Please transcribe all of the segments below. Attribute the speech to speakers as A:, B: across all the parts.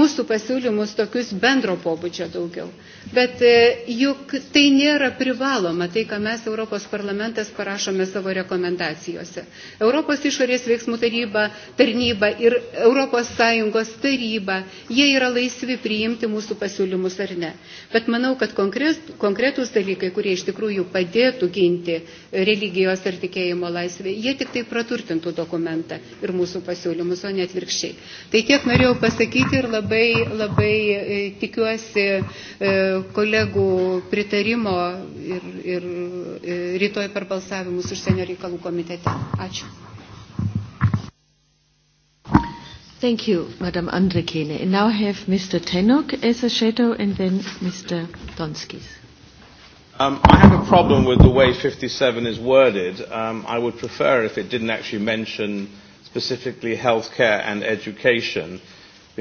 A: mūsų pasiūlymus tokius bendro pobūdžio daugiau. Bet e, juk tai nėra privaloma, tai, ką mes Europos parlamentas parašome savo rekomendacijose. Europos išorės veiksmų taryba, tarnyba ir Europos Sąjungos taryba, jie yra laisvi priimti mūsų pasiūlymus ar ne. Bet manau, kad konkretūs dalykai, kurie iš tikrųjų padėtų ginti religijos ir tikėjimo laisvę, jie tik tai praturtintų dokumentą ir mūsų pasiūlymus, o ne atvirkščiai. Tai tiek norėjau pasakyti ir labai labai, labai e, tikiuosi e, kolegų pritarimo ir, ir e, rytoj per balsavimus užsienio reikalų komitete. Ačiū.
B: Thank you, Madam Andrekene. And now I have Mr. Tenok as a shadow and then Mr. Donskis.
C: Um, I have a problem with the way 57 is worded. Um, I would prefer if it didn't actually mention specifically healthcare and education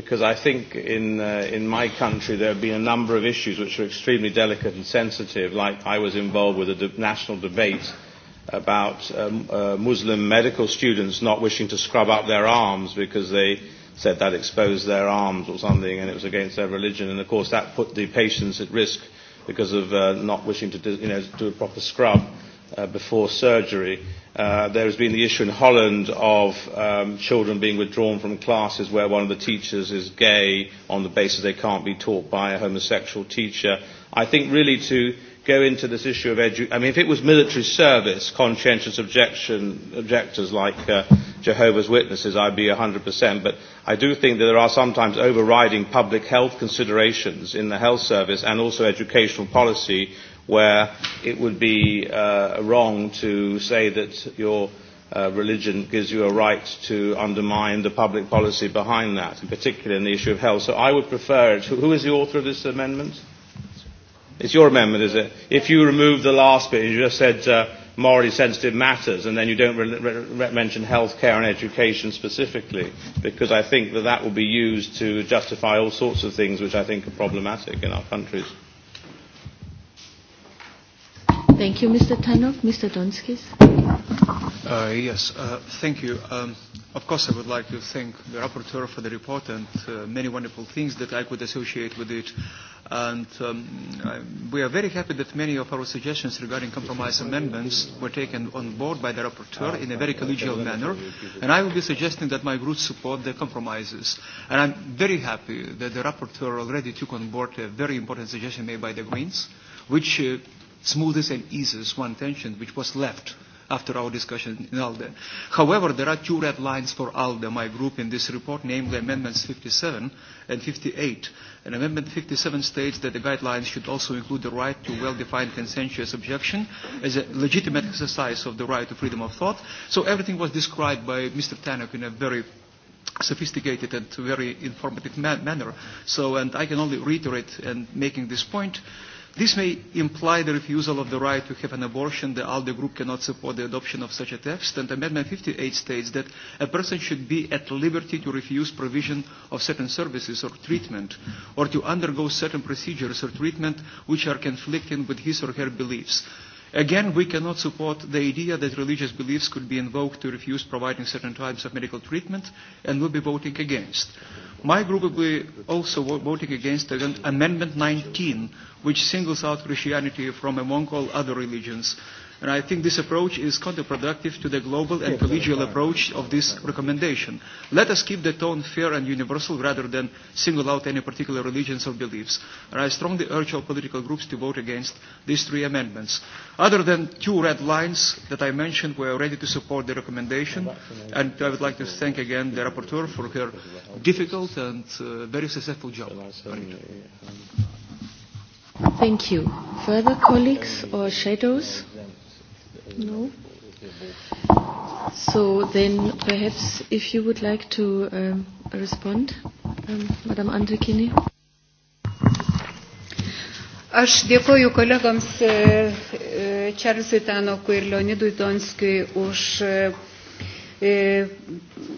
C: because I think in, uh, in my country there have been a number of issues which are extremely delicate and sensitive, like I was involved with a de- national debate about um, uh, Muslim medical students not wishing to scrub up their arms because they said that exposed their arms or something and it was against their religion. And of course that put the patients at risk because of uh, not wishing to do, you know, do a proper scrub uh, before surgery. Uh, there has been the issue in Holland of um, children being withdrawn from classes where one of the teachers is gay on the basis they can't be taught by a homosexual teacher. I think really to go into this issue of edu- I mean, if it was military service, conscientious objection, objectors like uh, Jehovah's Witnesses, I'd be 100%. But I do think that there are sometimes overriding public health considerations in the health service and also educational policy where it would be uh, wrong to say that your uh, religion gives you a right to undermine the public policy behind that, in particular in the issue of health. So I would prefer it. Who is the author of this amendment? It's your amendment, is it? If you remove the last bit, you just said uh, morally sensitive matters, and then you don't re- re- mention health care and education specifically, because I think that that will be used to justify all sorts of things which I think are problematic in our countries.
B: Thank you, Mr. Tanov. Mr. Donskis.
D: Uh, yes, uh, thank you. Um, of course, I would like to thank the rapporteur for the report and uh, many wonderful things that I could associate with it. And um, I, we are very happy that many of our suggestions regarding compromise amendments were taken on board by the rapporteur in a very collegial manner. And I will be suggesting that my group support the compromises. And I'm very happy that the rapporteur already took on board a very important suggestion made by the Greens, which uh, smoothest and easiest one tension which was left after our discussion in ALDE. However, there are two red lines for ALDE, my group, in this report, namely Amendments 57 and 58. And Amendment 57 states that the guidelines should also include the right to well-defined consensuous objection as a legitimate exercise of the right to freedom of thought. So everything was described by Mr. Tannock in a very sophisticated and very informative man manner. So, and I can only reiterate and making this point This may imply the refusal of the right to have an abortion. The ALDE group cannot support the adoption of such a text, and Amendment 58 states that a person should be at liberty to refuse provision of certain services or treatment, or to undergo certain procedures or treatment which are conflicting with his or her beliefs. Again, we cannot support the idea that religious beliefs could be invoked to refuse providing certain types of medical treatment, and will be voting against. My group will be also voting against Amendment 19, which singles out Christianity from among all other religions. And I think this approach is counterproductive to the global and collegial approach of this recommendation. Let us keep the tone fair and universal rather than single out any particular religions or beliefs. And I strongly urge all political groups to vote against these three amendments. Other than two red lines that I mentioned, we are ready to support the recommendation. And I would like to thank again the rapporteur for her difficult and uh, very successful job.
B: Thank you. Further colleagues or shadows? No? So then perhaps if you would like to um, respond, um, Madame Andrikini.
A: Aš dėkoju kolegams e, e, Čarlzui Tanokui ir Leonidui Donskijui už e,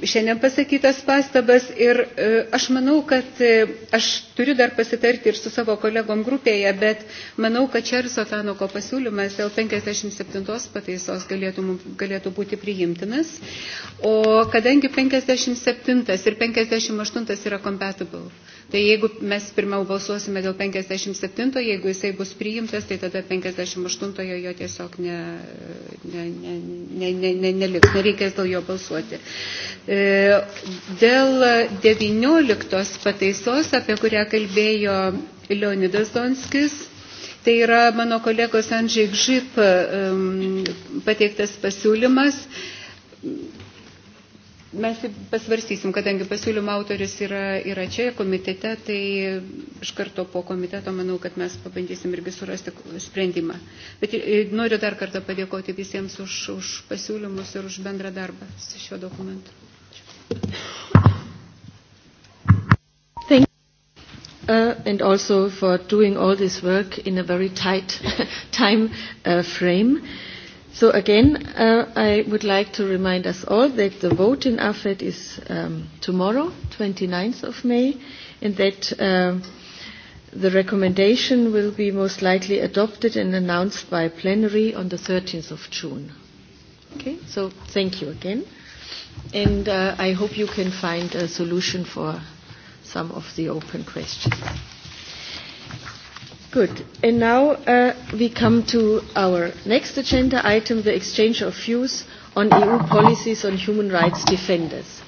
A: šiandien pasakytas pastabas ir e, aš manau, kad e, aš turiu dar pasitarti ir su savo kolegom grupėje, bet manau, kad Čerso Tanoko pasiūlymas dėl 57 pataisos galėtų, galėtų būti priimtinas, o kadangi 57 ir 58 yra compatible, Tai jeigu mes pirmiau balsuosime dėl 57, jeigu jisai bus priimtas, tai tada 58 jo tiesiog ne, ne, ne, ne, ne, ne, neliks, nereikės dėl jo balsuoti. E, dėl 19 pataisos, apie kurią kalbėjo Leonidas Donskis, Tai yra mano kolegos Andžiai Gžip pateiktas pasiūlymas Mes taip pasvarstysim, kadangi pasiūlymo autoris yra, yra čia komitete, tai iš karto po komiteto manau, kad mes pabandysim irgi surasti sprendimą. Bet e, noriu dar kartą padėkoti visiems už, už pasiūlymus ir už bendrą darbą su šiuo dokumentu.
B: Uh, and also for doing all this work in a very tight time uh, frame. So again, uh, I would like to remind us all that the vote in AFED is um, tomorrow, 29th of May, and that uh, the recommendation will be most likely adopted and announced by plenary on the 13th of June. Okay, so thank you again. And uh, I hope you can find a solution for some of the open questions. Good. And now uh, we come to our next agenda item, the exchange of views on EU policies on human rights defenders.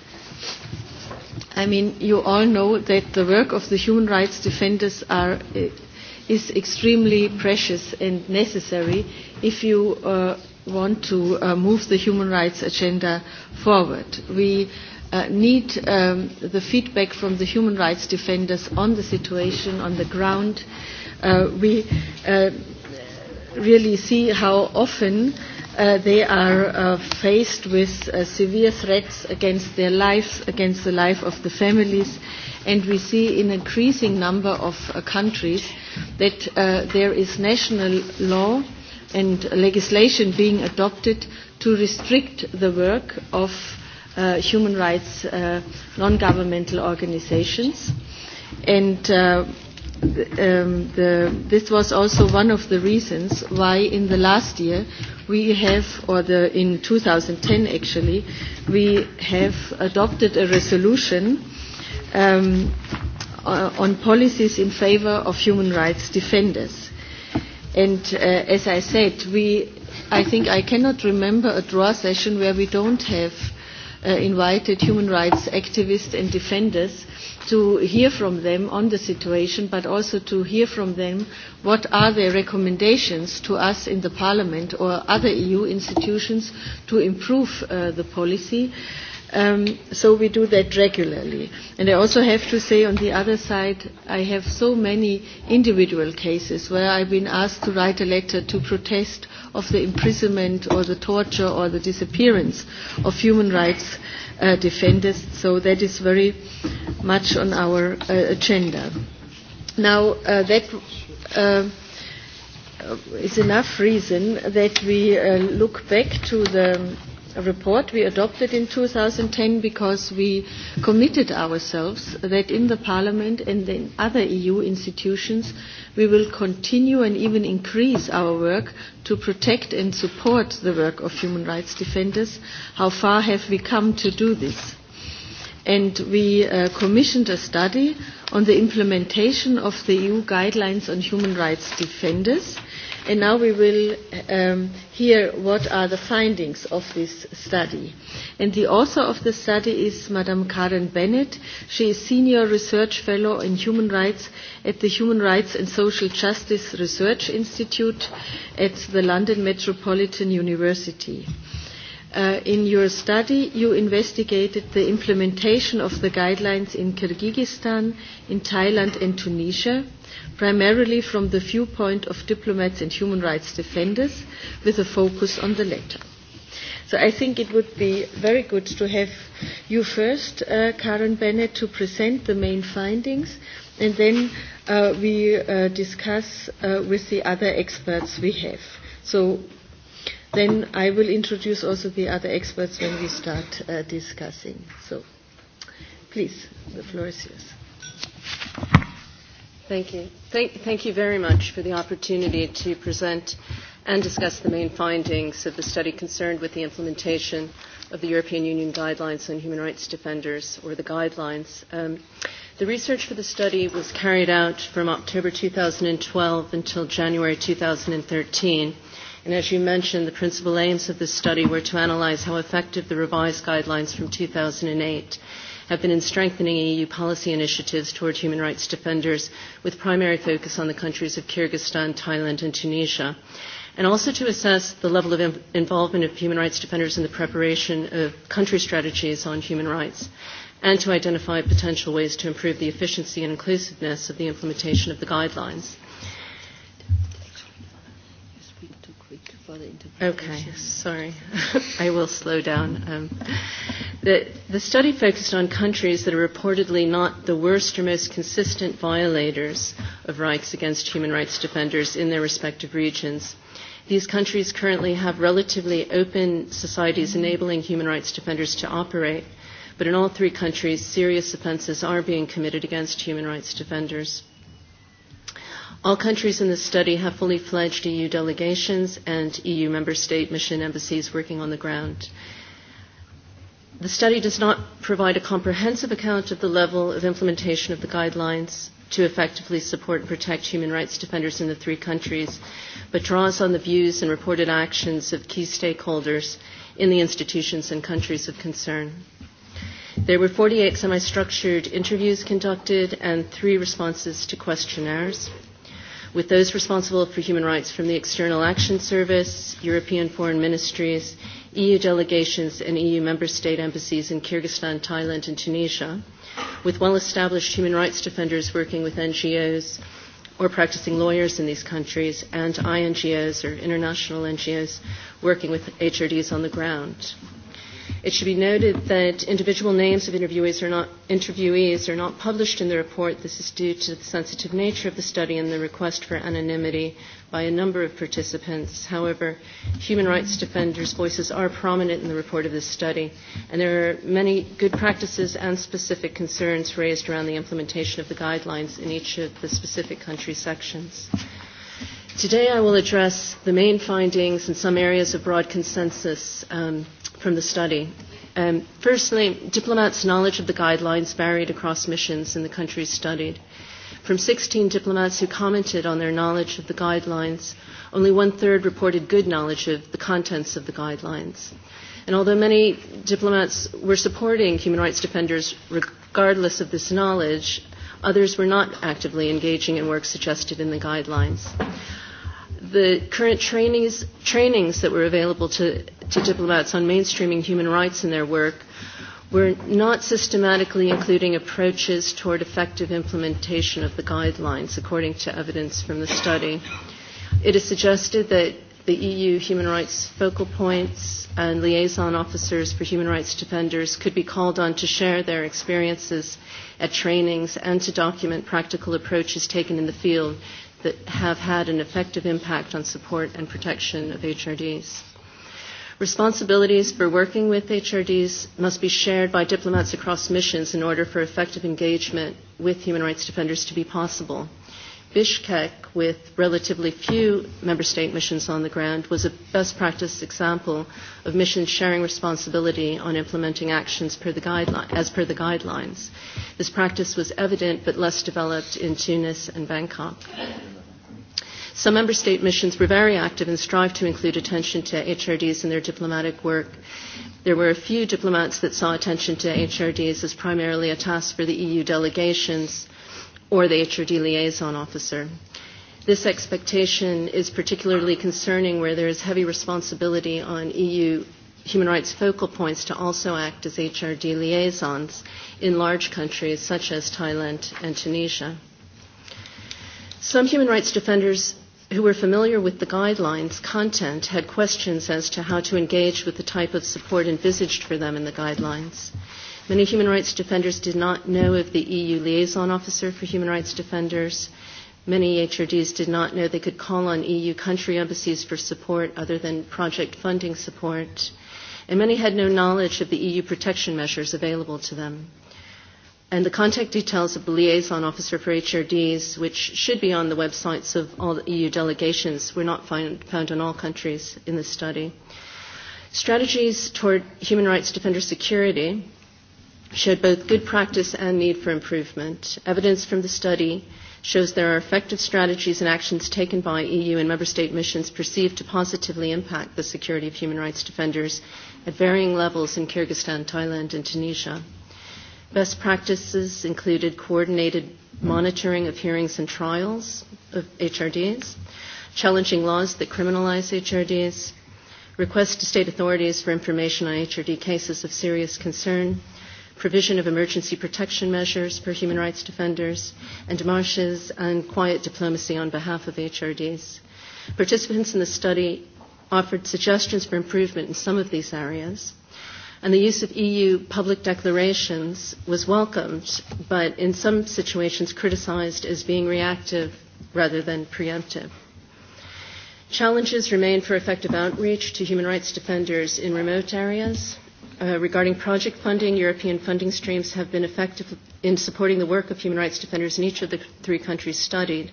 B: I mean, you all know that the work of the human rights defenders are, uh, is extremely precious and necessary if you uh, want to uh, move the human rights agenda forward. We uh, need um, the feedback from the human rights defenders on the situation on the ground uh, we uh, really see how often uh, they are uh, faced with uh, severe threats against their lives, against the life of the families, and we see in increasing number of uh, countries that uh, there is national law and legislation being adopted to restrict the work of uh, human rights uh, non-governmental organizations. And uh, um, the, this was also one of the reasons why in the last year we have, or the, in 2010 actually, we have adopted a resolution um, uh, on policies in favor of human rights defenders. And uh, as I said, we, I think I cannot remember a draw session where we don't have uh, invited human rights activists and defenders to hear from them on the situation, but also to hear from them what are their recommendations to us in the Parliament or other EU institutions to improve uh, the policy. Uh, Um, so we do that regularly. And I also have to say, on the other side, I have so many individual cases where I've been asked to write a letter to protest of the imprisonment or the torture or the disappearance of human rights uh, defenders. So that is very much on our uh, agenda. Now, uh, that. Uh, is enough reason that we uh, look back to the report we adopted in 2010 because we committed ourselves that in the Parliament and in other EU institutions we will continue and even increase our work to protect and support the work of human rights defenders. How far have we come to do this? and we uh, commissioned a study on the implementation of the EU guidelines on human rights defenders And now we will um, hear what are the findings of this study. And the author of the study is Madame Karen Bennett. She is Senior Research Fellow in Human Rights at the Human Rights and Social Justice Research Institute at the London Metropolitan University. Uh, in your study, you investigated the implementation of the guidelines in Kyrgyzstan, in Thailand, and Tunisia, primarily from the viewpoint of diplomats and human rights defenders, with a focus on the latter. So I think it would be very good to have you first, uh, Karen Bennett, to present the main findings, and then uh, we uh, discuss uh, with the other experts we have. So Then I will introduce also the other experts when we start uh, discussing. So please,
E: the floor is yours. Thank you. Thank, thank you very much for the opportunity to present and discuss the main findings of the study concerned with the implementation of the European Union Guidelines on Human Rights Defenders, or the guidelines. Um, the research for the study was carried out from October 2012 until January 2013. And as you mentioned, the principal aims of this study were to analyze how effective the revised guidelines from 2008 have been in strengthening EU policy initiatives toward human rights defenders, with primary focus on the countries of Kyrgyzstan, Thailand, and Tunisia, and also to assess the level of involvement of human rights defenders in the preparation of country strategies on human rights, and to identify potential ways to improve the efficiency and inclusiveness of the implementation of the guidelines. for the interpretation. Okay, sorry. I will slow down. Um, the, the study focused on countries that are reportedly not the worst or most consistent violators of rights against human rights defenders in their respective regions. These countries currently have relatively open societies enabling human rights defenders to operate, but in all three countries, serious offenses are being committed against human rights defenders. All countries in the study have fully fledged EU delegations and EU member state mission embassies working on the ground. The study does not provide a comprehensive account of the level of implementation of the guidelines to effectively support and protect human rights defenders in the three countries, but draws on the views and reported actions of key stakeholders in the institutions and countries of concern. There were 48 semi-structured interviews conducted and three responses to questionnaires with those responsible for human rights from the External Action Service, European foreign ministries, EU delegations, and EU member state embassies in Kyrgyzstan, Thailand, and Tunisia, with well established human rights defenders working with NGOs or practicing lawyers in these countries, and INGOs or international NGOs working with HRDs on the ground. It should be noted that individual names of interviewees are not, interviewees are not published in the report. This is due to the sensitive nature of the study and the request for anonymity by a number of participants. However, human rights defenders' voices are prominent in the report of this study, and there are many good practices and specific concerns raised around the implementation of the guidelines in each of the specific country sections. Today I will address the main findings and some areas of broad consensus um, from the study. Um, firstly, diplomats' knowledge of the guidelines varied across missions in the countries studied. From 16 diplomats who commented on their knowledge of the guidelines, only one third reported good knowledge of the contents of the guidelines. And although many diplomats were supporting human rights defenders regardless of this knowledge, others were not actively engaging in work suggested in the guidelines the current trainings, trainings that were available to, to diplomats on mainstreaming human rights in their work were not systematically including approaches toward effective implementation of the guidelines, according to evidence from the study. It is suggested that the EU human rights focal points and liaison officers for human rights defenders could be called on to share their experiences at trainings and to document practical approaches taken in the field that have had an effective impact on support and protection of HRDs. Responsibilities for working with HRDs must be shared by diplomats across missions in order for effective engagement with human rights defenders to be possible. Bishkek, with relatively few member state missions on the ground, was a best practice example of missions sharing responsibility on implementing actions per the as per the guidelines. This practice was evident but less developed in Tunis and Bangkok. Some member state missions were very active and strived to include attention to HRDs in their diplomatic work. There were a few diplomats that saw attention to HRDs as primarily a task for the EU delegations or the HRD liaison officer. This expectation is particularly concerning where there is heavy responsibility on EU human rights focal points to also act as HRD liaisons in large countries such as Thailand and Tunisia. Some human rights defenders who were familiar with the guidelines content had questions as to how to engage with the type of support envisaged for them in the guidelines. Many human rights defenders did not know of the EU liaison officer for human rights defenders. Many HRDs did not know they could call on EU country embassies for support other than project funding support. And many had no knowledge of the EU protection measures available to them and the contact details of the liaison officer for HRDs, which should be on the websites of all the EU delegations, were not find, found in all countries in this study. Strategies toward human rights defender security showed both good practice and need for improvement. Evidence from the study shows there are effective strategies and actions taken by EU and member state missions perceived to positively impact the security of human rights defenders at varying levels in Kyrgyzstan, Thailand, and Tunisia. Best practices included coordinated monitoring of hearings and trials of HRDs, challenging laws that criminalize HRDs, requests to state authorities for information on HRD cases of serious concern, provision of emergency protection measures for human rights defenders, and demarches and quiet diplomacy on behalf of HRDs. Participants in the study offered suggestions for improvement in some of these areas And the use of EU public declarations was welcomed, but in some situations criticized as being reactive rather than preemptive. Challenges remain for effective outreach to human rights defenders in remote areas. Uh, regarding project funding, European funding streams have been effective in supporting the work of human rights defenders in each of the three countries studied.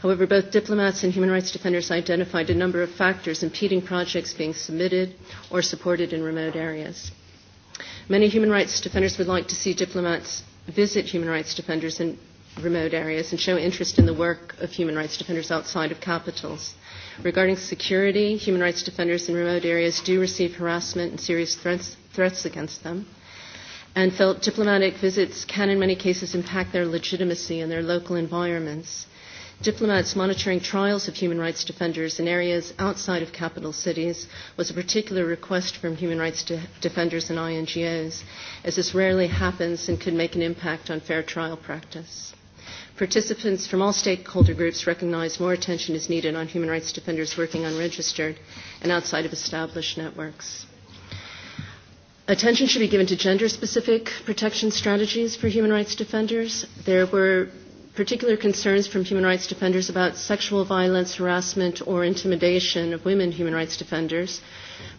E: However, both diplomats and human rights defenders identified a number of factors impeding projects being submitted or supported in remote areas. Many human rights defenders would like to see diplomats visit human rights defenders in remote areas and show interest in the work of human rights defenders outside of capitals. Regarding security, human rights defenders in remote areas do receive harassment and serious threats, threats against them. And felt diplomatic visits can, in many cases, impact their legitimacy in their local environments. Diplomats monitoring trials of human rights defenders in areas outside of capital cities was a particular request from human rights de- defenders and INGOs, as this rarely happens and could make an impact on fair trial practice. Participants from all stakeholder groups recognize more attention is needed on human rights defenders working unregistered and outside of established networks. Attention should be given to gender specific protection strategies for human rights defenders. There were particular concerns from human rights defenders about sexual violence, harassment, or intimidation of women human rights defenders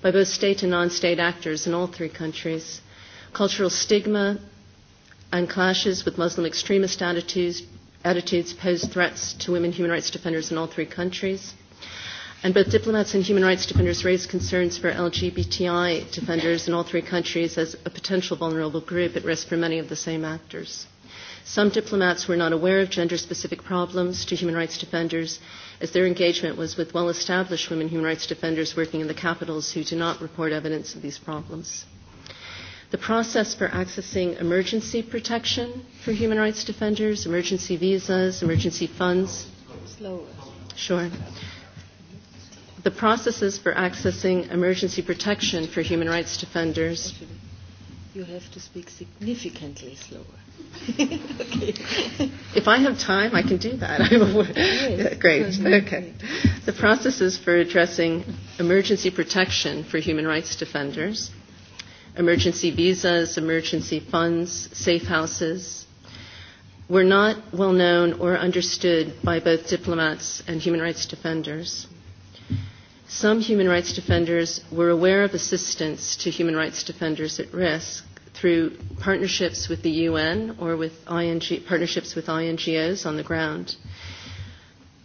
E: by both state and non state actors in all three countries, cultural stigma and clashes with Muslim extremist attitudes, attitudes pose threats to women human rights defenders in all three countries. And both diplomats and human rights defenders raise concerns for LGBTI defenders in all three countries as a potential vulnerable group at risk for many of the same actors. Some diplomats were not aware of gender-specific problems to human rights defenders, as their engagement was with well-established women human rights defenders working in the capitals who do not report evidence of these problems. The process for accessing emergency protection for human rights defenders, emergency visas, emergency funds. Slower. Sure. The processes for accessing emergency protection for human rights defenders.
B: You have to speak significantly slower
E: okay. If I have time, I can do that. great. Okay. The processes for addressing emergency protection for human rights defenders, emergency visas, emergency funds, safe houses, were not well known or understood by both diplomats and human rights defenders. Some human rights defenders were aware of assistance to human rights defenders at risk, through partnerships with the UN or with ING, partnerships with INGOs on the ground.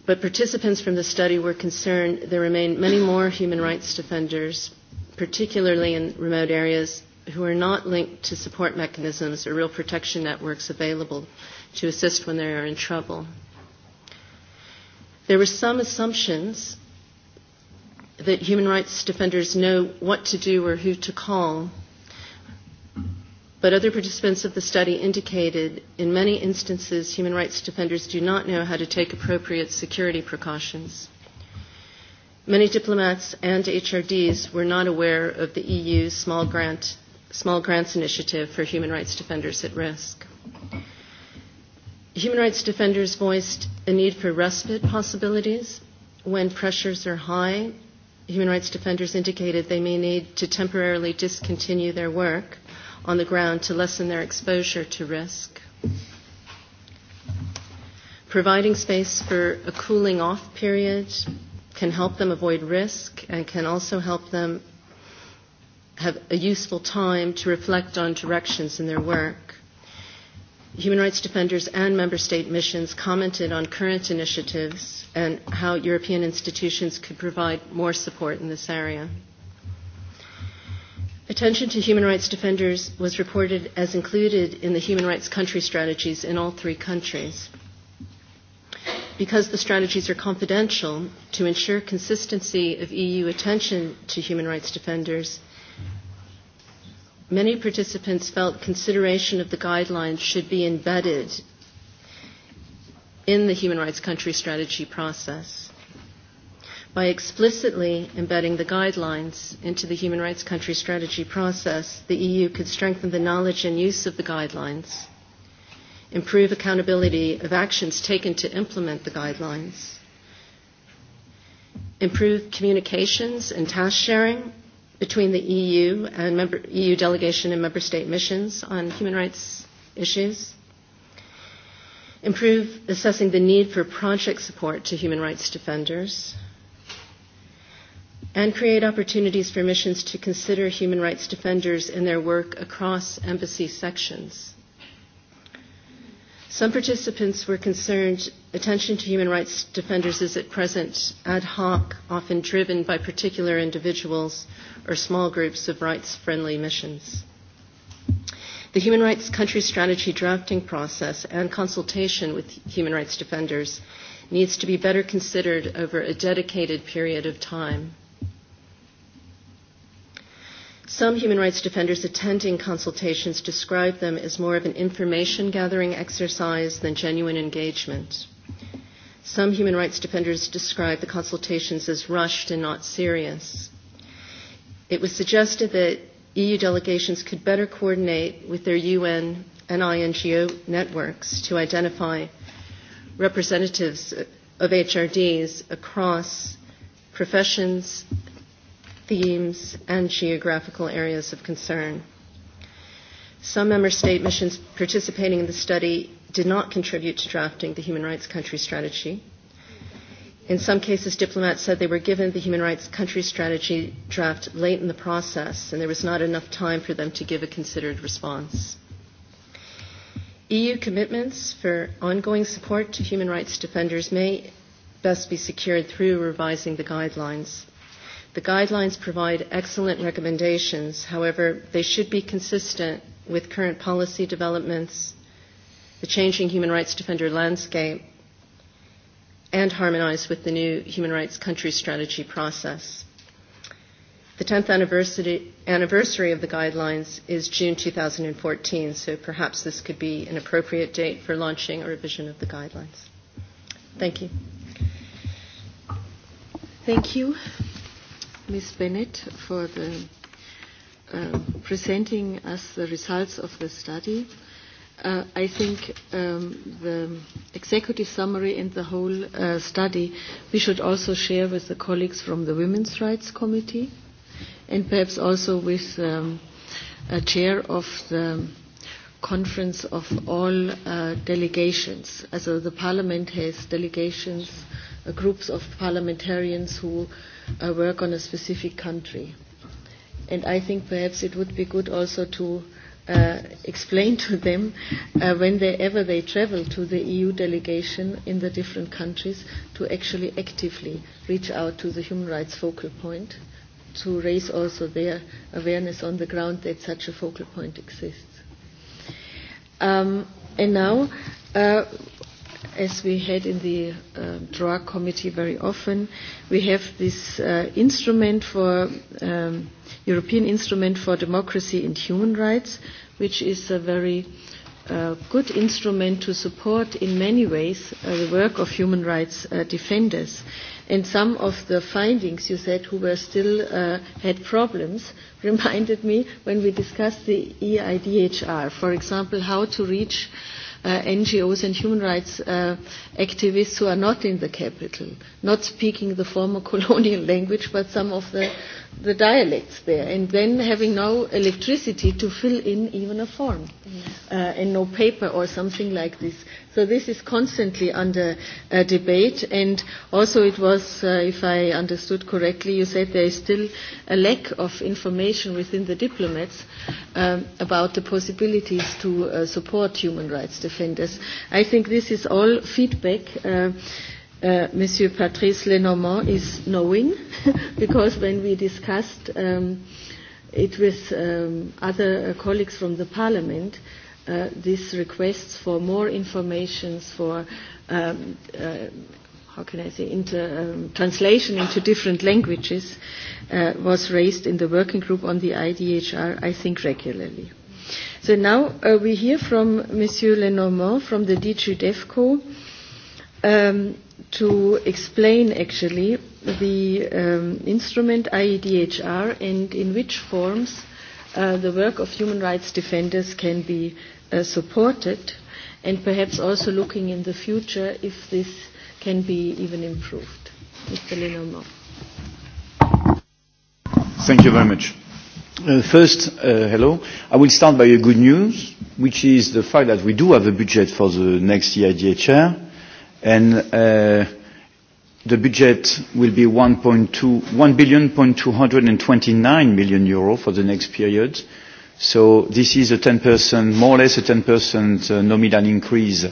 E: But participants from the study were concerned there remain many more human rights defenders, particularly in remote areas, who are not linked to support mechanisms or real protection networks available to assist when they are in trouble. There were some assumptions that human rights defenders know what to do or who to call but other participants of the study indicated in many instances human rights defenders do not know how to take appropriate security precautions. Many diplomats and HRDs were not aware of the EU's small, grant, small grants initiative for human rights defenders at risk. Human rights defenders voiced a need for respite possibilities. When pressures are high, human rights defenders indicated they may need to temporarily discontinue their work on the ground to lessen their exposure to risk. Providing space for a cooling off period can help them avoid risk and can also help them have a useful time to reflect on directions in their work. Human rights defenders and member state missions commented on current initiatives and how European institutions could provide more support in this area. Attention to human rights defenders was reported as included in the human rights country strategies in all three countries. Because the strategies are confidential, to ensure consistency of EU attention to human rights defenders, many participants felt consideration of the guidelines should be embedded in the human rights country strategy process. By explicitly embedding the guidelines into the human rights country strategy process, the EU could strengthen the knowledge and use of the guidelines, improve accountability of actions taken to implement the guidelines, improve communications and task sharing between the EU and member, EU delegation and member state missions on human rights issues, improve assessing the need for project support to human rights defenders, and create opportunities for missions to consider human rights defenders in their work across embassy sections. Some participants were concerned attention to human rights defenders is at present ad hoc, often driven by particular individuals or small groups of rights friendly missions. The human rights country strategy drafting process and consultation with human rights defenders needs to be better considered over a dedicated period of time. Some human rights defenders attending consultations describe them as more of an information gathering exercise than genuine engagement. Some human rights defenders describe the consultations as rushed and not serious. It was suggested that EU delegations could better coordinate with their UN and INGO networks to identify representatives of HRDs across professions, themes, and geographical areas of concern. Some member state missions participating in the study did not contribute to drafting the human rights country strategy. In some cases, diplomats said they were given the human rights country strategy draft late in the process, and there was not enough time for them to give a considered response. EU commitments for ongoing support to human rights defenders may best be secured through revising the guidelines. The guidelines provide excellent recommendations. However, they should be consistent with current policy developments, the changing human rights defender landscape, and harmonize with the new human rights country strategy process. The 10th anniversary of the guidelines is June 2014, so perhaps this could be an appropriate date for launching a revision of the guidelines. Thank you.
B: Thank you. Ms. Bennett for the, uh, presenting us the results of the study. Uh, I think um, the executive summary and the whole uh, study we should also share with the colleagues from the Women's Rights Committee and perhaps also with um, a chair of the conference of all uh, delegations. So the parliament has delegations, uh, groups of parliamentarians who uh, work on a specific country. And I think perhaps it would be good also to uh, explain to them uh, whenever they travel to the EU delegation in the different countries to actually actively reach out to the human rights focal point to raise also their awareness on the ground that such a focal point exists. Um, and now, uh, as we had in the uh, drug committee very often, we have this uh, instrument for um, European Instrument for Democracy and Human Rights, which is a very uh, good instrument to support in many ways uh, the work of human rights uh, defenders. Uh, And some of the findings you said who were still uh, had problems reminded me when we discussed the EIDHR, for example, how to reach uh, NGOs and human rights uh, activists who are not in the capital, not speaking the former colonial language, but some of the, the dialects there, and then having no electricity to fill in even a form, mm. hmm uh, and no paper or something like this. So this is constantly under uh, debate. And also it was, uh, if I understood correctly, you said there is still a lack of information within the diplomats um, about the possibilities to uh, support human rights defenders. I think this is all feedback. Uh, Uh, Monsieur Patrice Lenormand is knowing because when we discussed um, it with um, other uh, colleagues from the parliament, uh, uh, these requests for more information, for um, uh, how can I say, into, um, translation into different languages uh, was raised in the working group on the IDHR, I think, regularly. So now uh, we hear from Monsieur Lenormand from the DG DEFCO um, to explain actually the um, instrument IEDHR and in which forms uh, the work of human rights defenders can be uh, supported, and perhaps also looking in the future if this can be even improved.
F: Mr. Lenormand.
G: Thank you very much. Uh, first, uh, hello. I will start by a good news, which is the fact that we do have a budget for the next EIDHR, and uh, the budget will be 1.2 1 billion point 229 million euro for the next period, So this is a 10%, more or less a 10% uh, nominal increase.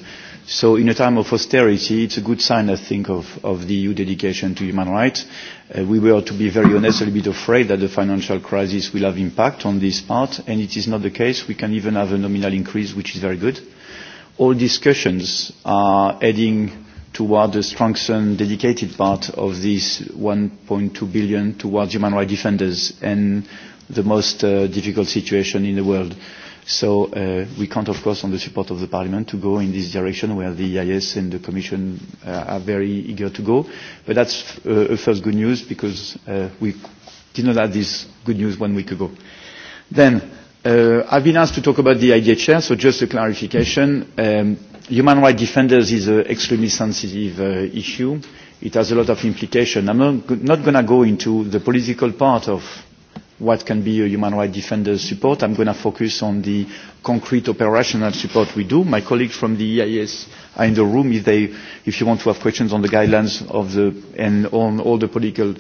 G: So in a time of austerity, it's a good sign, I think, of, of the EU dedication to human rights. Uh, we were, to be very honest, a little bit afraid that the financial crisis will have impact on this part, and it is not the case. We can even have a nominal increase, which is very good. All discussions are heading toward a strengthened, dedicated part of this 1.2 billion towards human rights defenders. And the most uh, difficult situation in the world. So uh, we count, of course, on the support of the Parliament to go in this direction where the EIS and the Commission uh, are very eager to go. But that's uh, a first good news because uh, we did not have this good news one week ago. Then uh, I've been asked to talk about the IDHR, so just a clarification. Um, human rights defenders is an extremely sensitive uh, issue. It has a lot of implications. I'm not, not going to go into the political part of what can be a human rights defender support. I'm going to focus on the concrete operational support we do. My colleagues from the EIS are in the room. If, they, if you want to have questions on the guidelines of the, and on all the political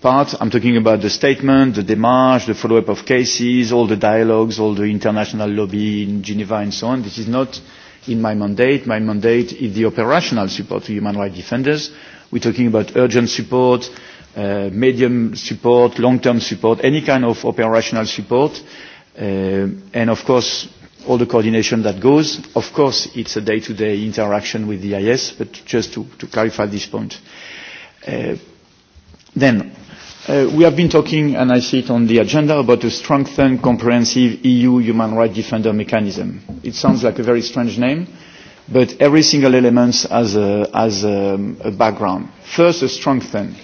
G: parts, I'm talking about the statement, the démarche, the follow-up of cases, all the dialogues, all the international lobby in Geneva and so on. This is not in my mandate. My mandate is the operational support to human rights defenders. We're talking about urgent support, Uh, medium support, long-term support, any kind of operational support, uh, and of course all the coordination that goes. Of course, it's a day-to-day -day interaction with the IS, but just to, to clarify this point. Uh, then, uh, we have been talking, and I see it on the agenda, about a strengthened, comprehensive EU human rights defender mechanism. It sounds like a very strange name, but every single element has a, has a, um, a background. First, a strengthened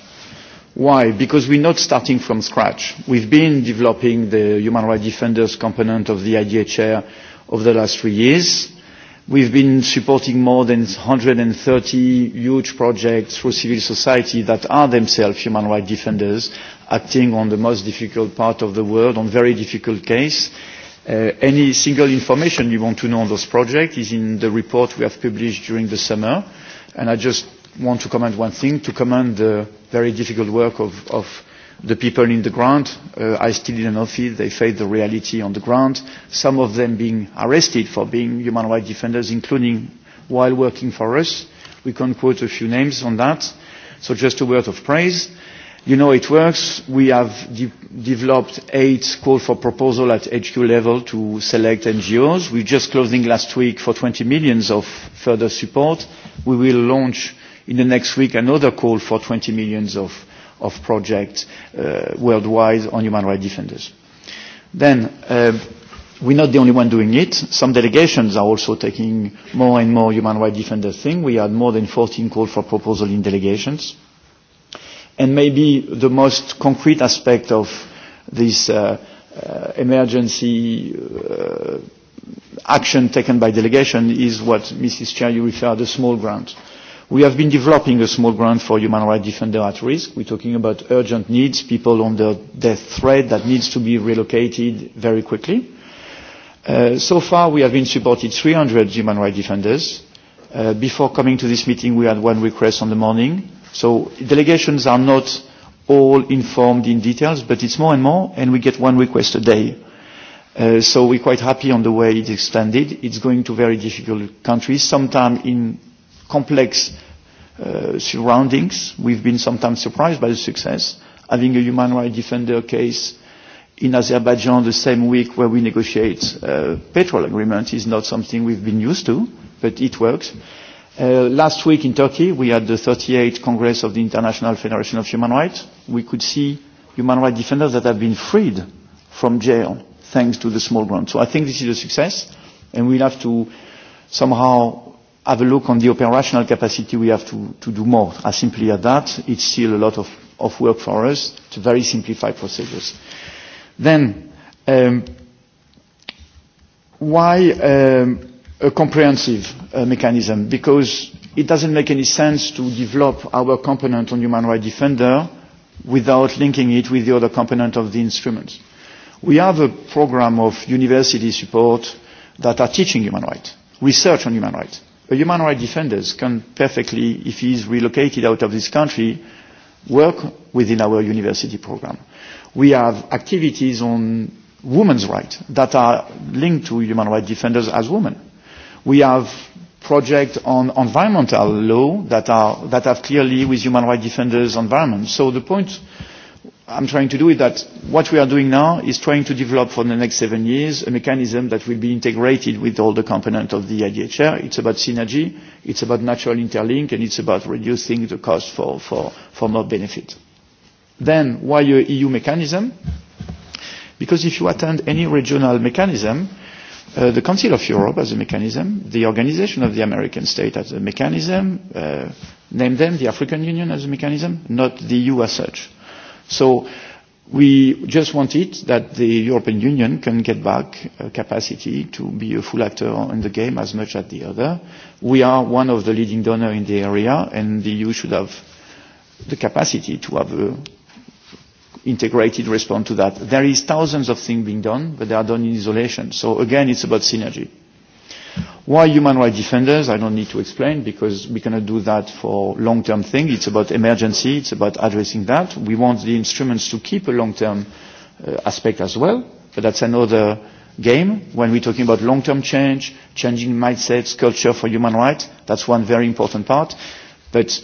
G: Why? Because we're not starting from scratch. We've been developing the human rights defenders component of the IDHR over the last three years. We've been supporting more than 130 huge projects through civil society that are themselves human rights defenders, acting on the most difficult part of the world, on very difficult case. Uh, any single information you want to know on those projects is in the report we have published during the summer. And I just want to comment one thing, to commend the very difficult work of, of the people in the ground uh, I still in an office. They face the reality on the ground. Some of them being arrested for being human rights defenders, including while working for us. We can quote a few names on that. So just a word of praise. You know it works. We have de developed eight call for proposal at HQ level to select NGOs. We're just closing last week for 20 millions of further support. We will launch in the next week another call for 20 million of, of projects uh, worldwide on human rights defenders. Then, uh, we're not the only one doing it. Some delegations are also taking more and more human rights defender thing. We had more than 14 calls for proposal in delegations. And maybe the most concrete aspect of this uh, uh, emergency uh, action taken by delegation is what Mrs. Chair, you referred, the small grant. Uh, We have been developing a small grant for human rights defender at risk. We're talking about urgent needs, people under death threat that needs to be relocated very quickly. Uh, so far, we have been supported 300 human rights defenders. Uh, before coming to this meeting, we had one request on the morning. So delegations are not all informed in details, but it's more and more, and we get one request a day. Uh, so we're quite happy on the way it's extended. It's going to very difficult countries, sometimes in complex uh, surroundings. We've been sometimes surprised by the success. Having a human rights defender case in Azerbaijan the same week where we negotiate a uh, petrol agreement is not something we've been used to, but it works. Uh, last week in Turkey, we had the 38th Congress of the International Federation of Human Rights. We could see human rights defenders that have been freed from jail thanks to the small grant. So I think this is a success, and we'll have to somehow have a look on the operational capacity we have to, to do more. As simply as that, it's still a lot of, of work for us. It's very simplified procedures. Then, um, why um, a comprehensive uh, mechanism? Because it doesn't make any sense to develop our component on human rights defender without linking it with the other component of the instruments. We have a program of university support that are teaching human rights, research on human rights a human rights defender can perfectly, if he is relocated out of this country, work within our university program. We have activities on women's rights that are linked to human rights defenders as women. We have projects on environmental law that, are, that have clearly with human rights defenders environment. So the point I'm trying to do is that what we are doing now is trying to develop for the next seven years a mechanism that will be integrated with all the components of the IDHR. It's about synergy, it's about natural interlink, and it's about reducing the cost for, for, for more benefit. Then, why a EU mechanism? Because if you attend any regional mechanism, uh, the Council of Europe as a mechanism, the Organization of the American State as a mechanism, uh, name them the African Union as a mechanism, not the EU as such So we just wanted that the European Union can get back uh, capacity to be a full actor in the game as much as the other. We are one of the leading donors in the area, and the EU should have the capacity to have a integrated response to that. There is thousands of things being done, but they are done in isolation. So again, it's about synergy. Why human rights defenders? I don't need to explain because we cannot do that for long-term thing. It's about emergency. It's about addressing that. We want the instruments to keep a long-term uh, aspect as well, but that's another game. When we're talking about long-term change, changing mindsets, culture for human rights, that's one very important part. But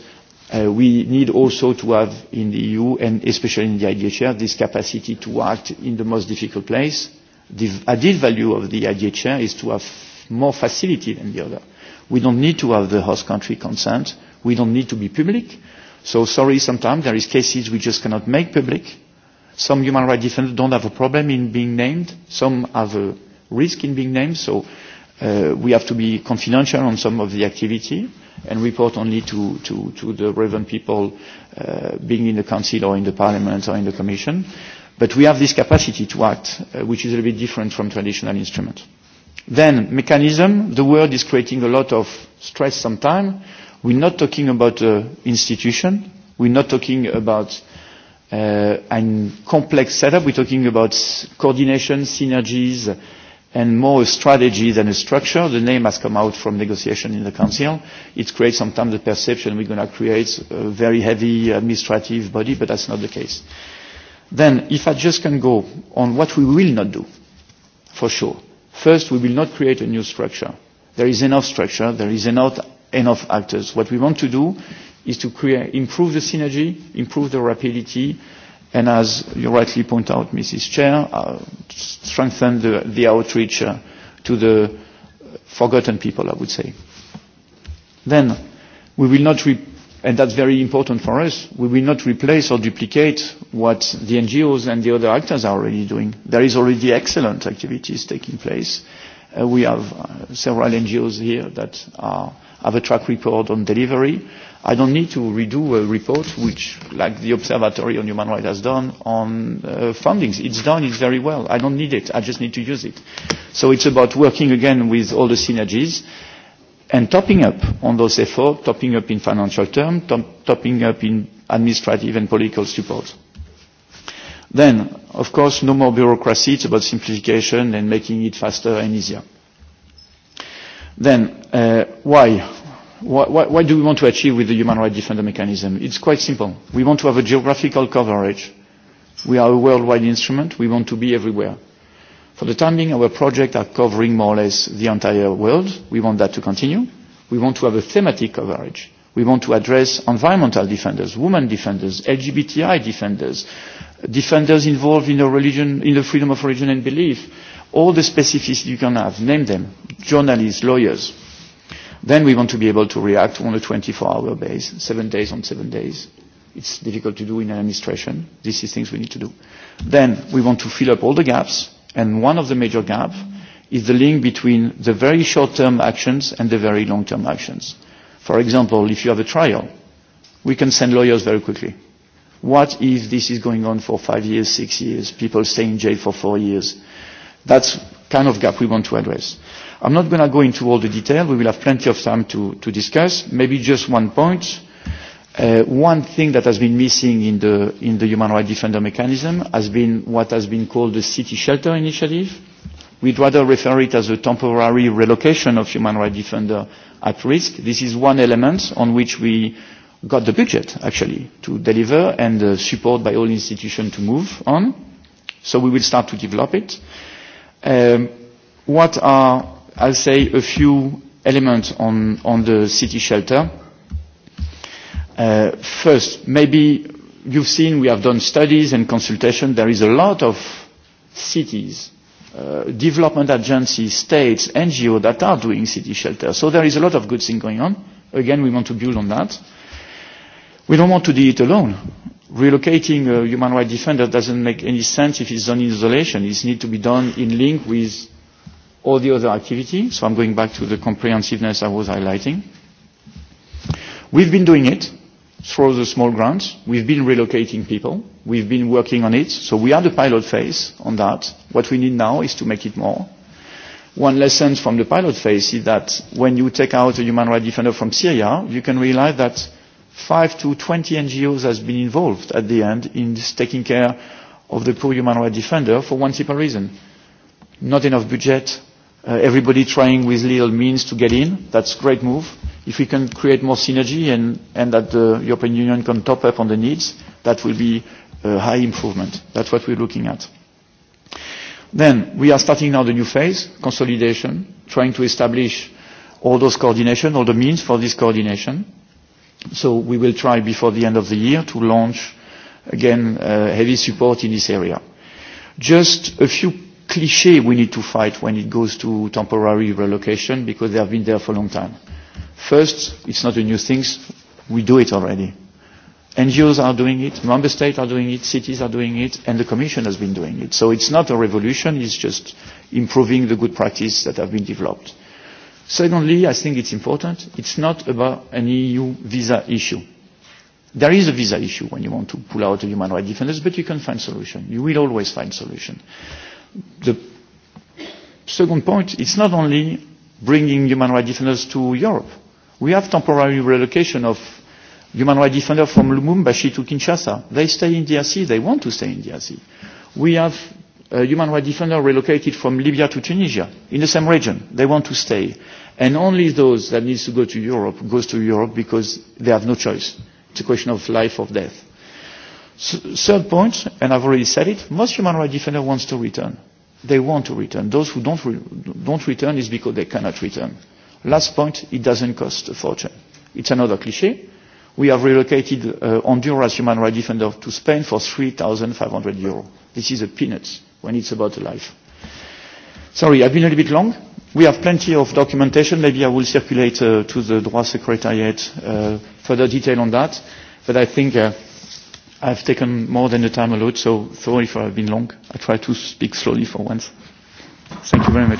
G: uh, we need also to have in the EU and especially in the IDHR this capacity to act in the most difficult place. The added value of the IDHR is to have more facility than the other. We don't need to have the host country consent. We don't need to be public. So sorry, sometimes there is cases we just cannot make public. Some human rights defenders don't have a problem in being named. Some have a risk in being named. So uh, we have to be confidential on some of the activity and report only to, to, to the relevant people uh, being in the council or in the parliament or in the commission. But we have this capacity to act, uh, which is a little bit different from traditional instruments. Then mechanism, the world is creating a lot of stress sometimes. We're not talking about uh, institution. We're not talking about uh, a complex setup. We're talking about coordination, synergies, and more a strategy than a structure. The name has come out from negotiation in the Council. It creates sometimes the perception we're going to create a very heavy administrative body, but that's not the case. Then, if I just can go on what we will not do, for sure First, we will not create a new structure. There is enough structure. There is enough, enough actors. What we want to do is to create, improve the synergy, improve the rapidity, and as you rightly point out, Mrs. Chair, uh, strengthen the, the outreach uh, to the forgotten people, I would say. Then, we will not re and that's very important for us. We will not replace or duplicate what the NGOs and the other actors are already doing. There is already excellent activities taking place. Uh, we have uh, several NGOs here that are, have a track record on delivery. I don't need to redo a report which, like the Observatory on Human Rights has done, on uh, fundings. It's done, it's very well. I don't need it. I just need to use it. So it's about working again with all the synergies and topping up on those efforts, topping up in financial terms, top, topping up in administrative and political support. Then, of course, no more bureaucracy. It's about simplification and making it faster and easier. Then, uh, why? why? Why do we want to achieve with the human rights defender mechanism? It's quite simple. We want to have a geographical coverage. We are a worldwide instrument. We want to be everywhere. For the time being, our projects are covering more or less the entire world. We want that to continue. We want to have a thematic coverage. We want to address environmental defenders, women defenders, LGBTI defenders, defenders involved in the, religion, in the freedom of religion and belief, all the specificities you can have, name them, journalists, lawyers. Then we want to be able to react on a 24-hour base, seven days on seven days. It's difficult to do in an administration. This is things we need to do. Then we want to fill up all the gaps And one of the major gaps is the link between the very short-term actions and the very long-term actions. For example, if you have a trial, we can send lawyers very quickly. What if this is going on for five years, six years, people stay in jail for four years? That's kind of gap we want to address. I'm not going to go into all the detail. We will have plenty of time to, to discuss. Maybe just one point Uh, one thing that has been missing in the, in the human rights defender mechanism has been what has been called the city shelter initiative. We'd rather refer it as a temporary relocation of human rights defender at risk. This is one element on which we got the budget, actually, to deliver and uh, support by all institutions to move on. So we will start to develop it. Um, what are, I'll say, a few elements on, on the city shelter Uh, first, maybe you've seen we have done studies and consultation. There is a lot of cities, uh, development agencies, states, NGOs that are doing city shelters. So there is a lot of good thing going on. Again, we want to build on that. We don't want to do it alone. Relocating a human rights defender doesn't make any sense if it's done in isolation. It needs to be done in link with all the other activity. So I'm going back to the comprehensiveness I was highlighting. We've been doing it through the small grants. We've been relocating people. We've been working on it. So we are the pilot phase on that. What we need now is to make it more. One lesson from the pilot phase is that when you take out a human rights defender from Syria, you can realize that 5 to 20 NGOs has been involved at the end in taking care of the poor human rights defender for one simple reason. Not enough budget, uh, everybody trying with little means to get in. That's a great move If we can create more synergy and, and that the European Union can top up on the needs, that will be a high improvement. That's what we're looking at. Then we are starting now the new phase, consolidation, trying to establish all those coordination, all the means for this coordination. So we will try before the end of the year to launch again uh, heavy support in this area. Just a few cliché we need to fight when it goes to temporary relocation because they have been there for a long time. First, it's not a new thing. We do it already. NGOs are doing it, member states are doing it, cities are doing it, and the Commission has been doing it. So it's not a revolution, it's just improving the good practice that have been developed. Secondly, I think it's important, it's not about an EU visa issue. There is a visa issue when you want to pull out a human rights defenders, but you can find solution. You will always find solution. The second point, it's not only bringing human rights defenders to Europe. We have temporary relocation of human rights defenders from Lumumbashi to Kinshasa. They stay in DRC. They want to stay in DRC. We have uh, human rights defenders relocated from Libya to Tunisia in the same region. They want to stay. And only those that need to go to Europe goes to Europe because they have no choice. It's a question of life or death. S third point, and I've already said it, most human rights defenders wants to return they want to return. Those who don't, re don't return is because they cannot return. Last point, it doesn't cost a fortune. It's another cliché. We have relocated uh, Honduras human rights defender to Spain for 3,500 euros. This is a peanuts when it's about life. Sorry, I've been a little bit long. We have plenty of documentation. Maybe I will circulate uh, to the Droit Secretariat uh, further detail on that. But I think uh, I've taken more than the time allowed, so sorry if I've been long. I try to speak slowly for once. Thank you very much.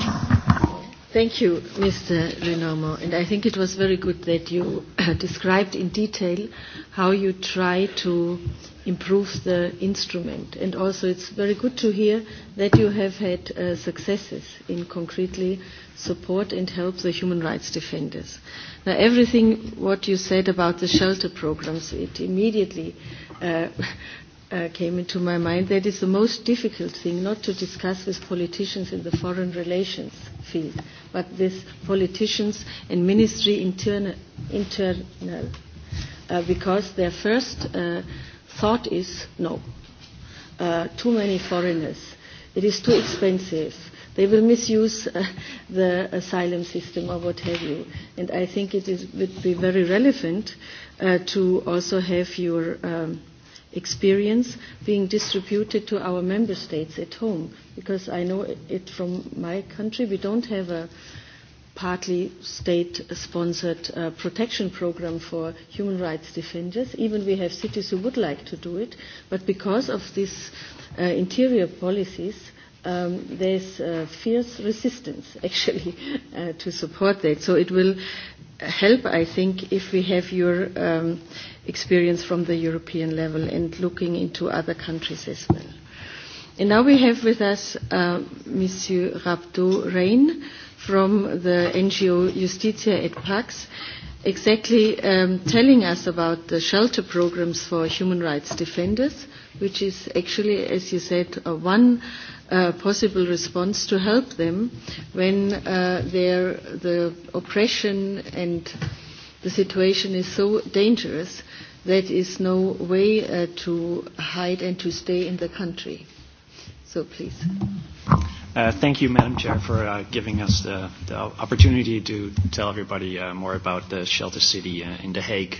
B: Thank you, Mr. Renormand. And I think it was very good that you described in detail how you try to improve the instrument. And also it's very good to hear that you have had uh, successes in concretely support and help the human rights defenders. Now everything what you said about the shelter programs, it immediately Uh, uh, came into my mind that is the most difficult thing not to discuss with politicians in the foreign relations field, but with politicians and ministry internal, internal, uh, because their first uh, thought is no, uh, too many foreigners, it is too expensive. They will misuse uh, the asylum system or what have you. And I think it is, would be very relevant uh, to also have your um, experience being distributed to our member states at home. Because I know it from my country, we don't have a partly state-sponsored uh, protection program for human rights defenders. Even we have cities who would like to do it, but because of these uh, interior policies, um, there's uh, fierce resistance actually uh, to support that. So it will help, I think, if we have your um, experience from the European level and looking into other countries as well. And now we have with us uh, Monsieur Rabdo Rain from the NGO Justitia et Pax, exactly um, telling us about the shelter programs for human rights defenders which is actually, as you said, uh, one uh, possible response to help them when uh, their, the oppression and the situation is so dangerous that is no way uh, to hide and to stay in the country. So please.
H: Uh, thank you, Madam Chair, for uh, giving us the, the opportunity to tell everybody uh, more about the Shelter City uh, in The Hague.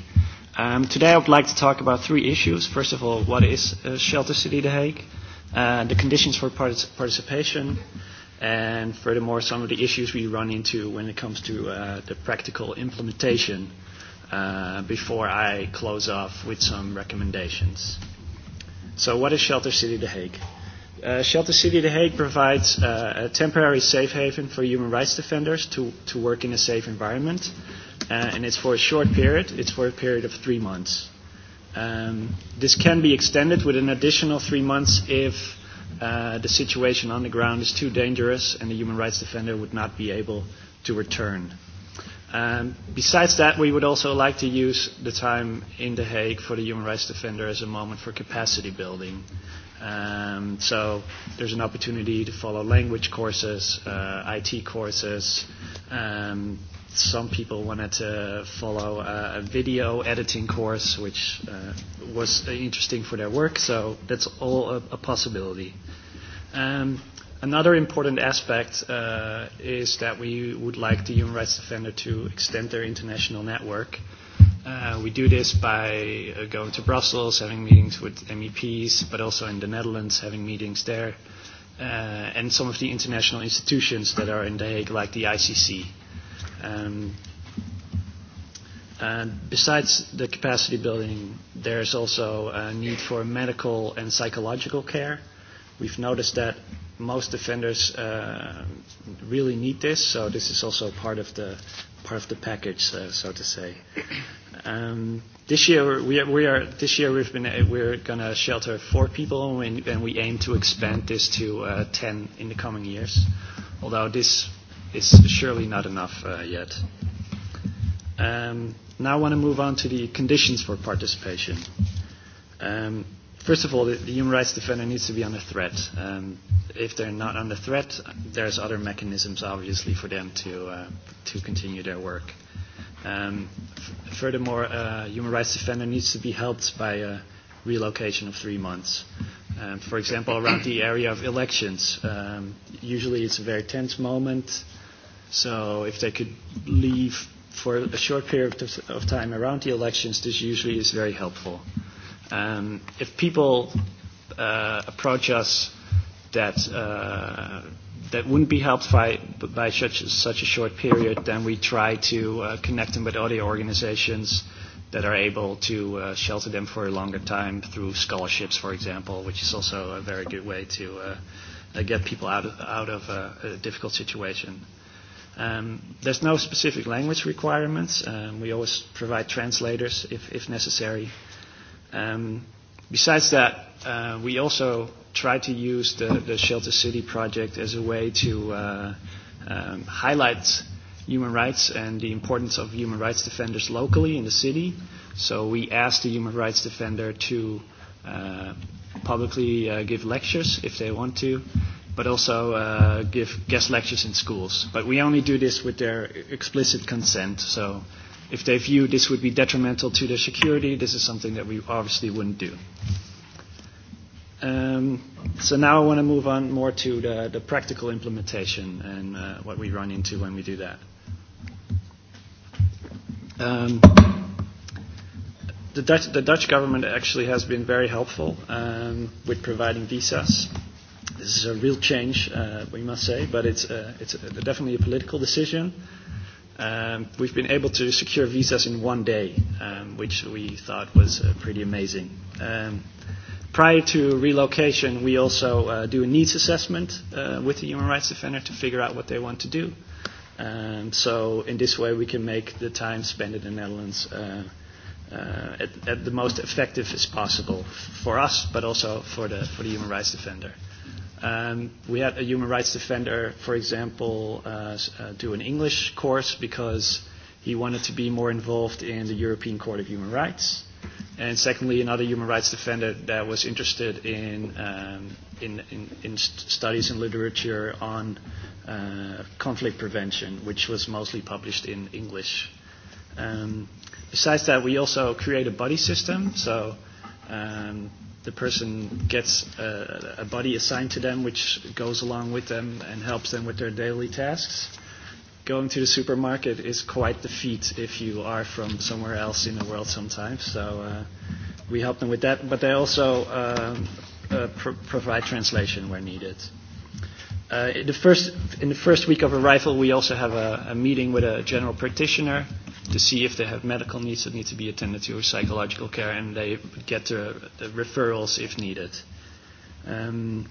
H: Um, today I would like to talk about three issues. First of all, what is uh, Shelter City The Hague, uh, the conditions for partic- participation, and furthermore some of the issues we run into when it comes to uh, the practical implementation uh, before I close off with some recommendations. So what is Shelter City The Hague? Uh, Shelter City The Hague provides uh, a temporary safe haven for human rights defenders to, to work in a safe environment. Uh, uh, and it's for a short period. It's for a period of three months. Um, this can be extended with an additional three months if uh, the situation on the ground is too dangerous and the human rights defender would not be able to return. Um, besides that, we would also like to use the time in The Hague for the human rights defender as a moment for capacity building. Um, so there's an opportunity to follow language courses, uh, IT courses, um, some people wanted to follow a, a video editing course, which uh, was interesting for their work, so that's all a, a possibility. Um, another important aspect uh, is that we would like the human rights defender to extend their international network. Uh, we do this by uh, going to Brussels, having meetings with MEPs, but also in the Netherlands, having meetings there, uh, and some of the international institutions that are in The Hague, like the ICC. Um, and uh, besides the capacity building, there's also a need for medical and psychological care. We've noticed that most offenders uh, really need this, so this is also part of the part of the package, uh, so to say. Um, this year we are, we are this year we've been uh, we're going to shelter four people, and we, and we aim to expand this to uh, ten in the coming years. Although this is surely not enough uh, yet. Um, now I want to move on to the conditions for participation. Um, first of all, the, the human rights defender needs to be under threat. Um, if they're not under threat, there's other mechanisms, obviously, for them to, uh, to continue their work. Um, f- furthermore, uh, human rights defender needs to be helped by a relocation of three months. Um, for example, around the area of elections, um, usually it's a very tense moment. So if they could leave for a short period of time around the elections, this usually is very helpful. Um, if people uh, approach us that uh, that wouldn't be helped by, by such, such a short period, then we try to uh, connect them with other organizations that are able to uh, shelter them for a longer time through scholarships, for example, which is also a very good way to uh, uh get people out of, out of a, a difficult situation. Um, there's no specific language requirements. Um, we always provide translators if, if necessary. Um, besides that, uh, we also try to use the, the Shelter City project as a way to uh, um, highlight human rights and the importance of human rights defenders locally in the city. So we ask the human rights defender to uh, publicly uh, give lectures if they want to but also uh, give guest lectures in schools. But we only do this with their explicit consent. So if they view this would be detrimental to their security, this is something that we obviously wouldn't do. Um, so now I want to move on more to the, the practical implementation and uh, what we run into when we do that. Um, the, Dutch, the Dutch government actually has been very helpful um, with providing visas. This is a real change, uh, we must say, but it's, uh, it's a, uh, definitely a political decision. Um, we've been able to secure visas in one day, um, which we thought was uh, pretty amazing. Um, prior to relocation, we also uh, do a needs assessment uh, with the human rights defender to figure out what they want to do. Um, so in this way, we can make the time spent in the Netherlands uh, uh, at, at the most effective as possible for us, but also for the for the human rights defender. Um, we had a human rights defender, for example, uh, uh, do an English course because he wanted to be more involved in the European Court of Human Rights. And secondly, another human rights defender that was interested in, um, in, in, in st- studies and literature on uh, conflict prevention, which was mostly published in English. Um, besides that, we also create a buddy system. So um, the person gets a, a buddy assigned to them, which goes along with them and helps them with their daily tasks. Going to the supermarket is quite the feat if you are from somewhere else in the world sometimes. So uh, we help them with that, but they also um, uh, pr- provide translation where needed. Uh, in, the first, in the first week of arrival, we also have a, a meeting with a general practitioner to see if they have medical needs that need to be attended to or psychological care, and they get the, the referrals if needed. Um,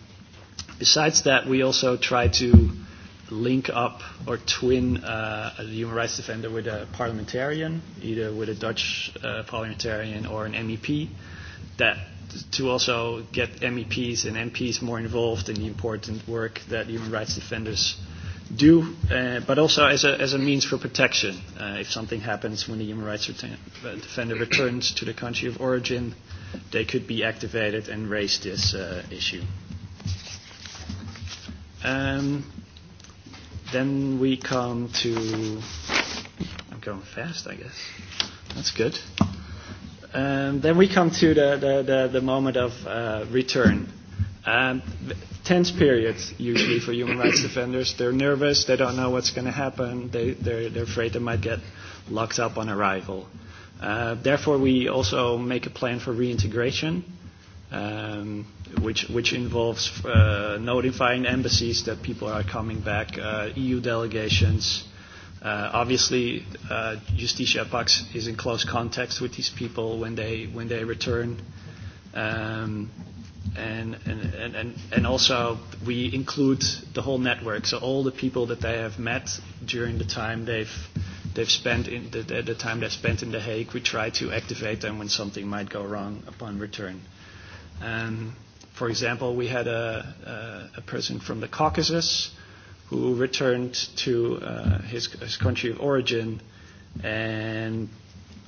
H: besides that, we also try to link up or twin uh, a human rights defender with a parliamentarian, either with a Dutch uh, parliamentarian or an MEP, that to also get MEPs and MPs more involved in the important work that human rights defenders uh, do, uh, but also as a, as a means for protection. Uh, if something happens when a human rights uh, defender returns to the country of origin, they could be activated and raise this uh, issue. Um, then we come to. I'm going fast, I guess. That's good. Um, then we come to the, the, the, the moment of uh, return. Um, tense period usually for human rights defenders. They're nervous. They don't know what's going to happen. They, they're, they're afraid they might get locked up on arrival. Uh, therefore, we also make a plan for reintegration, um, which, which involves uh, notifying embassies that people are coming back, uh, EU delegations. Uh, obviously, uh, Justicia Pax is in close contact with these people when they, when they return. Um, and, and, and, and also we include the whole network, so all the people that they have met during the time they've they've spent in the, the, time they've spent in the Hague. We try to activate them when something might go wrong upon return. Um, for example, we had a, a, a person from the Caucasus who returned to uh, his, his country of origin and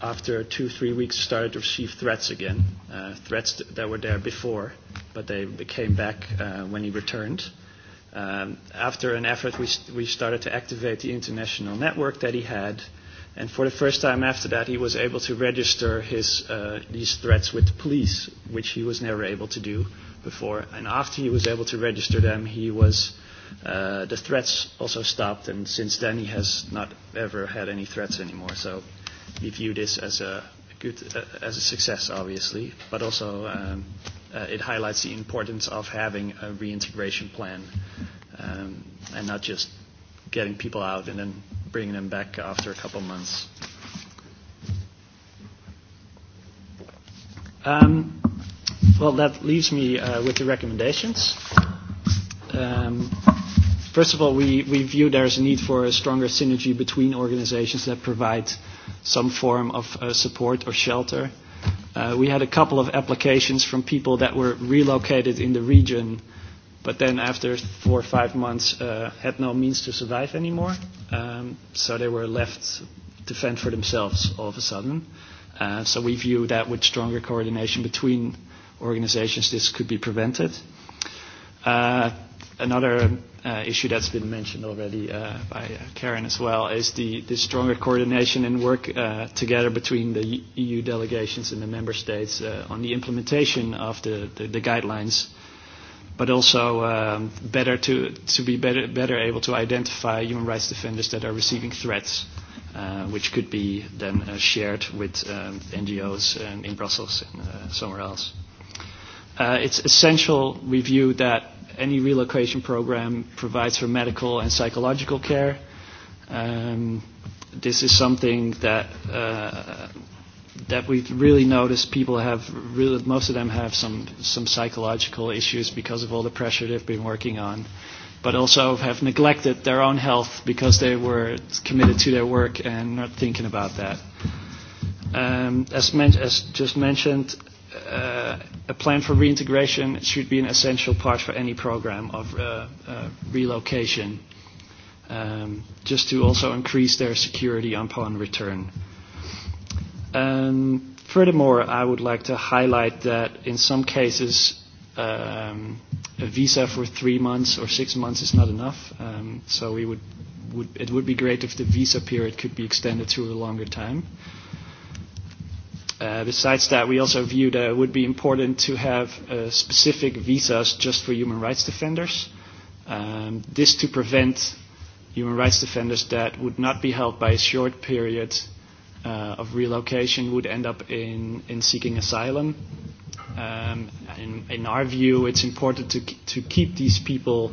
H: after two, three weeks, started to receive threats again, uh, threats that were there before, but they came back uh, when he returned. Um, after an effort, we, st- we started to activate the international network that he had, and for the first time after that, he was able to register his, uh, these threats with the police, which he was never able to do before. And after he was able to register them, he was uh, the threats also stopped, and since then he has not ever had any threats anymore. So we view this as a good, uh, as a success, obviously, but also um, uh, it highlights the importance of having a reintegration plan um, and not just getting people out and then bringing them back after a couple months. Um, well, that leaves me uh, with the recommendations. Um, first of all, we, we view there is a need for a stronger synergy between organizations that provide uh, some form of uh, support or shelter. Uh, we had a couple of applications from people that were relocated in the region, but then after four or five months uh, had no means to survive anymore. Um, so they were left to fend for themselves all of a sudden. Uh, so we view that with stronger coordination between organizations, this could be prevented. Uh, another uh, issue that's been mentioned already uh, by uh, Karen as well is the, the stronger coordination and work uh, together between the EU delegations and the member states uh, on the implementation of the, the, the guidelines, but also um, better to, to be better, better able to identify human rights defenders that are receiving threats. Uh, which could be then uh, shared with um, NGOs um, in Brussels and uh, somewhere else. Uh, it's essential review that any relocation program provides for medical and psychological care. Um, this is something that uh, that we've really noticed people have really most of them have some some psychological issues because of all the pressure they've been working on but also have neglected their own health because they were committed to their work and not thinking about that um, as, men- as just mentioned uh, a plan for reintegration should be an essential part for any program of uh, uh, relocation, um, just to also increase their security upon return. Um, furthermore, I would like to highlight that in some cases, um, a visa for three months or six months is not enough. Um, so we would, would, it would be great if the visa period could be extended to a longer time. Uh, Uh, besides that, we also view that it would be important to have uh, specific visas just for human rights defenders. Um, this to prevent human rights defenders that would not be helped by a short period uh, of relocation would end up in, in seeking asylum. Um, in, in our view, it's important to, to keep these people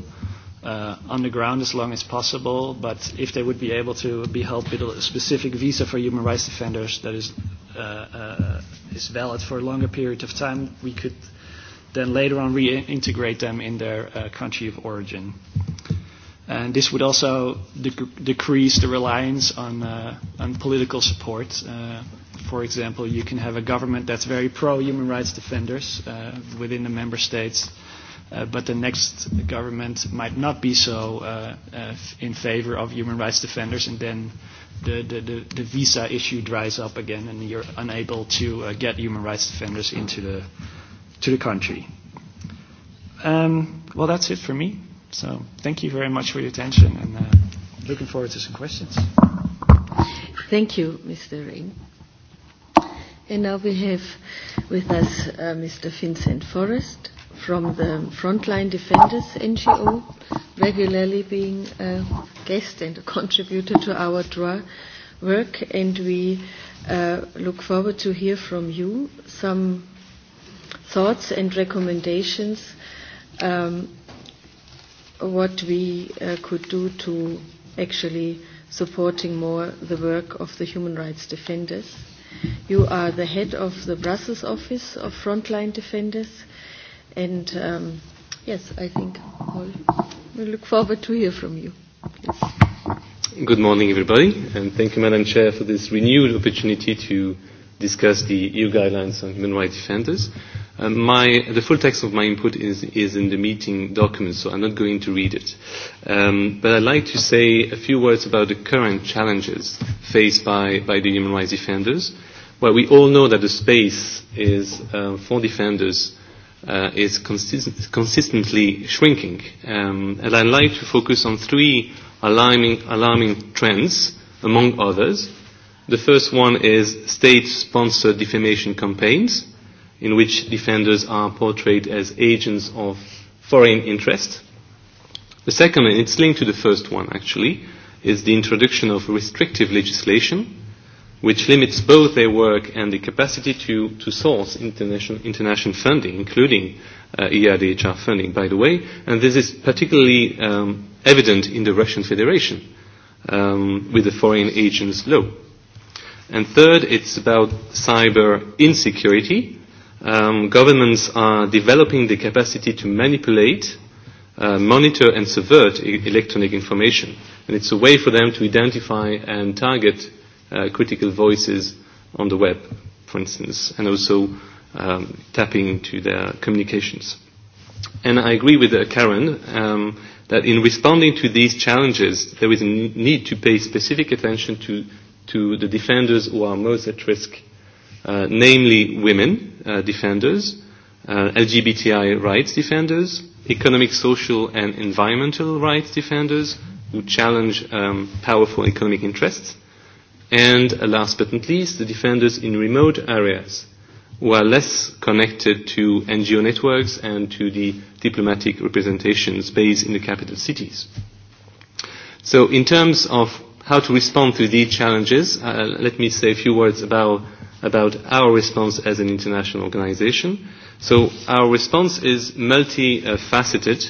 H: uh, on the ground as long as possible, but if they would be able to be helped with a specific visa for human rights defenders, that is Uh, uh, is valid for a longer period of time, we could then later on reintegrate them in their uh, country of origin. And this would also dec- decrease the reliance on, uh, on political support. Uh, for example, you can have a government that's very pro human rights defenders uh, within the member states, uh, but the next government might not be so uh, uh, in favor of human rights defenders, and then the, the, the, the visa issue dries up again and you're unable to uh, get human rights defenders into the, to the country. Um, well, that's it for me. So thank you very much for your attention and uh, looking forward to some questions.
B: Thank you, Mr. Rain. And now we have with us uh, Mr. Vincent Forrest from the Frontline Defenders NGO, regularly being a guest and a contributor to our draw work, and we uh, look forward to hear from you some thoughts and recommendations um, what we uh, could do to actually supporting more the work of the human rights defenders. You are the head of the Brussels office of Frontline Defenders, And um, yes, I think all, we look forward to hear from
I: you. Yes.
J: Good morning, everybody, and thank you, Madam Chair, for this renewed opportunity to discuss the EU guidelines on human rights defenders. Um, my, the full text of my input is, is in the meeting document, so I'm not going to read it. Um, but I'd like to say a few words about the current challenges faced by, by the human rights defenders. Well, we all know that the space is uh, for defenders uh, is consist- consistently shrinking. Um, and I'd like to focus on three alarming, alarming trends, among others. The first one is state-sponsored defamation campaigns, in which defenders are portrayed as agents of foreign interest. The second, and it's linked to the first one actually, is the introduction of restrictive legislation which limits both their work and the capacity to, to source international, international funding, including uh, EIDHR funding, by the way. And this is particularly um, evident in the Russian Federation um, with the foreign agents law. And third, it's about cyber insecurity. Um, governments are developing the capacity to manipulate, uh, monitor, and subvert e- electronic information. And it's a way for them to identify and target uh, critical voices on the web, for instance, and also um, tapping into their communications. And I agree with uh, Karen um, that in responding to these challenges, there is a need to pay specific attention to, to the defenders who are most at risk, uh, namely women uh, defenders, uh, LGBTI rights defenders, economic, social, and environmental rights defenders who challenge um, powerful economic interests, And last but not least, the defenders in remote areas who are less connected to NGO networks and to the diplomatic representations based in the capital cities. So in terms of how to respond to these challenges, uh, let me say a few words about, about our response as an international organization. So our response is multifaceted.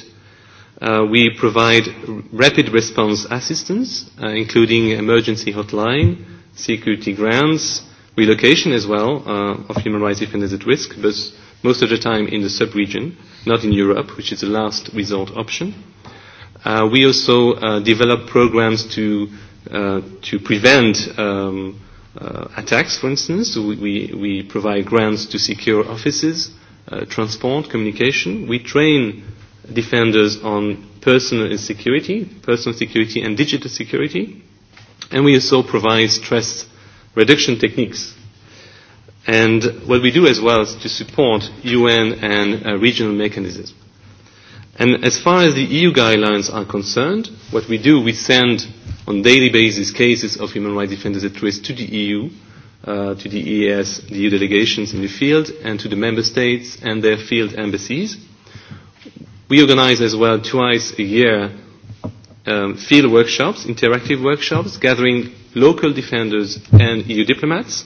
J: Uh, we provide rapid response assistance, uh, including emergency hotline, security grounds, relocation as well uh, of human rights defenders at risk, but most of the time in the sub-region, not in Europe, which is the last resort option. Uh, we also uh, develop programs to, uh, to prevent um, uh, attacks, for instance. we, we, we provide grants to secure offices, uh, transport, communication. We train defenders on personal security, personal security and digital security. And we also provide stress reduction techniques. And what we do as well is to support UN and uh, regional mechanisms. And as far as the EU guidelines are concerned, what we do, we send on daily basis cases of human rights defenders at risk to the EU, uh, to the EAS, the EU delegations in the field, and to the member states and their field embassies. We organize as well twice a year um, field workshops, interactive workshops, gathering local defenders and EU diplomats.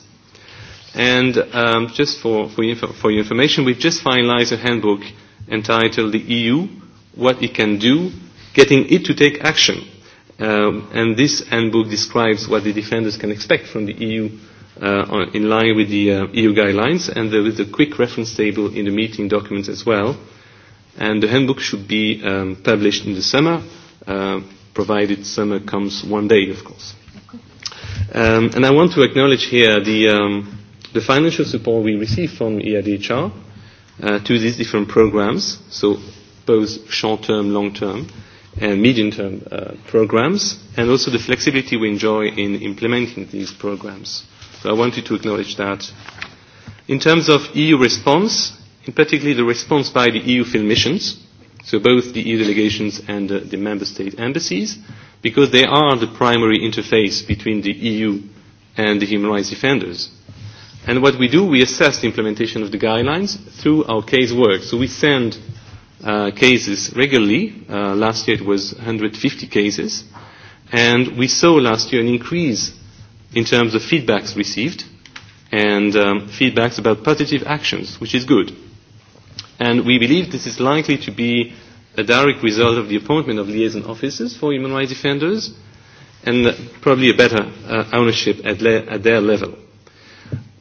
J: And um, just for, for, your, for your information, we've just finalized a handbook entitled The EU, What It Can Do, Getting It to Take Action. Um, and this handbook describes what the defenders can expect from the EU uh, on, in line with the uh, EU guidelines, and there is a quick reference table in the meeting documents as well. And the handbook should be um, published in the summer, Uh, provided summer comes one day, of course. Um, and I want to acknowledge here the, um, the financial support we receive from EADHR uh, to these different programs, so both short-term, long-term, and medium-term uh, programs, and also the flexibility we enjoy in implementing these programs. So I wanted to acknowledge that. In terms of EU response, in particular the response by the EU field missions, so both the EU delegations and uh, the member state embassies, because they are the primary interface between the EU and the human rights defenders. And what we do, we assess the implementation of the guidelines through our case work. So we send uh, cases regularly. Uh, last year it was 150 cases. And we saw last year an increase in terms of feedbacks received and um, feedbacks about positive actions, which is good And we believe this is likely to be a direct result of the appointment of liaison officers for human rights defenders and probably a better uh, ownership at, le- at their level.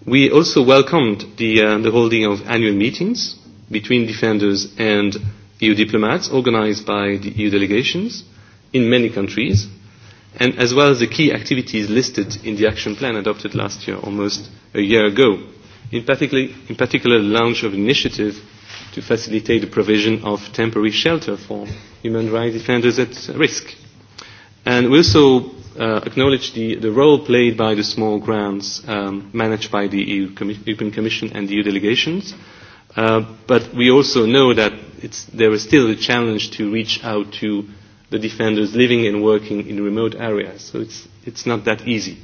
J: We also welcomed the, uh, the holding of annual meetings between defenders and EU diplomats organized by the EU delegations in many countries, and as well as the key activities listed in the action plan adopted last year, almost a year ago. In particular, in particular the launch of an initiative to facilitate the provision of temporary shelter for human rights defenders at risk. And we also uh, acknowledge the, the role played by the small grants um, managed by the EU Com- European Commission and the EU delegations. Uh, but we also know that it's, there is still a challenge to reach out to the defenders living and working in remote areas. So it's, it's not that easy.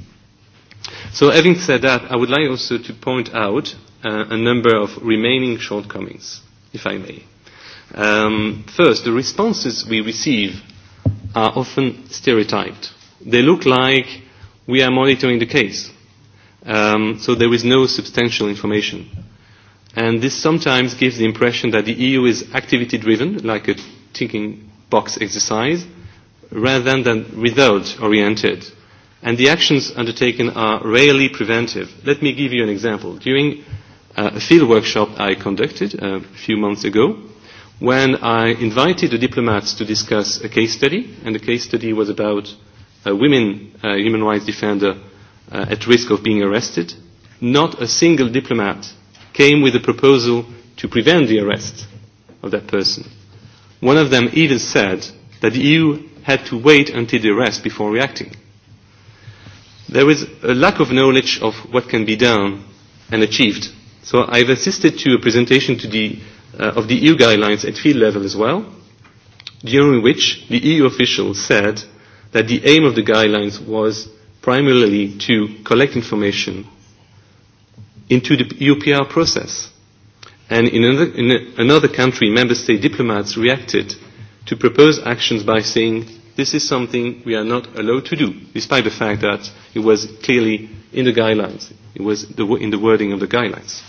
J: So having said that, I would like also to point out uh, a number of remaining shortcomings if I may. Um, first, the responses we receive are often stereotyped. They look like we are monitoring the case, um, so there is no substantial information. And this sometimes gives the impression that the EU is activity driven, like a ticking box exercise, rather than, than result oriented. And the actions undertaken are rarely preventive. Let me give you an example. During uh, a field workshop I conducted uh, a few months ago when I invited the diplomats to discuss a case study, and the case study was about a uh, women a uh, human rights defender uh, at risk of being arrested. Not a single diplomat came with a proposal to prevent the arrest of that person. One of them even said that the EU had to wait until the arrest before reacting. There is a lack of knowledge of what can be done and achieved So I've assisted to a presentation to the, uh, of the EU guidelines at field level as well, during which the EU official said that the aim of the guidelines was primarily to collect information into the e UPR process. And in another, in another country, member state diplomats reacted to propose actions by saying this is something we are not allowed to do, despite the fact that it was clearly in the guidelines. It was the, in the wording of the guidelines.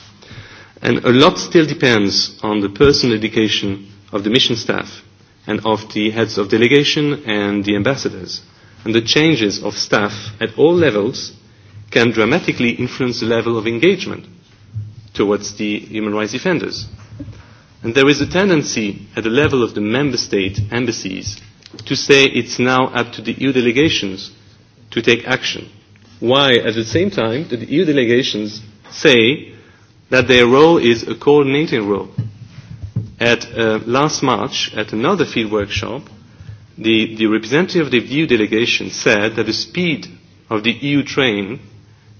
J: And a lot still depends on the personal education of the mission staff and of the heads of delegation and the ambassadors. And the changes of staff at all levels can dramatically influence the level of engagement towards the human rights defenders. And there is a tendency at the level of the member state embassies to say it's now up to the EU delegations to take action. Why, at the same time, that the EU delegations say that their role is a coordinating role. At uh, last March, at another field workshop, the, the representative of the EU delegation said that the speed of the EU train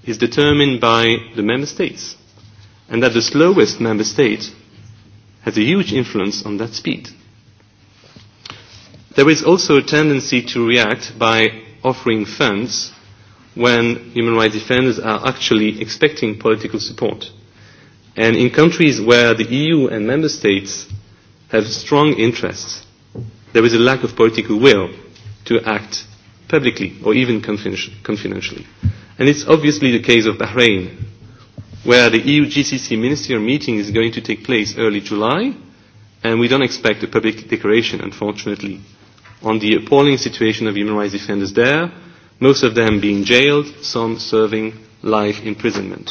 J: is determined by the member states, and that the slowest member state has a huge influence on that speed. There is also a tendency to react by offering funds when human rights defenders are actually expecting political support. And in countries where the EU and member states have strong interests, there is a lack of political will to act publicly or even confidentially. And it's obviously the case of Bahrain, where the EU GCC ministerial meeting is going to take place early July, and we don't expect a public declaration, unfortunately, on the appalling situation of human rights defenders there, most of them being jailed, some serving life imprisonment.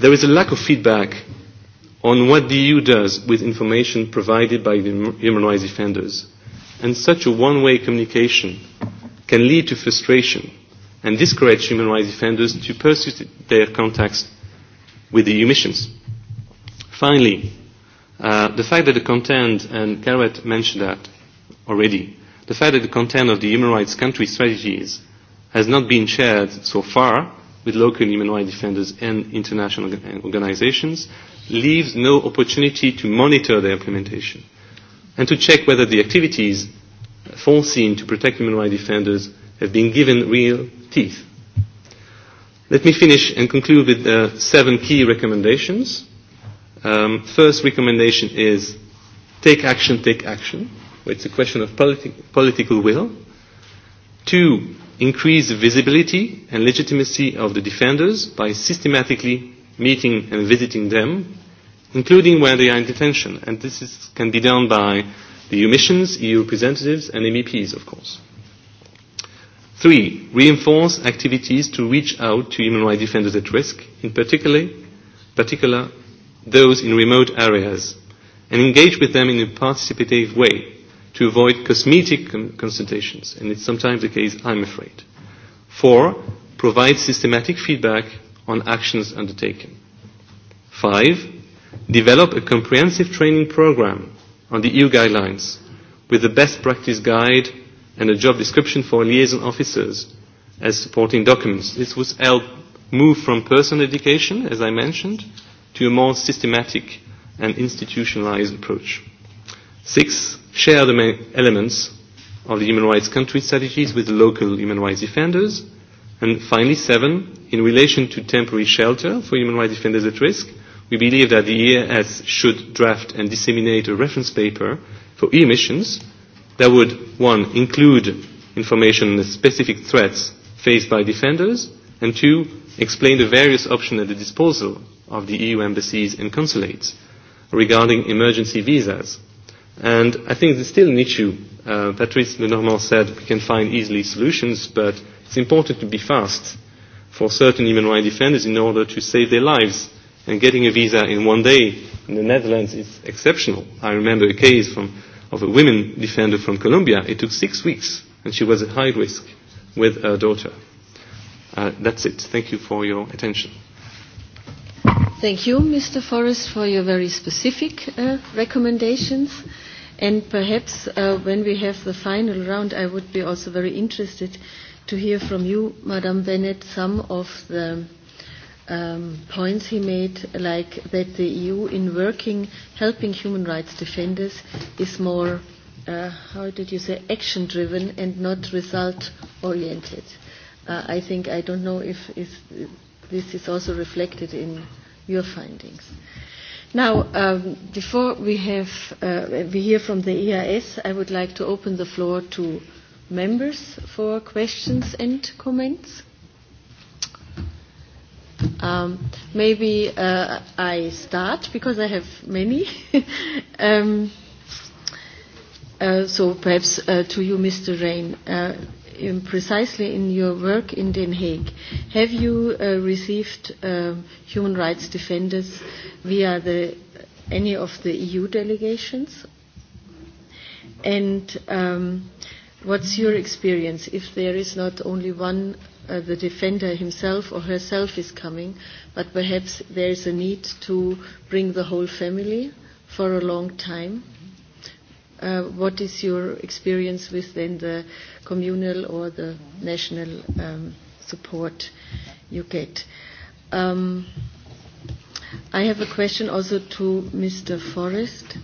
J: There is a lack of feedback on what the EU does with information provided by the human rights defenders. And such a one-way communication can lead to frustration and discourage human rights defenders to pursue their contacts with the EU missions. Finally, uh, the fact that the content, and Garrett mentioned that already, the fact that the content of the human rights country strategies has not been shared so far with local human rights defenders and international uh, organizations leaves no opportunity to monitor their implementation and to check whether the activities foreseen to protect human rights defenders have been given real teeth. Let me finish and conclude with uh, seven key recommendations. Um, first recommendation is take action, take action. It's a question of politi- political will. Two, increase the visibility and legitimacy of the defenders by systematically meeting and visiting them, including where they are in detention. And this is, can be done by the EU missions, EU representatives, and MEPs, of course. Three, reinforce activities to reach out to human rights defenders at risk, in particular, particular those in remote areas, and engage with them in a participative way to avoid cosmetic con- consultations, and it's sometimes the case, I'm afraid. Four, provide systematic feedback on actions undertaken. Five, develop a comprehensive training program on the EU guidelines with a best practice guide and a job description for liaison officers as supporting documents. This would help move from personal education, as I mentioned, to a more systematic and institutionalized approach. Six, share the main elements of the human rights country strategies with local human rights defenders. And finally, seven, in relation to temporary shelter for human rights defenders at risk, we believe that the EAS should draft and disseminate a reference paper for emissions that would, one, include information on the specific threats faced by defenders, and two, explain the various options at the disposal of the EU embassies and consulates regarding emergency visas And I think it's still an issue. Uh, Patrice Lenormand said we can find easily solutions, but it's important to be fast for certain human rights defenders in order to save their lives. And getting a visa in one day in the Netherlands is exceptional. I remember a case from, of a women defender from Colombia. It took six weeks, and she was at high risk with her daughter. Uh, that's it. Thank you for your attention.
B: Thank you, Mr. Forrest, for your very specific uh, recommendations. And perhaps uh, when we have the final round, I would be also very interested to hear from you, Madam Bennett, some of the um, points he made, like that the EU in working, helping human rights defenders is more, uh, how did you say, action driven and not result oriented. Uh, I think, I don't know if, if this is also reflected in your findings. Now, um, before we, have, uh, we hear from the EIS, I would like to open the floor to members for questions and comments. Um, maybe uh, I start because I have many. um, uh, so perhaps uh, to you, Mr. Rain. Uh, in precisely in your work in Den Haag, have you uh, received uh, human rights defenders via the, any of the EU delegations? And um, what's your experience if there is not only one, uh, the defender himself or herself is coming, but perhaps there is a need to bring the whole family for a long time? uh, what is your experience within the communal or the national um, support you get? Um, I have a question also to Mr. Forrest.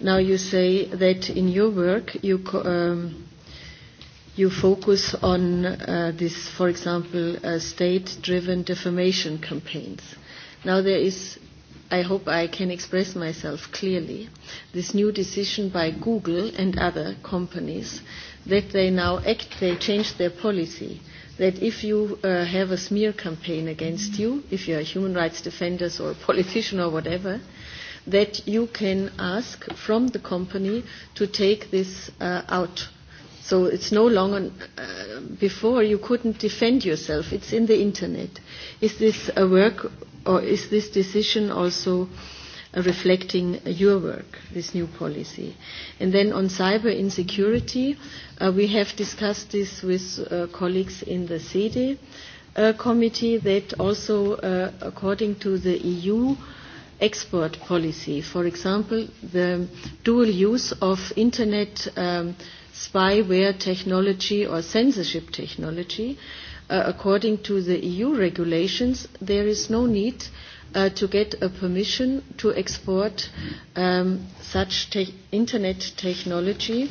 B: Now you say that in your work you, um, you focus on uh, this, for example, uh, state-driven defamation campaigns. Now there is i hope I can express myself clearly, this new decision by Google and other companies that they now act, they change their policy. That if you uh, have a smear campaign against you, if you are human rights defenders or a politician or whatever, that you can ask from the company to take this uh, out. So it's no longer, uh, before you couldn't defend yourself, it's in the internet. Is this a work or is this decision also reflecting your work, this new policy? And then on cyber insecurity, uh, we have discussed this with uh, colleagues in the CD uh, committee that also, uh, according to the EU, export policy. For example, the dual use of internet um, spyware technology or censorship technology uh, according to the EU regulations, there is no need uh, to get a permission to export um, such te- internet technology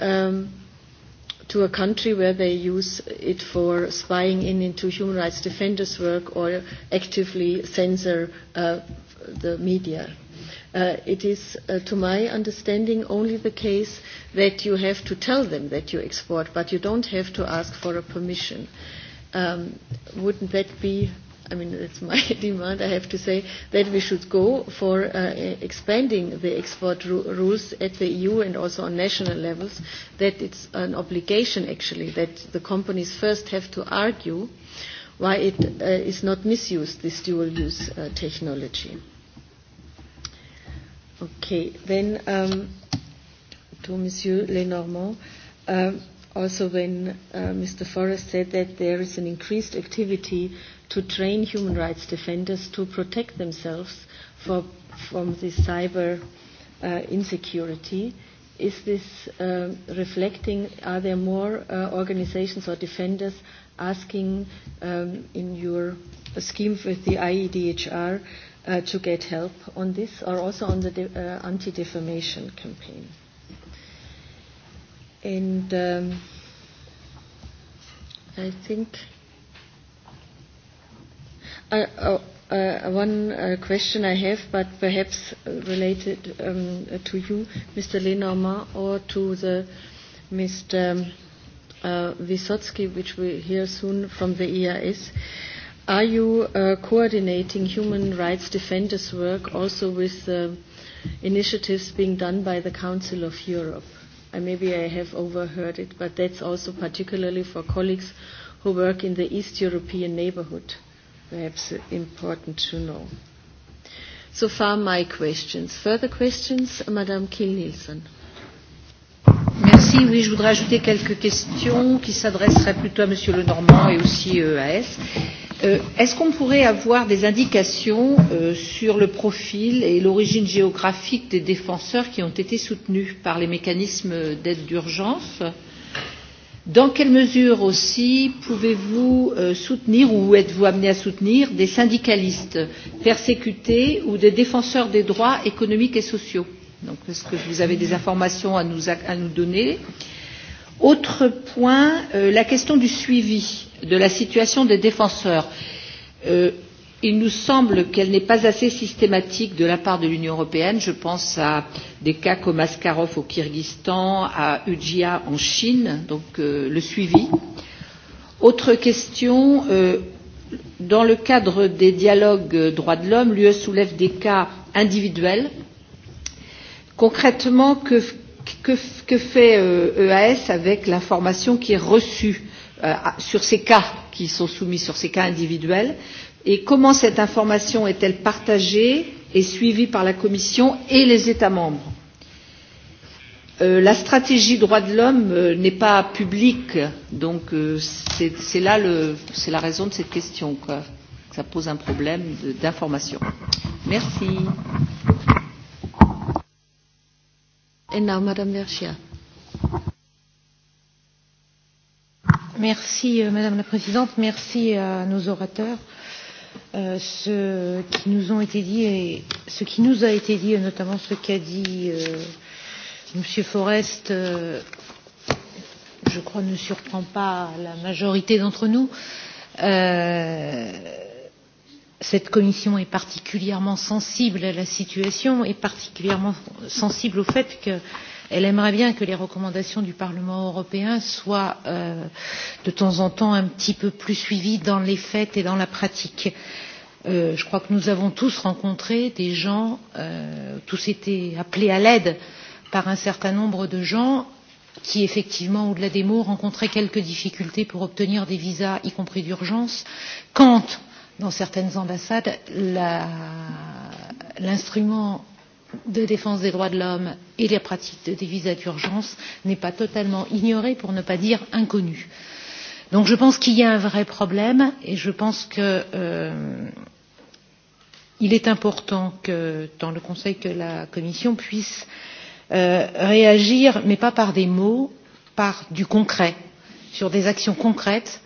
B: um, to a country where they use it for spying in into human rights defenders' work or actively censor uh, the media uh, it is, uh, to my understanding, only the case that you have to tell them that you export, but you don't have to ask for a permission. Um, wouldn't that be I mean, that's my demand, I have to say, that we should go for uh, expanding the export ru- rules at the EU and also on national levels, that it's an obligation actually, that the companies first have to argue why it uh, is not misused, this dual use uh, technology. Okay. Then um, to Monsieur Lenormand, um, also when uh, Mr. Forrest said that there is an increased activity to train human rights defenders to protect themselves for, from this cyber uh, insecurity, is this uh, reflecting, are there more uh, organizations or defenders asking um, in your scheme with the IEDHR uh, to get help on this or also on the uh, anti-defamation campaign. And um, I think uh, uh, uh, one uh, question I have, but perhaps related um, to you, Mr. Lenormand, or to the Mr. Um, uh, Vysotsky, which we hear soon from the EIS. Uh, Are you uh, coordinating human rights defenders' work also with uh, initiatives being done by the Council of Europe? Uh, maybe I have overheard it, but that's also particularly for colleagues who work in the East European neighborhood, perhaps uh, important to know. So far, my questions. Further questions, Madame Kiel-Nielsen. Merci. Oui, je voudrais ajouter quelques
K: questions qui s'adresseraient plutôt à Monsieur Le Normand et aussi euh, à S. Euh, est-ce qu'on pourrait avoir des indications euh, sur le profil et l'origine géographique des défenseurs qui ont été soutenus par les mécanismes d'aide d'urgence Dans quelle mesure aussi pouvez-vous euh, soutenir ou êtes-vous amené à soutenir des syndicalistes persécutés ou des défenseurs des droits économiques et sociaux est-ce que vous avez des informations à nous, à nous donner euh, Autre point, euh, la question du suivi de la situation des défenseurs. Euh, il nous semble qu'elle n'est pas assez systématique de la part de l'Union européenne. Je pense à des cas comme Askarov au Kyrgyzstan, à Ujia en Chine, donc euh, le suivi. Autre question, euh, dans le cadre des dialogues euh, droits de l'homme, l'UE soulève des cas individuels. Concrètement, que, que, que fait euh, EAS avec l'information qui est reçue euh, sur ces cas qui sont soumis, sur ces cas individuels et comment cette information est-elle partagée et suivie par la Commission et les États membres euh, la stratégie droit de l'homme euh, n'est pas publique, donc euh, c'est là le, c'est la raison de cette question. Quoi. Ça pose un problème d'information.
B: Merci.
F: And now, Madame Vergia. Merci, euh, Madame la Présidente. Merci à nos orateurs. Euh, ce qui nous ont été dit et ce qui nous a été dit, et notamment ce qu'a dit euh, M. Forest, euh, je crois ne surprend pas la majorité d'entre nous. Euh, cette commission est particulièrement sensible à la situation et particulièrement sensible au fait qu'elle aimerait bien que les recommandations du Parlement européen soient euh, de temps en temps un petit peu plus suivies dans les faits et dans la pratique. Euh, je crois que nous avons tous rencontré des gens, euh, tous été appelés à l'aide par un certain nombre de gens qui effectivement au-delà des mots rencontraient quelques difficultés pour obtenir des visas, y compris d'urgence, quand dans certaines ambassades, l'instrument de défense des droits de l'homme et les pratiques des visas d'urgence n'est pas totalement ignoré, pour ne pas dire inconnu. Donc je pense qu'il y a un vrai problème et je pense que euh, il est important que tant le Conseil que la Commission puissent euh, réagir, mais pas par des mots, par du concret, sur des actions concrètes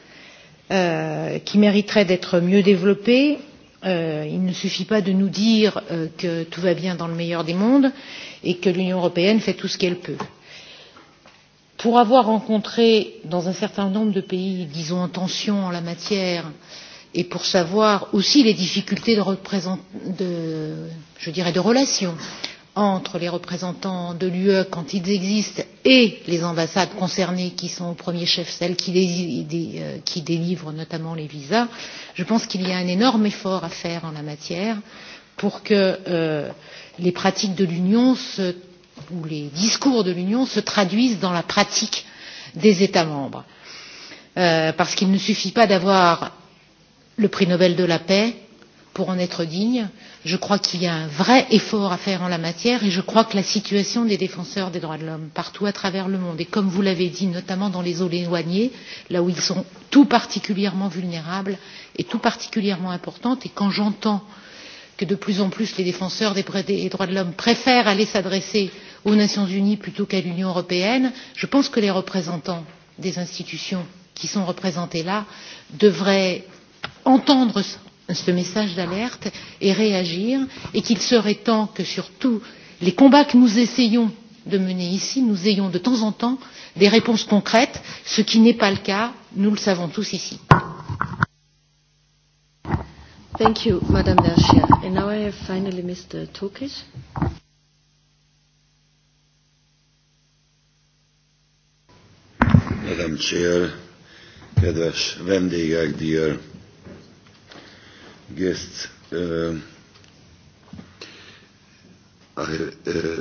F: Euh, qui mériterait d'être mieux développé. Euh, il ne suffit pas de nous dire euh, que tout va bien dans le meilleur des mondes et que l'Union européenne fait tout ce qu'elle peut. Pour avoir rencontré dans un certain nombre de pays, disons en tension en la matière, et pour savoir aussi les difficultés de, de, je dirais, de relations entre les représentants de l'ue quand ils existent et les ambassades concernées qui sont au premier chef celles qui, dé, euh, qui délivrent notamment les visas je pense qu'il y a un énorme effort à faire en la matière pour que euh, les pratiques de l'union ou les discours de l'union se traduisent dans la pratique des états membres euh, parce qu'il ne suffit pas d'avoir le prix nobel de la paix pour en être digne je crois qu'il y a un vrai effort à faire en la matière et je crois que la situation des défenseurs des droits de l'homme partout à travers le monde et comme vous l'avez dit notamment dans les zones éloignées, là où ils sont tout particulièrement vulnérables est tout particulièrement importante et quand j'entends que de plus en plus les défenseurs des droits de l'homme préfèrent aller s'adresser aux Nations Unies plutôt qu'à l'Union européenne, je pense que les représentants des institutions qui sont représentés là devraient entendre ce message d'alerte et réagir et qu'il serait temps que sur tous les combats que nous essayons de mener ici nous ayons de temps en temps des réponses concrètes ce qui n'est pas le cas nous le savons tous ici.
B: Thank you, Madame Dacia. And now I have finally Mr. Tokic.
I: Madam Chair, kedves vendégek, dear guests. Eh, eh, eh,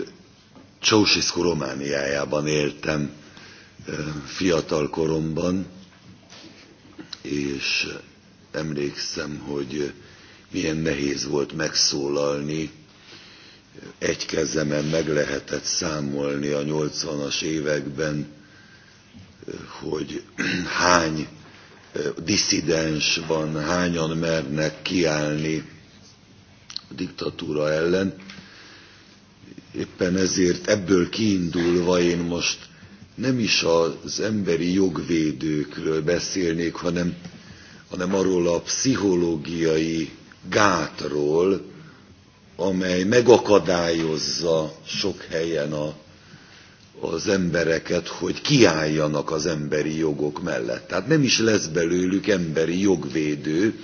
I: Csósiszku Romániájában éltem fiatal koromban, és emlékszem, hogy milyen nehéz volt megszólalni. Egy kezemen meg lehetett számolni a 80-as években, hogy hány diszidens van, hányan mernek kiállni a diktatúra ellen. Éppen ezért ebből kiindulva én most nem is az emberi jogvédőkről beszélnék, hanem, hanem arról a pszichológiai gátról, amely megakadályozza sok helyen a az embereket, hogy kiálljanak az emberi jogok mellett. Tehát nem is lesz belőlük emberi jogvédő,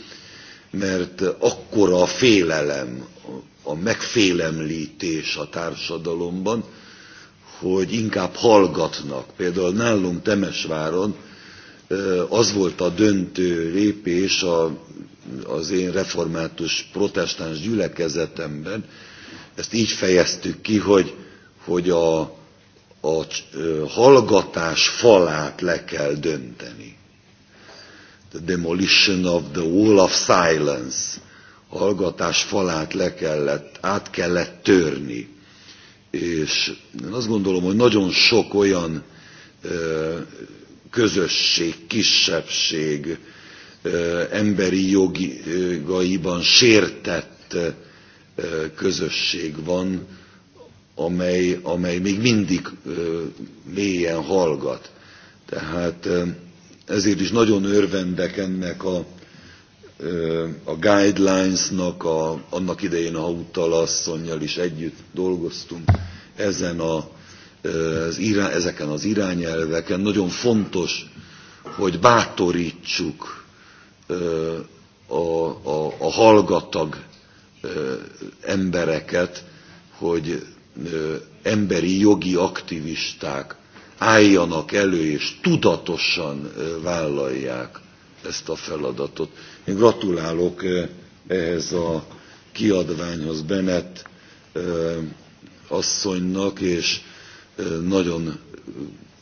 I: mert akkora a félelem, a megfélemlítés a társadalomban, hogy inkább hallgatnak. Például nálunk Temesváron az volt a döntő lépés a, az én református protestáns gyülekezetemben, ezt így fejeztük ki, hogy, hogy a, a hallgatás falát le kell dönteni. The demolition of the wall of silence. A hallgatás falát le kellett, át kellett törni. És én azt gondolom, hogy nagyon sok olyan közösség, kisebbség, emberi jogaiban sértett közösség van, amely, amely még mindig ö, mélyen hallgat. Tehát ö, ezért is nagyon örvendek ennek a, ö, a guidelinesnak, a, annak idején a Hauttal asszonynal is együtt dolgoztunk ezen a, az irány, ezeken az irányelveken. Nagyon fontos, hogy bátorítsuk ö, a, a, a hallgatag ö, embereket, hogy emberi jogi aktivisták álljanak elő és tudatosan vállalják ezt a feladatot. Én gratulálok ehhez a kiadványhoz Bennett asszonynak, és nagyon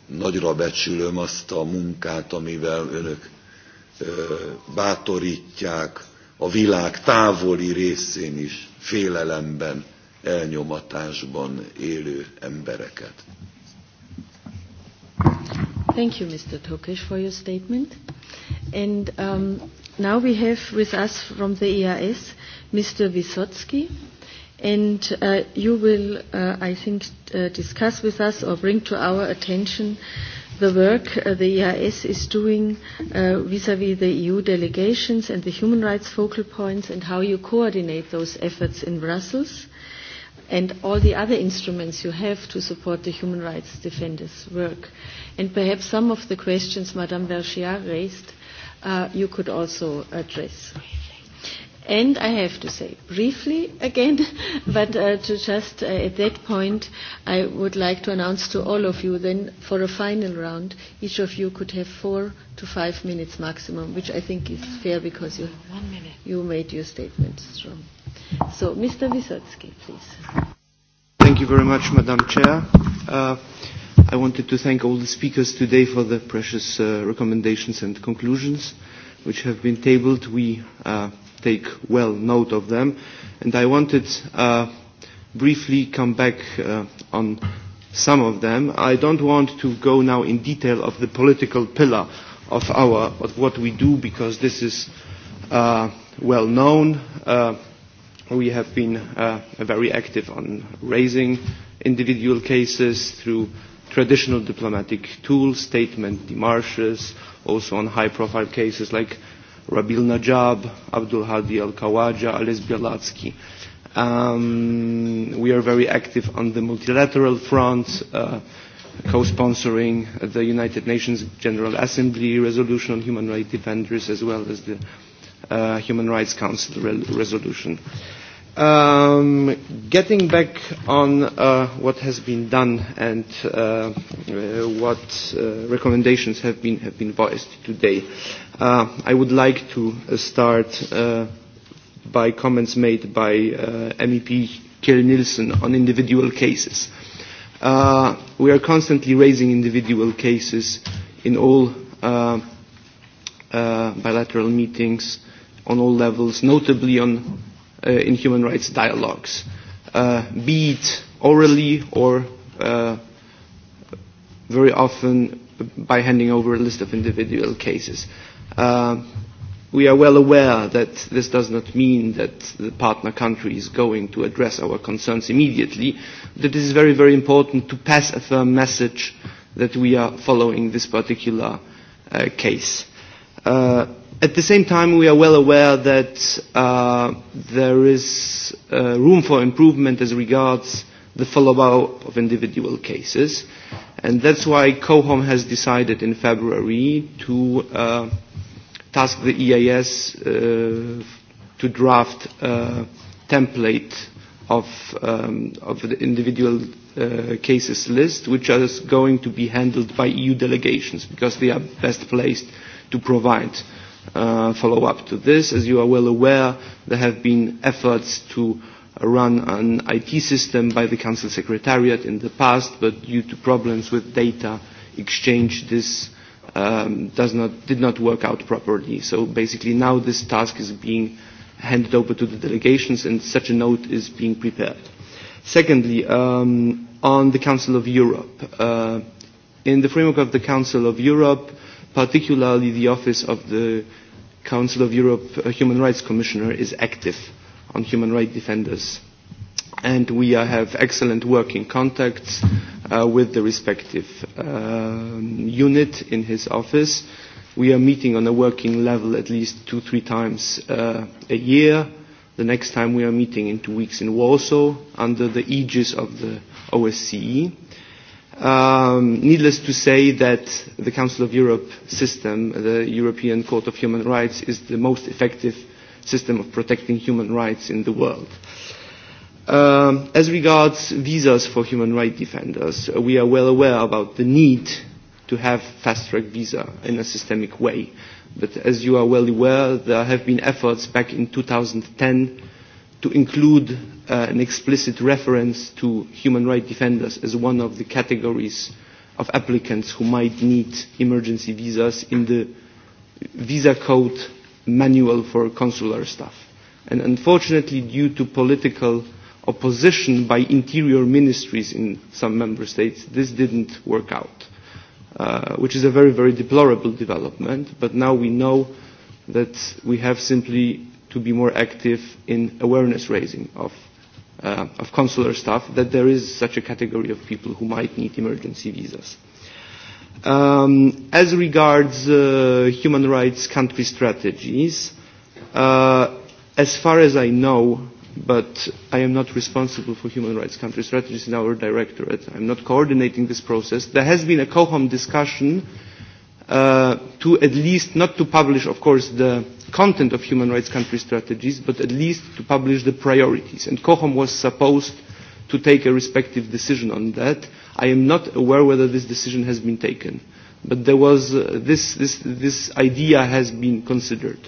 I: nagyra becsülöm azt a munkát, amivel önök bátorítják a világ távoli részén is félelemben elnyomatásban élő embereket.
B: Thank you, Mr. Tokes, for your statement. And um, now we have with us from the EAS, Mr. Wisotsky. And uh, you will, uh, I think, uh, discuss with us or bring to our attention the work uh, the EIS is doing vis-à-vis uh, -vis the EU delegations and the human rights focal points and how you coordinate those efforts in Brussels and all the other instruments you have to support the human rights defenders' work. And perhaps some of the questions Madame Vergiat raised uh, you could also address. And I have to say, briefly again, but uh, to just uh, at that point, I would like to announce to all of you then for a final round, each of you could have four to five minutes maximum, which I think is fair because you, One minute. you made your statement strong. So, Mr. Wysotsky,
L: please. Thank you very much, Madam Chair. Uh, I wanted to thank all the speakers today for the precious uh, recommendations and conclusions which have been tabled. We uh, take well note of them. And I wanted uh, briefly come back uh, on some of them. I don't want to go now in detail of the political pillar of, our, of what we do because this is uh, well known. Uh, we have been uh, very active on raising individual cases through traditional diplomatic tools, statement demarches, also on high-profile cases like Rabil Najab, Abdul Hadi Al-Kawaja, Ales Bialatsky. Um, we are very active on the multilateral front, uh, co-sponsoring the United Nations General Assembly resolution on human rights defenders as well as the uh, uh, Human Rights Council re- resolution. Um, getting back on uh, what has been done and uh, uh, what uh, recommendations have been, have been voiced today, uh, I would like to uh, start uh, by comments made by uh, MEP Kjell Nielsen on individual cases. Uh, we are constantly raising individual cases in all uh, uh, bilateral meetings, uh, on all levels, notably on, uh, in human rights dialogues, uh, be it orally or uh, very often by handing over a list of individual cases. Uh, we are well aware that this does not mean that the partner country is going to address our concerns immediately, but it is very, very important to pass a firm message that we are following this particular uh, case. Uh, At the same time, we are well aware that uh, there is uh, room for improvement as regards the follow-up of individual cases, and that's why COHOM has decided in February to uh, task the EAS uh, to draft a template of, um, of the individual uh, cases list, which is going to be handled by EU delegations, because they are best placed to provide uh, uh, follow up to this. As you are well aware, there have been efforts to run an IT system by the Council Secretariat in the past, but due to problems with data exchange, this um, does not, did not work out properly. So basically now this task is being handed over to the delegations and such a note is being prepared. Secondly, um, on the Council of Europe. Uh, in the framework of the Council of Europe, uh, particularly the office of the Council of Europe uh, Human Rights Commissioner is active on human rights defenders. And we uh, have excellent working contacts uh, with the respective uh, unit in his office. We are meeting on a working level at least two, three times uh, a year. The next time we are meeting in two weeks in Warsaw under the aegis of the OSCE Um, needless to say that the Council of Europe system, the European Court of Human Rights, is the most effective system of protecting human rights in the world. Um, as regards visas for human rights defenders, we are well aware about the need to have fast-track visa in a systemic way. But as you are well aware, there have been efforts back in 2010 to include uh, an explicit reference to human rights defenders as one of the categories of applicants who might need emergency visas in the visa code manual for consular staff. And unfortunately, due to political opposition by interior ministries in some member states, this didn't work out, uh, which is a very, very deplorable development. But now we know that we have simply to be more active in awareness raising of uh, of consular staff that there is such a category of people who might need emergency visas. Um, as regards uh, human rights country strategies, uh, as far as I know, but I am not responsible for human rights country strategies in our directorate. I'm not coordinating this process. There has been a COHOM discussion uh, uh, to at least not to publish, of course, the content of human rights country strategies, but at least to publish the priorities. And COHOM was supposed to take a respective decision on that. I am not aware whether this decision has been taken, but there was uh, this, this, this idea has been considered.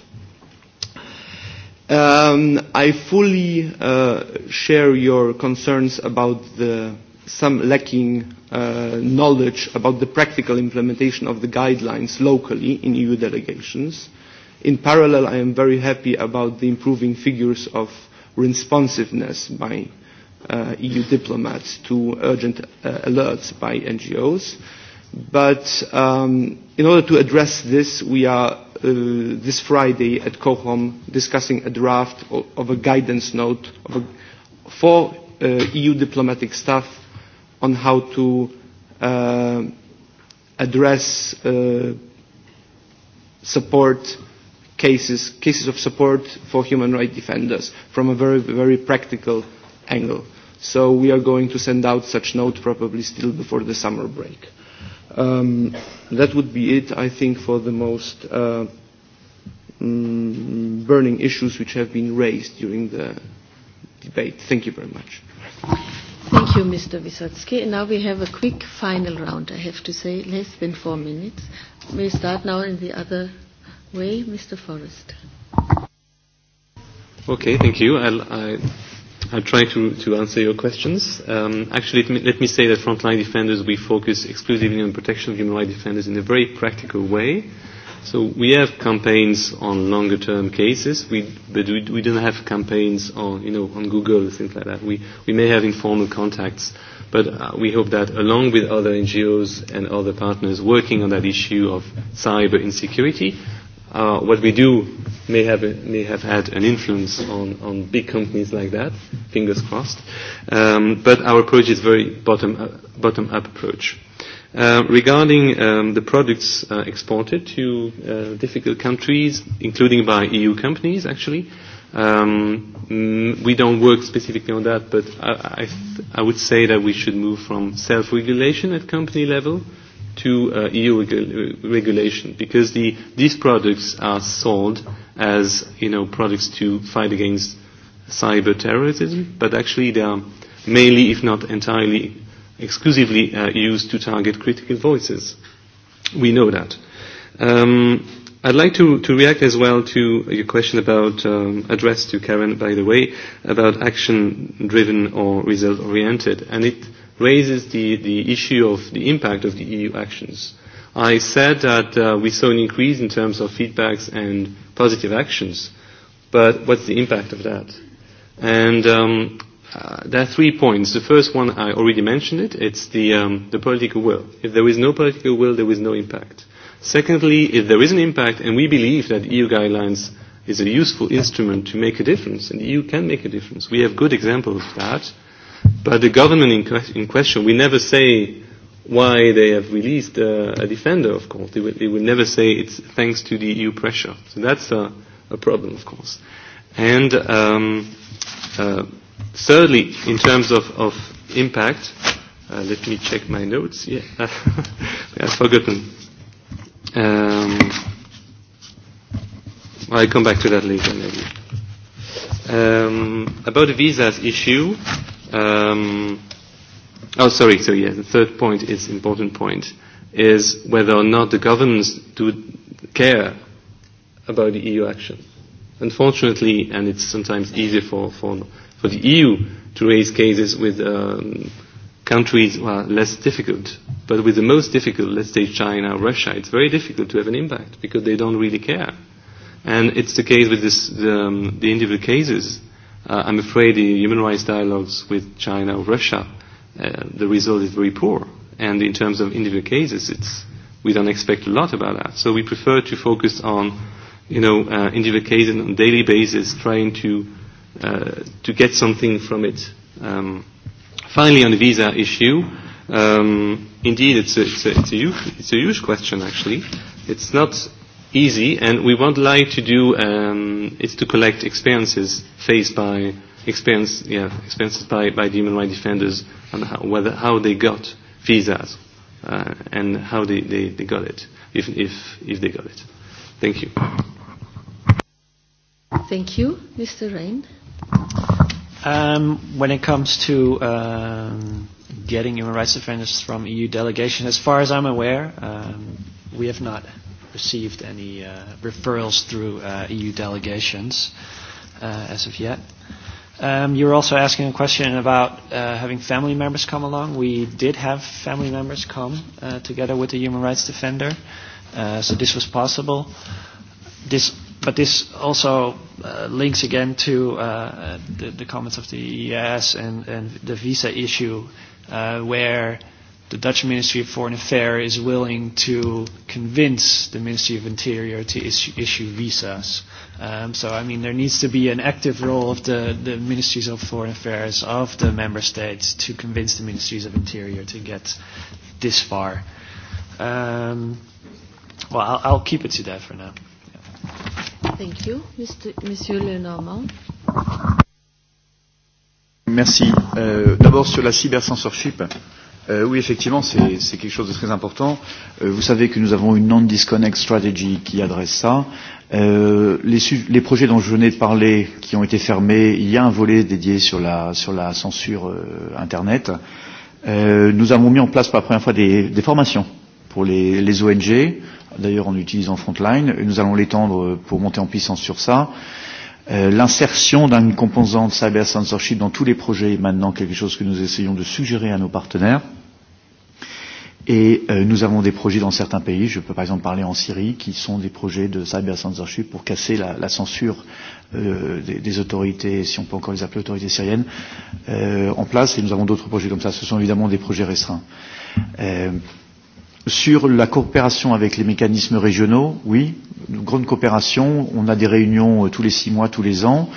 L: Um, I fully uh, share your concerns about the some lacking uh, knowledge about the practical implementation of the guidelines locally in EU delegations. In parallel, I am very happy about the improving figures of responsiveness by uh, EU diplomats to urgent uh, alerts by NGOs. But um, in order to address this, we are uh, this Friday at COHOM discussing a draft of, a guidance note of a, for uh, EU diplomatic staff on how to uh, address uh, support cases, cases of support for human rights defenders from a very, very practical angle. So we are going to send out such note probably still before the summer break. Um, that would be it, I think, for the most uh, mm, burning issues which have been raised during the debate. Thank you very much.
B: Thank you, Mr. Wysotsky. now we have a quick final round, I have to say, less than four minutes. We start now in the other way. Mr. Forrest.
J: Okay, thank you. I'll, I, I'll try to, to answer your questions. Um, actually, let me, let me say that frontline defenders, we focus exclusively on protection of human rights defenders in a very practical way. Uh, So we have campaigns on longer term cases, we, but we, we don't have campaigns on, you know, on Google, things like that. We, we may have informal contacts, but uh, we hope that along with other NGOs and other partners working on that issue of cyber insecurity, uh, what we do may have, a, may have had an influence on, on big companies like that, fingers crossed. Um, but our approach is very uh, bottom-up bottom up approach. Uh, regarding um, the products uh, exported to uh, difficult countries, including by EU companies, actually, um, mm, we don't work specifically on that, but I, I, th- I would say that we should move from self-regulation at company level to uh, EU regu- uh, regulation, because the, these products are sold as you know products to fight against cyber terrorism, but actually they are mainly, if not entirely, exclusively uh, used to target critical voices. We know that. Um, I'd like to, to react as well to your question about, um, addressed to Karen, by the way, about action-driven or result-oriented. And it raises the, the issue of the impact of the EU actions. I said that uh, we saw an increase in terms of feedbacks and positive actions, but what's the impact of that? And um, Uh, there are three points. The first one, I already mentioned it, it's the, um, the political will. If there is no political will, there is no impact. Secondly, if there is an impact, and we believe that EU guidelines is a useful instrument to make a difference, and the EU can make a difference. We have good examples of that. But the government in, que- in question, we never say why they have released uh, a defender, of course. They will, they will never say it's thanks to the EU pressure. So that's a, a problem, of course. And um, uh, Thirdly, in terms of, of impact, uh, let me check my notes. Yeah, I've forgotten. Um, I'll come back to that later, maybe. Um, about the visas issue, um, oh, sorry, so yeah, the third point is important point, is whether or not the governments do care about the EU action. Unfortunately, and it's sometimes easier for, for for the EU to raise cases with um, countries well, less difficult. But with the most difficult, let's say China, Russia, it's very difficult to have an impact because they don't really care. And it's the case with this, the, um, the individual cases. Uh, I'm afraid the human rights dialogues with China, or Russia, uh, the result is very poor. And in terms of individual cases, it's, we don't expect a lot about that. So we prefer to focus on, you know, uh, individual cases on a daily basis, trying to uh, Uh, to get something from it. Um, finally, on the visa issue, um, indeed, it's a, it's, a, it's, a huge, it's a huge question, actually. It's not easy, and we won't like to do um, is to collect experiences faced by experience, yeah, experiences by, by the human rights defenders on how, whether, how they got visas uh, and how they, they, they got it, if, if,
H: if they got it. Thank you.
B: Thank you, Mr. Rain.
H: Um, when it comes to um, getting human rights defenders from EU delegation, as far as I'm aware, um, we have not received any uh, referrals through uh, EU delegations uh, as of yet. Um, you were also asking a question about uh, having family members come along. We did have family members come uh, together with the human rights defender, uh, so this was possible. This but this also uh, links again to uh, the, the comments of the EEAS and, and the visa issue, uh, where the Dutch Ministry of Foreign Affairs is willing to convince the Ministry of Interior to issue, issue visas. Um, so, I mean, there needs to be an active role of the, the Ministries of Foreign Affairs of the member states to convince the Ministries of Interior to get this far. Um, well, I'll, I'll keep it to that for now.
B: Thank you. Mr. Monsieur Lenormand.
G: Merci. Euh, D'abord sur la cybercensorship. Euh, oui, effectivement, c'est quelque chose de très important. Euh, vous savez que nous avons une non-disconnect strategy qui adresse ça. Euh, les, les projets dont je venais de parler, qui ont été fermés, il y a un volet dédié sur la, sur la censure euh, Internet. Euh, nous avons mis en place pour la première fois des, des formations pour les, les ONG. Euh, D'ailleurs, on l'utilise en frontline et nous allons l'étendre euh, pour monter en puissance sur ça. Euh, L'insertion d'une composante cyber censorship dans tous les projets est maintenant quelque chose que nous essayons de suggérer à nos partenaires. Et euh, nous avons des projets dans certains pays, je peux par exemple parler en Syrie, qui sont des projets de cyber censorship pour casser la, la censure euh, des, des autorités, si on peut encore les appeler autorités syriennes, euh, en place. Et nous avons d'autres projets comme ça. Ce sont évidemment des projets restreints. Euh, Sur la coopération avec les mécanismes régionaux, oui, une grande coopération. On a des réunions euh, tous les six mois, tous les ans,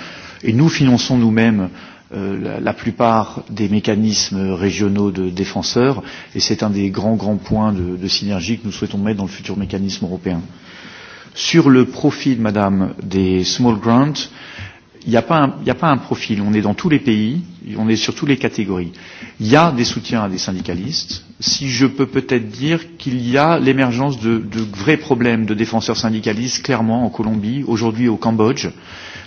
G: et nous finançons nous-mêmes euh, la, la plupart des mécanismes régionaux de défenseurs, et c'est un des grands grands points de, de synergie que nous souhaitons mettre dans le futur mécanisme européen. Sur le profil, Madame, des small grants, euh, il n'y a, a pas un profil. On est dans tous les pays, on est sur toutes les catégories. Il y a des soutiens à des syndicalistes. Si je peux peut-être dire qu'il y a l'émergence de, de vrais problèmes de défenseurs syndicalistes, clairement en Colombie, aujourd'hui au Cambodge. Euh,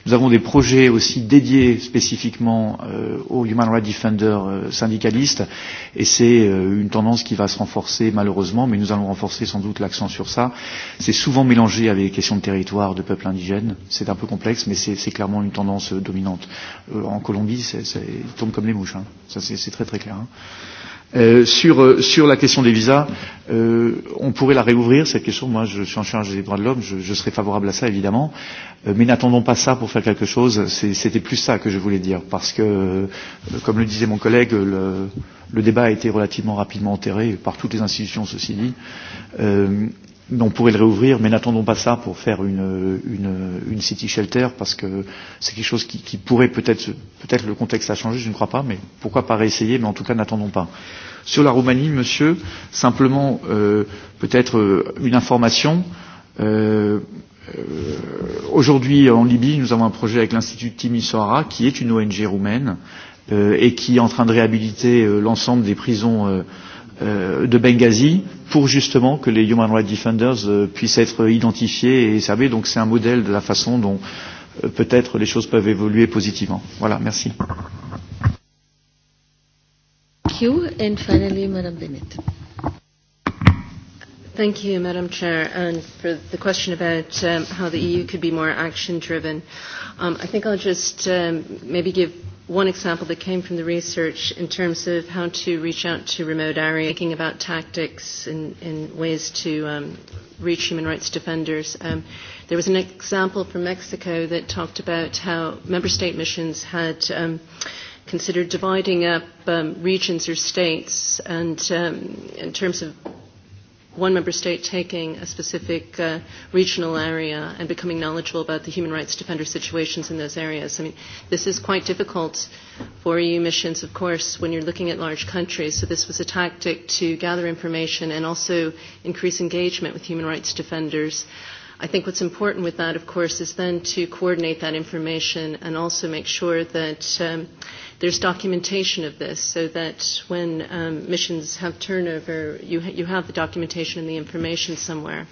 G: Nous avons des projets aussi dédiés spécifiquement euh, aux Human Rights Defenders euh, syndicalistes et c'est euh, une tendance qui va se renforcer malheureusement, mais nous allons renforcer sans doute l'accent sur ça. C'est souvent mélangé avec les questions de territoire, de peuples indigènes. C'est un peu complexe, mais c'est clairement une tendance euh, dominante. Euh, en Colombie, ça tombe comme les mouches. Hein. Ça, c'est très très clair. Hein. Euh, sur, euh, sur la question des visas, euh, on pourrait la réouvrir, cette question. Moi, je suis en charge des droits de l'homme, je, je serais favorable à ça, évidemment. Euh, mais n'attendons pas ça pour faire quelque chose. C'était plus ça que je voulais dire. Parce que, euh, comme le disait mon collègue, le, le débat a été relativement rapidement enterré par toutes les institutions, ceci dit. Euh, on pourrait le réouvrir, mais n'attendons pas ça pour faire une, une, une city shelter, parce que c'est quelque chose qui, qui pourrait peut-être, peut-être le contexte a changé, je ne crois pas, mais pourquoi pas réessayer, mais en tout cas n'attendons pas. Sur la Roumanie, monsieur, simplement euh, peut-être euh, une information. Euh, euh, Aujourd'hui, en Libye, nous avons un projet avec l'Institut Timisoara, qui est une ONG roumaine, euh, et qui est en train de réhabiliter euh, l'ensemble des prisons euh, euh, de Benghazi pour justement que les Human Rights Defenders euh, puissent être identifiés et servis. Donc c'est un modèle de la façon dont euh, peut-être les choses peuvent évoluer positivement. Voilà, merci.
B: Thank you. And finally, Madame Bennett.
E: Thank you, Madam Chair, and for the question about um, how the EU could be more action driven. Um, I think I'll just um, maybe give one example that came from the research in terms of how to reach out to remote areas, thinking about tactics and, and ways to um, reach human rights defenders. Um, there was an example from Mexico that talked about how member state missions had um, considered dividing up um, regions or states and um, in terms of one member state taking a specific uh, regional area and becoming knowledgeable about the human rights defender situations in those areas. I mean, this is quite difficult for EU missions, of course, when you're looking at large countries. So this was a tactic to gather information and also increase engagement with human rights defenders. I think what's important with that, of course, is then to coordinate that information and also make sure that um, there's documentation of this so that when um, missions have turnover, you, ha- you have the documentation and the information somewhere.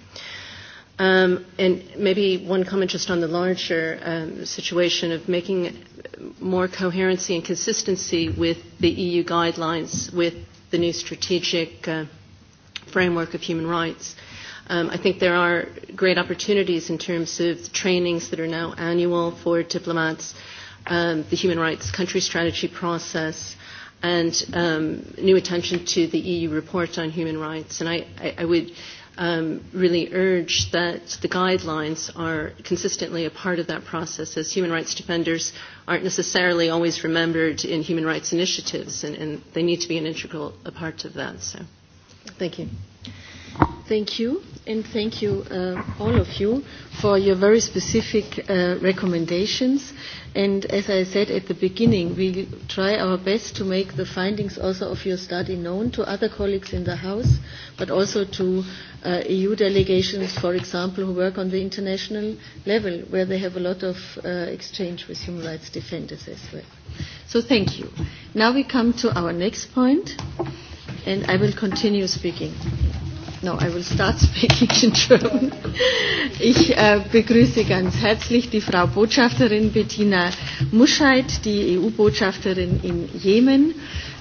E: Um, and maybe one comment just on the larger um, situation of making more coherency and consistency with the EU guidelines, with the new strategic uh, framework of human rights. Um, I think there are great opportunities in terms of the trainings that are now annual for diplomats um, the human rights country strategy process, and um, new attention to the EU report on human rights. And I, I, I would um, really urge that the guidelines are consistently a part of that process, as human rights defenders aren't necessarily always remembered in human rights initiatives, and, and they need to be an integral a part of that. So,
B: thank you. Thank you, and thank you, uh, all of you, for your very specific uh, recommendations. And as I said at the beginning, we try our best to make the findings also of your study known to other colleagues in the House, but also to uh, EU delegations, for example, who work on the international level, where they have a lot of uh, exchange with human rights defenders as well. So thank you. Now we come to our next point, and I will continue speaking. No, I will start speaking in German. Ich äh, begrüße ganz herzlich die Frau Botschafterin Bettina Muscheid, die EU-Botschafterin in Jemen.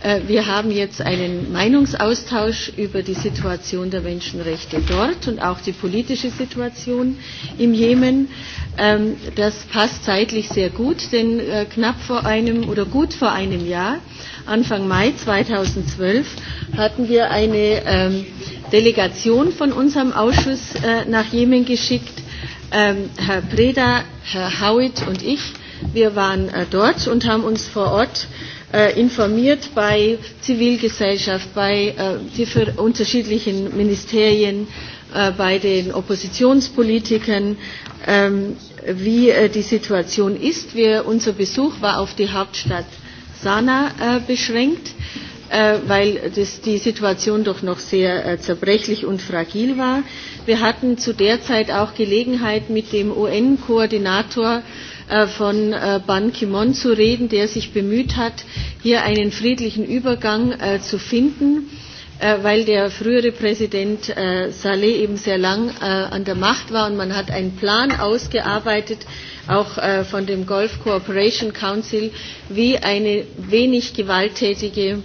B: Äh, wir haben jetzt einen Meinungsaustausch über die Situation der Menschenrechte dort und auch die politische Situation im Jemen. Ähm, das passt zeitlich sehr gut, denn äh, knapp vor einem oder gut vor einem Jahr, Anfang Mai 2012, hatten wir eine ähm, Delegation von unserem Ausschuss äh, nach Jemen geschickt. Ähm, Herr Preda, Herr Howitt und ich, wir waren äh, dort und haben uns vor Ort äh, informiert bei Zivilgesellschaft, bei äh, unterschiedlichen Ministerien, äh, bei den Oppositionspolitikern, äh, wie äh, die Situation ist. Wir, unser Besuch war auf die Hauptstadt Sanaa äh, beschränkt. Äh, äh, weil das, die Situation doch noch sehr äh, zerbrechlich und fragil war. Wir hatten zu der Zeit auch Gelegenheit, mit dem UN-Koordinator äh, von äh, Ban Ki-moon zu reden, der sich bemüht hat, hier einen friedlichen Übergang äh, zu finden äh, weil der frühere Präsident äh, Saleh eben sehr lang äh, an der Macht war und man hat einen Plan ausgearbeitet, auch äh, von dem Gulf Cooperation Council, wie eine wenig gewalttätige äh,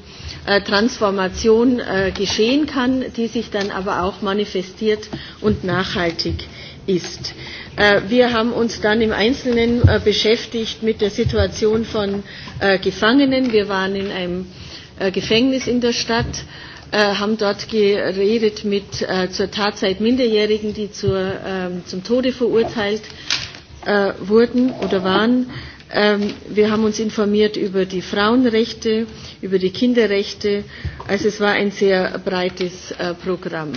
B: Äh, Transformation äh, geschehen kann, die sich dann aber auch manifestiert und nachhaltig ist. Äh, wir haben uns dann im Einzelnen beschäftigt mit der Situation von Gefangenen. Wir waren in einem Gefängnis in der Stadt, haben dort geredet mit zur Tatzeit Minderjährigen, die zur, ähm, zum Tode verurteilt wurden oder waren. Ähm, wir haben uns informiert über die Frauenrechte, über die Kinderrechte. Also es war ein sehr breites äh, Programm.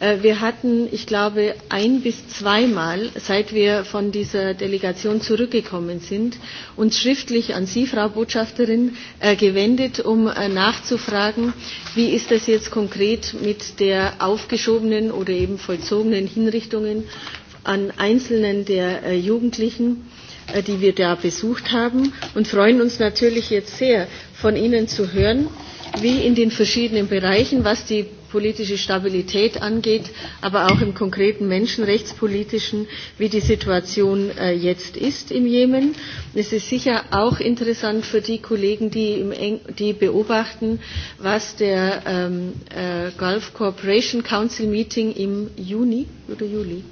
B: Äh, wir hatten, ich glaube, ein bis zweimal, seit wir von dieser Delegation zurückgekommen sind, uns schriftlich an Sie, Frau Botschafterin, äh, gewendet, um nachzufragen, wie ist das jetzt konkret mit der aufgeschobenen oder eben vollzogenen Hinrichtungen an einzelnen der Jugendlichen Äh, die wir da besucht haben und freuen uns natürlich jetzt sehr, von Ihnen zu hören, wie in den verschiedenen Bereichen, was die politische Stabilität angeht, aber auch im konkreten menschenrechtspolitischen, wie die Situation äh, jetzt ist im Jemen. Es ist sicher auch interessant für die Kollegen, die, im Eng die beobachten, was der ähm, äh, Gulf Cooperation Council Meeting im Juni oder Juli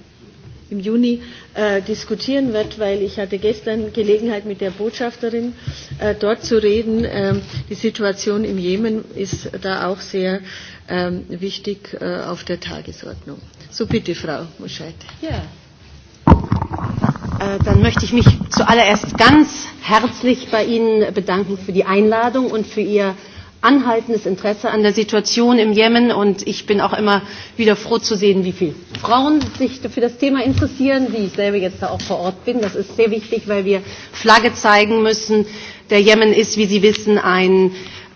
B: im Juni äh, diskutieren wird, weil ich hatte gestern Gelegenheit, mit der Botschafterin äh, dort zu reden. Ähm, die Situation im Jemen ist da auch sehr ähm, wichtig äh, auf der Tagesordnung. So bitte, Frau Muscheid.
M: Ja. Äh, dann möchte ich mich zuallererst ganz herzlich bei Ihnen bedanken für die Einladung und für Ihr anhaltendes Interesse an der Situation im Jemen und ich bin auch immer wieder froh zu sehen, wie viele Frauen sich für das Thema interessieren, wie ich selber jetzt da auch vor Ort bin. Das ist sehr wichtig, weil wir Flagge zeigen müssen. Der Jemen ist, wie Sie wissen, ein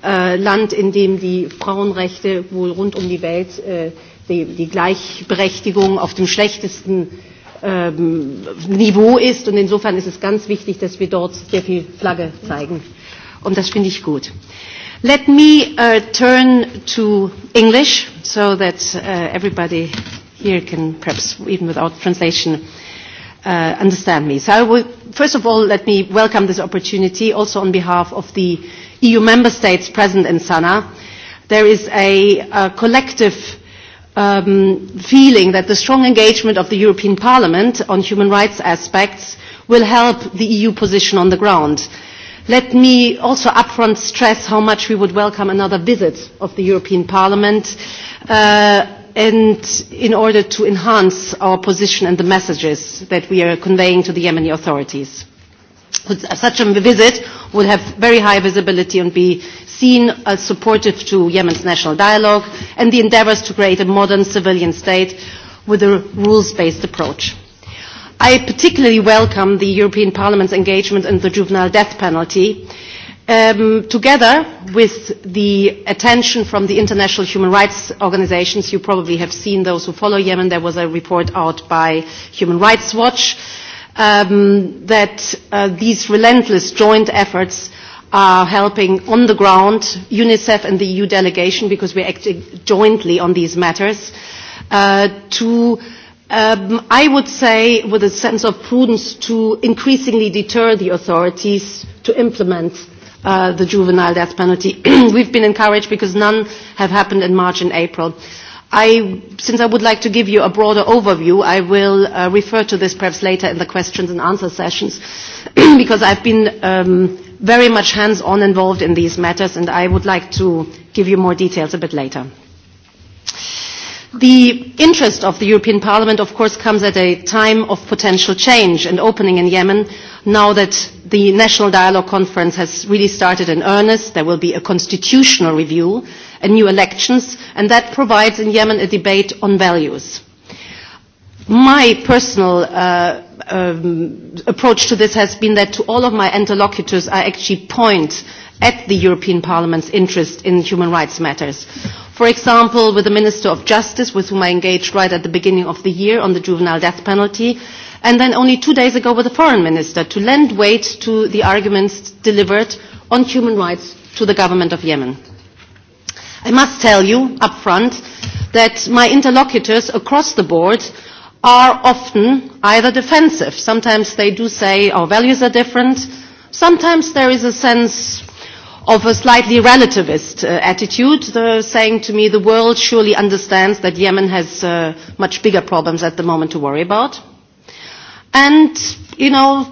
M: äh, Land, in dem die Frauenrechte wohl rund um die Welt äh, die, die Gleichberechtigung auf dem schlechtesten ähm, Niveau ist. Und insofern ist es ganz wichtig, dass wir dort sehr viel Flagge zeigen. Und das finde ich gut. Let me uh, turn to English so that uh, everybody here can, perhaps even without translation, uh, understand me. So I will, first of all, let me welcome this opportunity also on behalf of the EU member states present in Sana'a. There is a, a collective um, feeling that the strong engagement of the European Parliament on human rights aspects will help the EU position on the ground Let me also upfront stress how much we would welcome another visit of the European Parliament uh, and in order to enhance our position and the messages that we are conveying to the Yemeni authorities. Uh, such a visit would have very high visibility and be seen as supportive to Yemen's national dialogue and the endeavours to create a modern civilian state with a rules-based approach. I particularly welcome the European Parliament's engagement in the juvenile death penalty, um, together with the attention from the international human rights organizations. You probably have seen those who follow Yemen. There was a report out by Human Rights Watch um, that uh, these relentless joint efforts are helping on the ground UNICEF and the EU delegation because we're acting jointly on these matters uh, to Um, I would say, with a sense of prudence, to increasingly deter the authorities to implement uh, the juvenile death penalty. We've been encouraged because none have happened in March and April. I, since I would like to give you a broader overview, I will uh, refer to this perhaps later in the questions and answer sessions because I've been um, very much hands-on involved in these matters and I would like to give you more details a bit later. The interest of the European Parliament, of course, comes at a time of potential change and opening in Yemen. Now that the National Dialogue Conference has really started in earnest, there will be a constitutional review and new elections, and that provides in Yemen a debate on values. My personal uh, um, approach to this has been that to all of my interlocutors, I actually point at the European Parliament's interest in human rights matters. For example, with the Minister of Justice, with whom I engaged right at the beginning of the year on the juvenile death penalty, and then only two days ago with the Foreign Minister, to lend weight to the arguments delivered on human rights to the government of Yemen. I must tell you up front that my interlocutors across the board are often either defensive. Sometimes they do say our values are different. Sometimes there is a sense of a slightly relativist uh, attitude, uh, saying to me the world surely understands that Yemen has uh, much bigger problems at the moment to worry about. And, you know,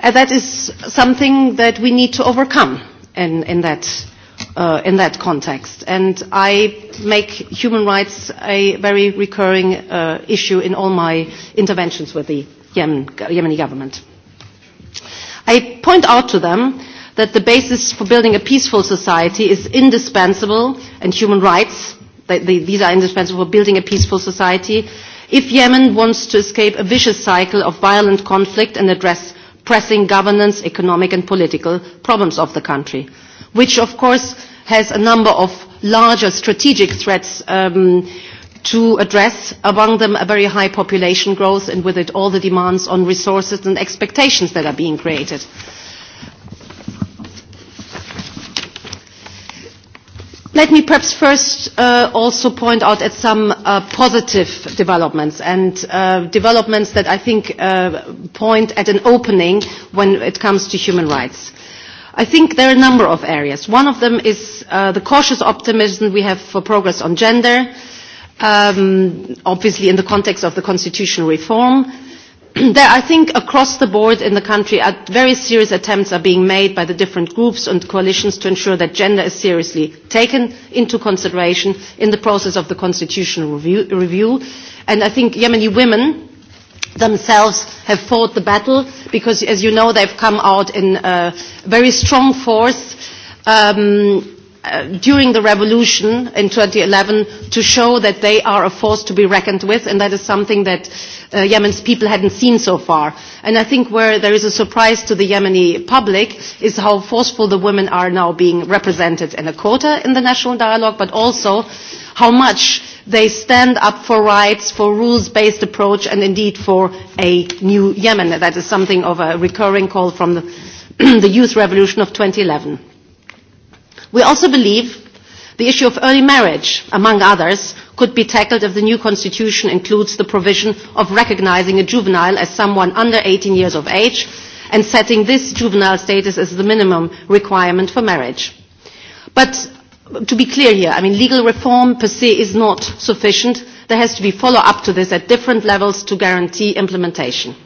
M: uh, that is something that we need to overcome in, in, that, uh, in that context. And I make human rights a very recurring uh, issue in all my interventions with the Yemen, Yemeni government. I point out to them that the basis for building a peaceful society is indispensable, and human rights, that they, these are indispensable for building a peaceful society, if Yemen wants to escape a vicious cycle of violent conflict and address pressing governance, economic and political problems of the country, which of course has a number of larger strategic threats um, to address, among them a very high population growth and with it all the demands on resources and expectations that are being created. Let me perhaps first uh, also point out at some uh, positive developments and uh, developments that I think uh, point at an opening when it comes to human rights. I think there are a number of areas. One of them is uh, the cautious optimism we have for progress on gender, um, obviously in the context of the constitutional reform, there, I think across the board in the country, uh, very serious attempts are being made by the different groups and coalitions to ensure that gender is seriously taken into consideration in the process of the constitutional review. review. And I think Yemeni women themselves have fought the battle because, as you know, they've come out in a uh, very strong force. Um, Uh, during the revolution in 2011 to show that they are a force to be reckoned with, and that is something that uh, Yemen's people hadn't seen so far. And I think where there is a surprise to the Yemeni public is how forceful the women are now being represented in a quota in the national dialogue, but also how much they stand up for rights, for rules-based approach, and indeed for a new Yemen. That is something of a recurring call from the, the youth revolution of 2011. We also believe the issue of early marriage, among others, could be tackled if the new constitution includes the provision of recognizing a juvenile as someone under 18 years of age and setting this juvenile status as the minimum requirement for marriage. But to be clear here, I mean, legal reform per se is not sufficient. There has to be follow-up to this at different levels to guarantee implementation.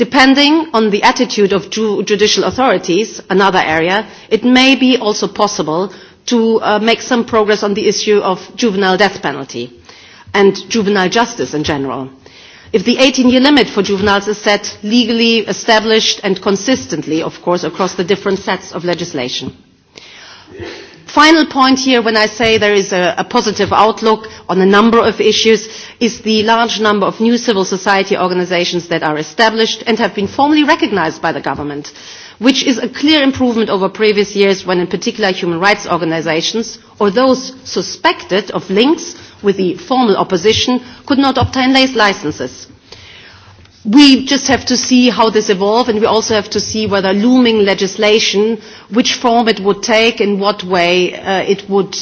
M: Depending on the attitude of judicial authorities, another area, it may be also possible to uh, make some progress on the issue of juvenile death penalty and juvenile justice in general. If the 18-year limit for juveniles is set legally established and consistently, of course, across the different sets of legislation. Final point here when I say there is a, a positive outlook on a number of issues is the large number of new civil society organizations that are established and have been formally recognized by the government, which is a clear improvement over previous years when in particular human rights organizations or those suspected of links with the formal opposition could not obtain licenses we just have to see how this evolves and we also have to see whether looming legislation, which form it would take, in what way uh, it would,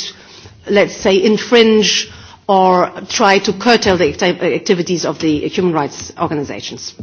M: let's say, infringe or try to curtail the acti- activities of the human rights organizations.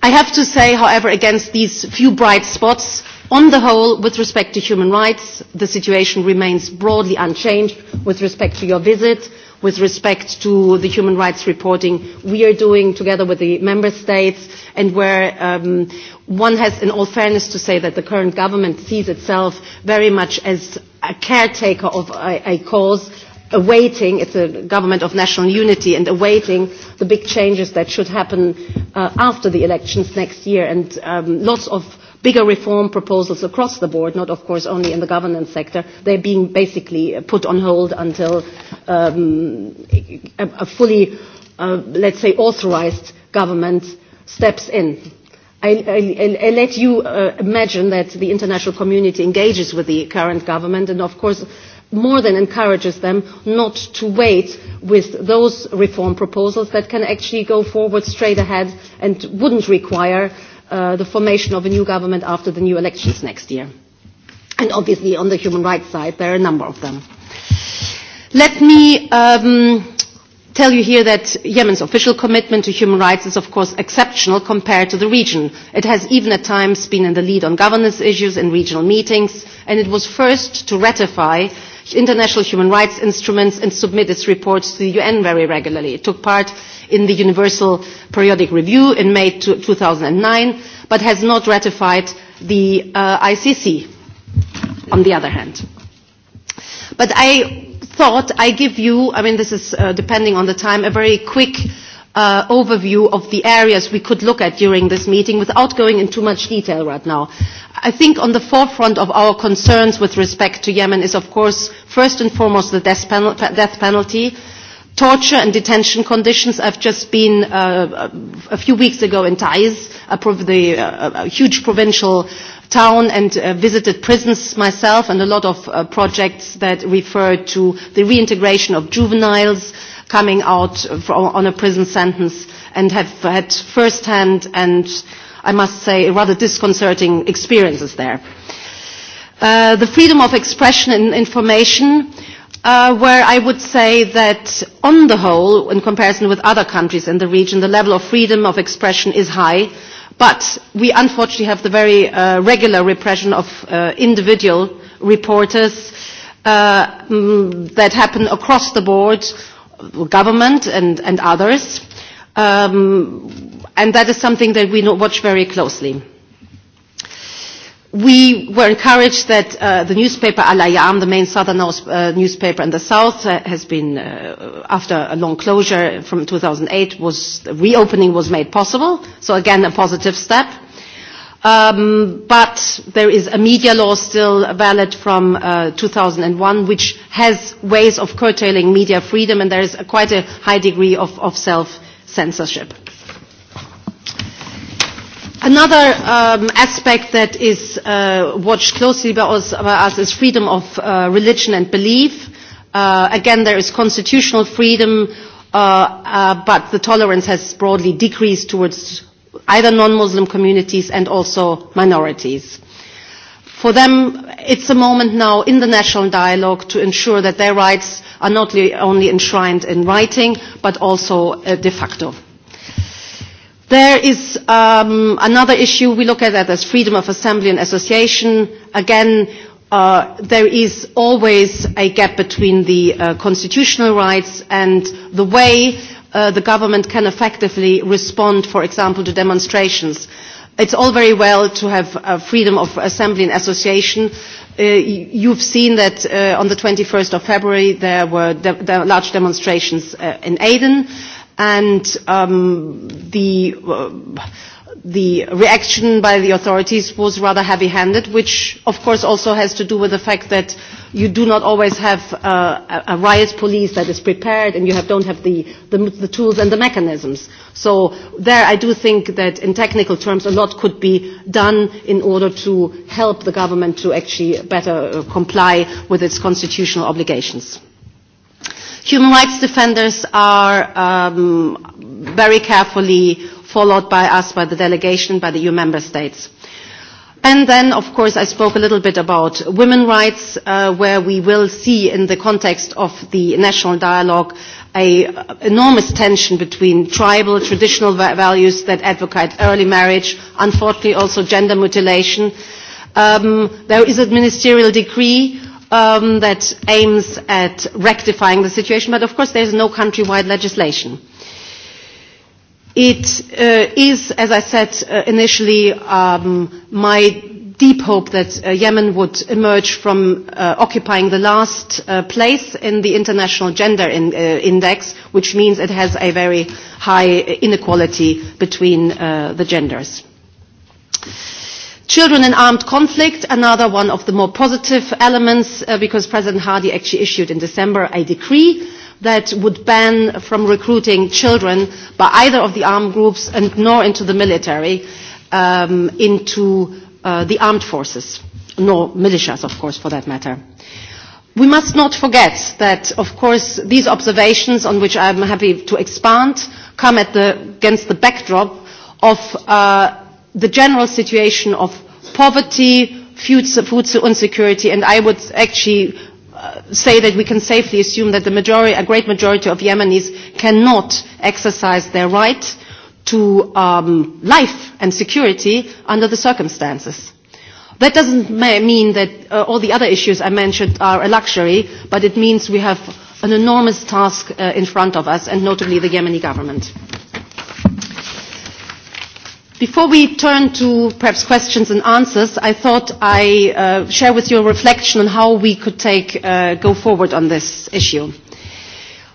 M: I have to say, however, against these few bright spots, on the whole, with respect to human rights, the situation remains broadly unchanged with respect to your visit with respect to the human rights reporting we are doing together with the member states and where um, one has in all fairness to say that the current government sees itself very much as a caretaker of a, a cause awaiting, it's a government of national unity and awaiting the big changes that should happen uh, after the elections next year. And um, lots of bigger reform proposals across the board, not of course only in the governance sector. They're being basically put on hold until um, a, a fully, uh, let's say, authorized government steps in. I, I, I let you uh, imagine that the international community engages with the current government and of course more than encourages them not to wait with those reform proposals that can actually go forward straight ahead and wouldn't require Uh, the formation of a new government after the new elections next year. And obviously, on the human rights side, there are a number of them. Let me um, tell you here that Yemen's official commitment to human rights is, of course, exceptional compared to the region. It has even at times been in the lead on governance issues in regional meetings, and it was first to ratify international human rights instruments and submit its reports to the UN very regularly. It took part in the Universal Periodic Review in May 2009, but has not ratified the uh, ICC, on the other hand. But I thought I give you, I mean, this is uh, depending on the time, a very quick uh, overview of the areas we could look at during this meeting without going into much detail right now. I think on the forefront of our concerns with respect to Yemen is, of course, first and foremost the death, penal death penalty torture and detention conditions. I've just been uh, a few weeks ago in Taiz, a, prov- the, uh, a huge provincial town, and uh, visited prisons myself and a lot of uh, projects that refer to the reintegration of juveniles coming out from, on a prison sentence and have had first-hand and, I must say, rather disconcerting experiences there. Uh, the freedom of expression and information, uh, where I would say that on the whole, in comparison with other countries in the region, the level of freedom of expression is high. But we unfortunately have the very uh, regular repression of uh, individual reporters uh, mm, that happen across the board, government and, and others. Um, and that is something that we watch very closely we were encouraged that uh, the newspaper Al Ayam, the main southern uh, newspaper in the south, uh, has been, uh, after a long closure from 2008, was reopening was made possible. So again, a positive step. Um, but there is a media law still valid from uh, 2001, which has ways of curtailing media freedom, and there is a, quite a high degree of, of self-censorship. Another um, aspect that is uh, watched closely by us, by us is freedom of uh, religion and belief. Uh, again, there is constitutional freedom, uh, uh, but the tolerance has broadly decreased towards either non-Muslim communities and also minorities. For them, it's a moment now in the national dialogue to ensure that their rights are not only enshrined in writing, but also uh, de facto. There is um, another issue we look at that as freedom of assembly and association. Again, uh, there is always a gap between the uh, constitutional rights and the way uh, the government can effectively respond, for example, to demonstrations. It's all very well to have uh, freedom of assembly and association. Uh, you've seen that uh, on the 21st of February there were de- de- large demonstrations uh, in Aden. Uh, and um, the uh, the reaction by the authorities was rather heavy-handed, which of course also has to do with the fact that you do not always have uh, a, a riot police that is prepared and you have, don't have the, the, the tools and the mechanisms. So there I do think that in technical terms a lot could be done in order to help the government to actually better uh, comply with its constitutional obligations. Human rights defenders are um, very carefully followed by us, by the delegation, by the EU member states. And then, of course, I spoke a little bit about women's rights, uh, where we will see in the context of the national dialogue a enormous tension between tribal, traditional values that advocate early marriage, unfortunately also gender mutilation. Um, there is a ministerial decree um, that aims at rectifying the situation, but of course there is no countrywide legislation. It uh, is, as I said uh, initially, um, my deep hope that uh, Yemen would emerge from uh, occupying the last uh, place in the International Gender in, uh, Index, which means it has a very high inequality between uh, the genders. Uh, Children in armed conflict, another one of the more positive elements, uh, because President Hardy actually issued in December a decree that would ban from recruiting children by either of the armed groups and nor into the military, um, into uh, the armed forces, nor militias, of course, for that matter. We must not forget that, of course, these observations, on which I'm happy to expand, come at the, against the backdrop of uh, the general situation of poverty, food, insecurity, and I would actually uh, say that we can safely assume that the majority, a great majority of Yemenis cannot exercise their right to um, life and security under the circumstances. That doesn't mean that uh, all the other issues I mentioned are a luxury, but it means we have an enormous task uh, in front of us, and notably the Yemeni government. Before we turn to perhaps questions and answers, I thought I uh, share with you a reflection on how we could take, uh, go forward on this issue.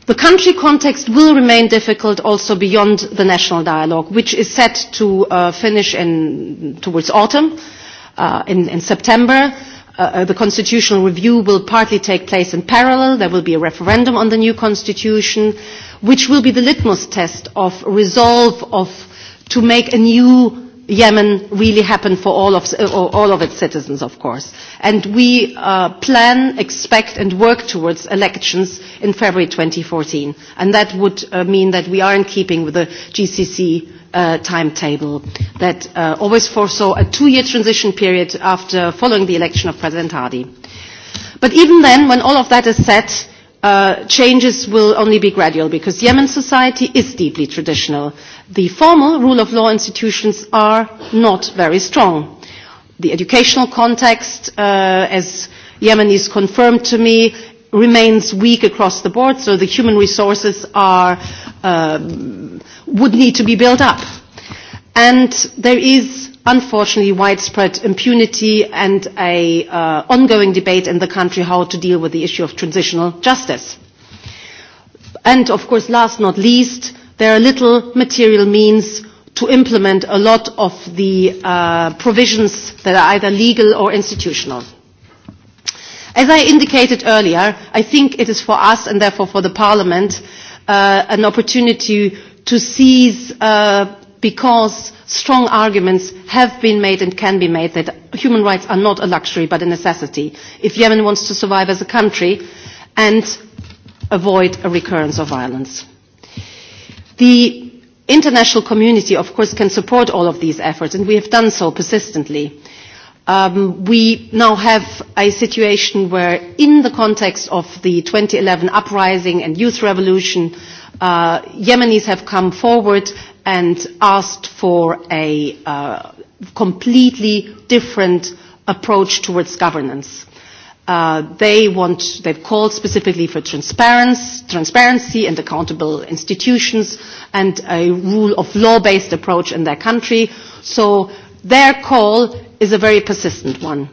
M: The country context will remain difficult also beyond the national dialogue, which is set to uh, finish in, towards autumn, uh, in, in September. Uh, uh the constitutional review will partly take place in parallel. There will be a referendum on the new constitution, which will be the litmus test of resolve of to make a new Yemen really happen for all of, uh, all of its citizens, of course. And we uh, plan, expect and work towards elections in February 2014. And that would uh, mean that we are in keeping with the GCC uh, timetable that uh, always foresaw a two-year transition period after following the election of President Hadi. But even then, when all of that is set, uh, changes will only be gradual because Yemen society is deeply traditional The formal rule of law institutions are not very strong. The educational context, uh, as Yemenis confirmed to me, remains weak across the board, so the human resources are, uh, would need to be built up. And there is unfortunately widespread impunity and an uh, ongoing debate in the country how to deal with the issue of transitional justice. And of course, last not least, there are little material means to implement a lot of the uh, provisions that are either legal or institutional. As I indicated earlier, I think it is for us and therefore for the Parliament uh, an opportunity to seize uh, because strong arguments have been made and can be made that human rights are not a luxury but a necessity if Yemen wants to survive as a country and avoid a recurrence of violence. The international community, of course, can support all of these efforts, and we have done so persistently. Um, we now have a situation where, in the context of the 2011 uprising and youth revolution, uh, Yemenis have come forward and asked for a uh, completely different approach towards governance. Uh, they want, they've called specifically for transparency, transparency and accountable institutions and a rule of law-based approach in their country. So their call is a very persistent one.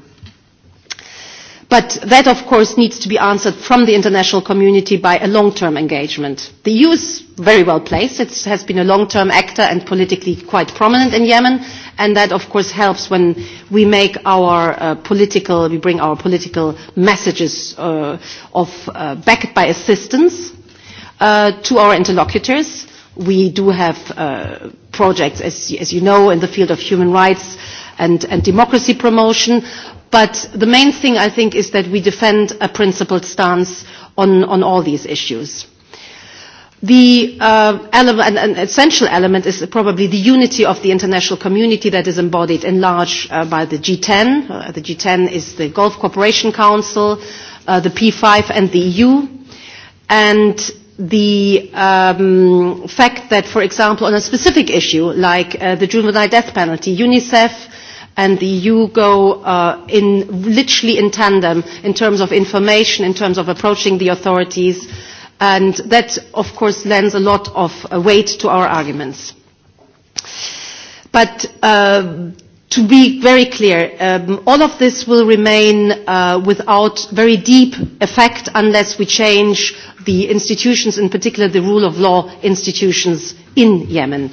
M: But that, of course, needs to be answered from the international community by a long-term engagement. The EU is very well placed. It has been a long-term actor and politically quite prominent in Yemen, and that, of course, helps when we make our uh, political, we bring our political messages uh, of uh, backed by assistance uh, to our interlocutors. We do have uh, projects, as, as you know, in the field of human rights and, and democracy promotion, But the main thing I think is that we defend a principled stance on, on all these issues. The uh, element, an essential element is probably the unity of the international community that is embodied in large uh, by the G10. Uh, the G10 is the Gulf Cooperation Council, uh, the P5 and the EU. And the um, fact that, for example, on a specific issue like uh, the juvenile death penalty, UNICEF and the EU go uh, in literally in tandem in terms of information, in terms of approaching the authorities, and that, of course, lends a lot of uh, weight to our arguments. But uh, to be very clear, um, all of this will remain uh, without very deep effect unless we change the institutions, in particular the rule of law institutions in Yemen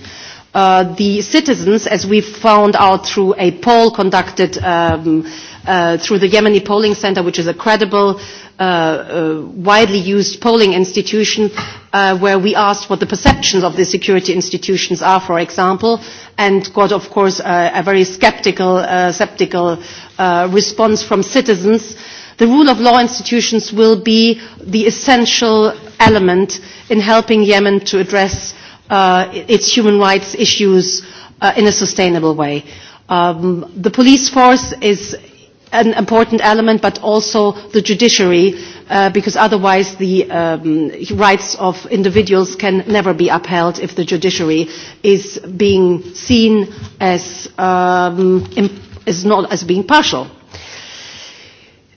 M: uh, the citizens, as we found out through a poll conducted um, uh, through the Yemeni Polling Center, which is a credible, uh, uh, widely used polling institution, uh, where we asked what the perceptions of the security institutions are, for example, and got, of course, uh, a very skeptical, uh, skeptical uh, response from citizens. The rule of law institutions will be the essential element in helping Yemen to address uh, its human rights issues uh, in a sustainable way. Um, the police force is an important element, but also the judiciary, uh, because otherwise the um, rights of individuals can never be upheld if the judiciary is being seen as, um, as not as being partial.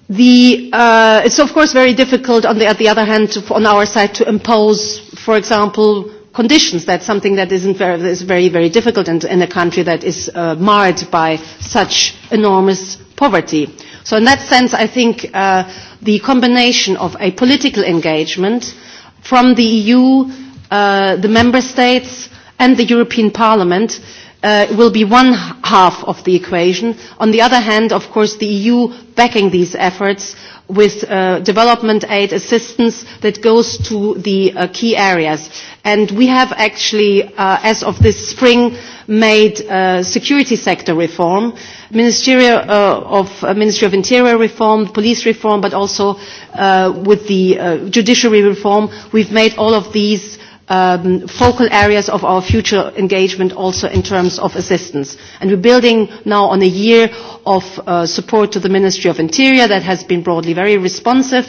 M: The, uh, it's of course very difficult on the, at the other hand to, on our side to impose, for example, conditions. That's something that isn't very, that is very, very difficult in, in a country that is uh, marred by such enormous poverty. So in that sense, I think uh, the combination of a political engagement from the EU, uh, the member states, and the European Parliament uh, will be one half of the equation. On the other hand, of course, the EU backing these efforts with uh, development aid assistance that goes to the uh, key areas. And we have actually, uh, as of this spring, made uh, security sector reform, ministerial, uh, of, uh, Ministry of Interior reform, police reform, but also uh, with the uh, judiciary reform, we've made all of these uh, um, focal areas of our future engagement also in terms of assistance. And we're building now on a year of uh, support to the Ministry of Interior that has been broadly very responsive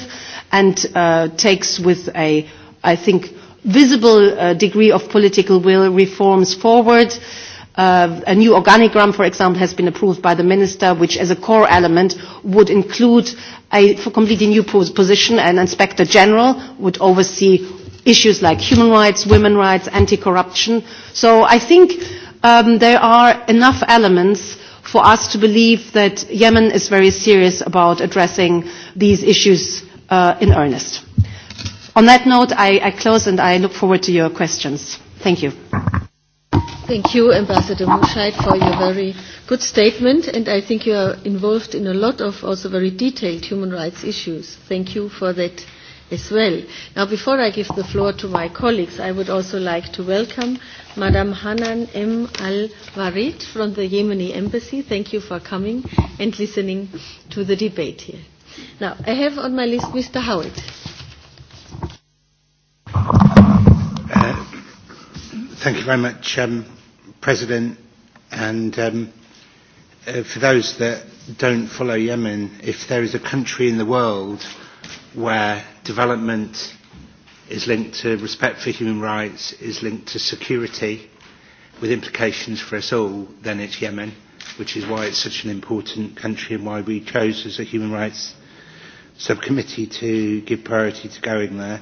M: and uh, takes with a, I think, visible uh, degree of political will reforms forward. Uh, a new organigram, for example, has been approved by the minister, which as a core element would include a completely new position. An inspector general would oversee issues like human rights, women rights, anti-corruption. So I think um, there are enough elements for us to believe that Yemen is very serious about addressing these issues uh, in earnest. On that note, I, I close and I look forward to your questions. Thank you.
B: Thank you, Ambassador Mushaid, for your very good statement, and I think you are involved in a lot of also very detailed human rights issues. Thank you for that as well. Now, before I give the floor to my colleagues, I would also like to welcome Madam Hanan M. Al Warid from the Yemeni Embassy. Thank you for coming and listening to the debate here. Now, I have on my list Mr. Howard.
N: Uh, thank you very much, um, President. And um, uh, for those that don't follow Yemen, if there is a country in the world where development is linked to respect for human rights, is linked to security, with implications for us all, then it's Yemen, which is why it's such an important country and why we chose as a human rights subcommittee to give priority to going there.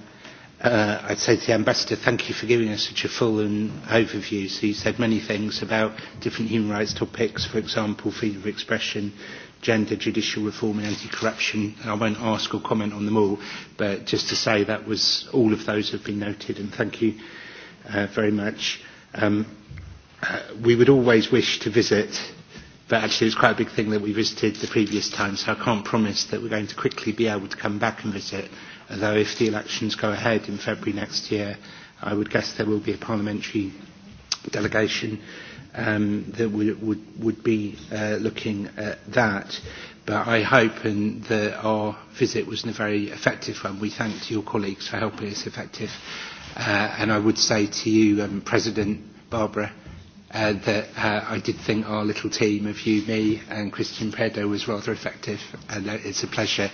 N: Uh, I'd say to the Ambassador, thank you for giving us such a full and overview. So you said many things about different human rights topics, for example, freedom of expression, gender, judicial reform and anti-corruption. I won't ask or comment on them all, but just to say that was all of those have been noted and thank you uh, very much. Um, uh, we would always wish to visit, but actually it's quite a big thing that we visited the previous time, so I can't promise that we're going to quickly be able to come back and visit, although if the elections go ahead in February next year, I would guess there will be a parliamentary delegation um, that would, would, would be uh, looking at that. But I hope and that our visit was a very effective one. We thank your colleagues for helping us effective. Uh, and I would say to you, um, President Barbara, uh, that uh, I did think our little team of you, me and Christian Predo was rather effective and uh, it's a pleasure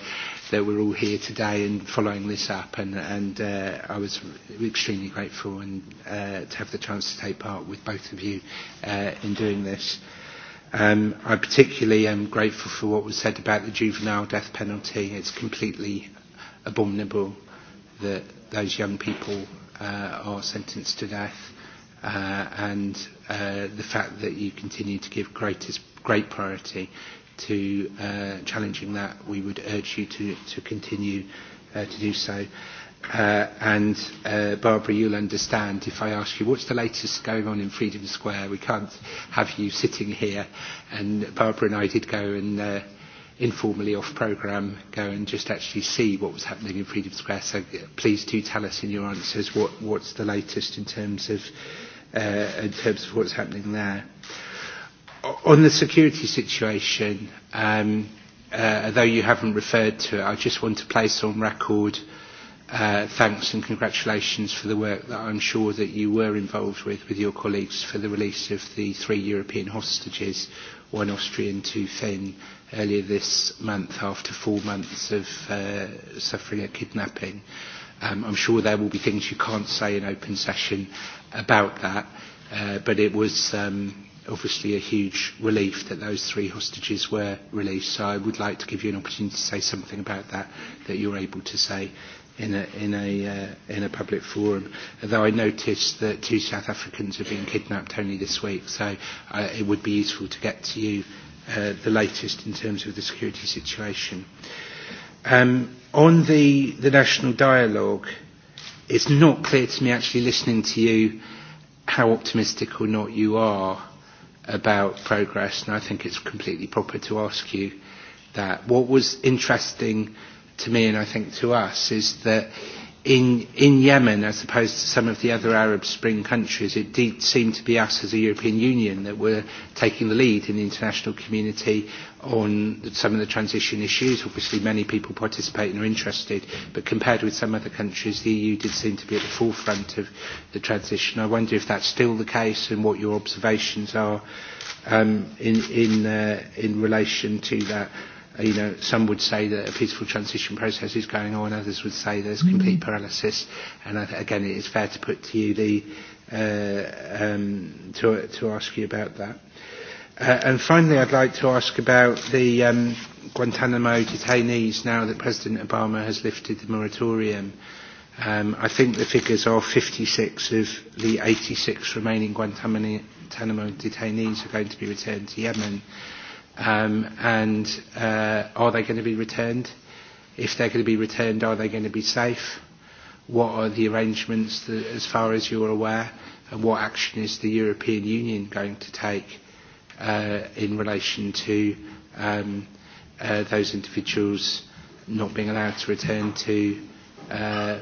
N: that we're all here today and following this up. And, and uh, I was extremely grateful and, uh, to have the chance to take part with both of you uh, in doing this. Um, I particularly am grateful for what was said about the juvenile death penalty. It's completely abominable that those young people uh, are sentenced to death uh, and uh, the fact that you continue to give greatest, great priority to uh, challenging that, we would urge you to, to continue uh, to do so. Uh, and uh, Barbara, you'll understand if I ask you what's the latest going on in Freedom Square. We can't have you sitting here. And Barbara and I did go and uh, informally off programme go and just actually see what was happening in Freedom Square. So please do tell us in your answers what, what's the latest in terms of uh, in terms of what's happening there on the security situation, um, uh, although you haven't referred to it, I just want to place on record uh, thanks and congratulations for the work that I'm sure that you were involved with with your colleagues for the release of the three European hostages, one Austrian, two Finn, earlier this month after four months of uh, suffering a kidnapping. Um, I'm sure there will be things you can't say in open session about that, uh, but it was um, obviously a huge relief that those three hostages were released. So I would like to give you an opportunity to say something about that that you're able to say in a, in a, uh, in a public forum. Although I noticed that two South Africans have been kidnapped only this week, so uh, it would be useful to get to you uh, the latest in terms of the security situation. Um, on the, the national dialogue, it's not clear to me actually listening to you how optimistic or not you are about progress, and I think it's completely proper to ask you that. What was interesting to me, and I think to us, is that in, in Yemen, as opposed to some of the other Arab Spring countries, it did seem to be us as a European Union that were taking the lead in the international community on some of the transition issues. Obviously, many people participate and are interested, but compared with some other countries, the EU did seem to be at the forefront of the transition. I wonder if that's still the case and what your observations are um, in, in, uh, in relation to that you know, some would say that a peaceful transition process is going on, others would say there's mm-hmm. complete paralysis. And I, again, it is fair to put to you the, uh, um, to, to ask you about that. Uh, and finally, I'd like to ask about the um, Guantanamo detainees now that President Obama has lifted the moratorium. Um, I think the figures are 56 of the 86 remaining Guantanamo detainees are going to be returned to Yemen. Um, and uh, are they going to be returned? If they're going to be returned, are they going to be safe? What are the arrangements, that, as far as you're aware, and what action is the European Union going to take uh, in relation to um, uh, those individuals not being allowed to return to uh,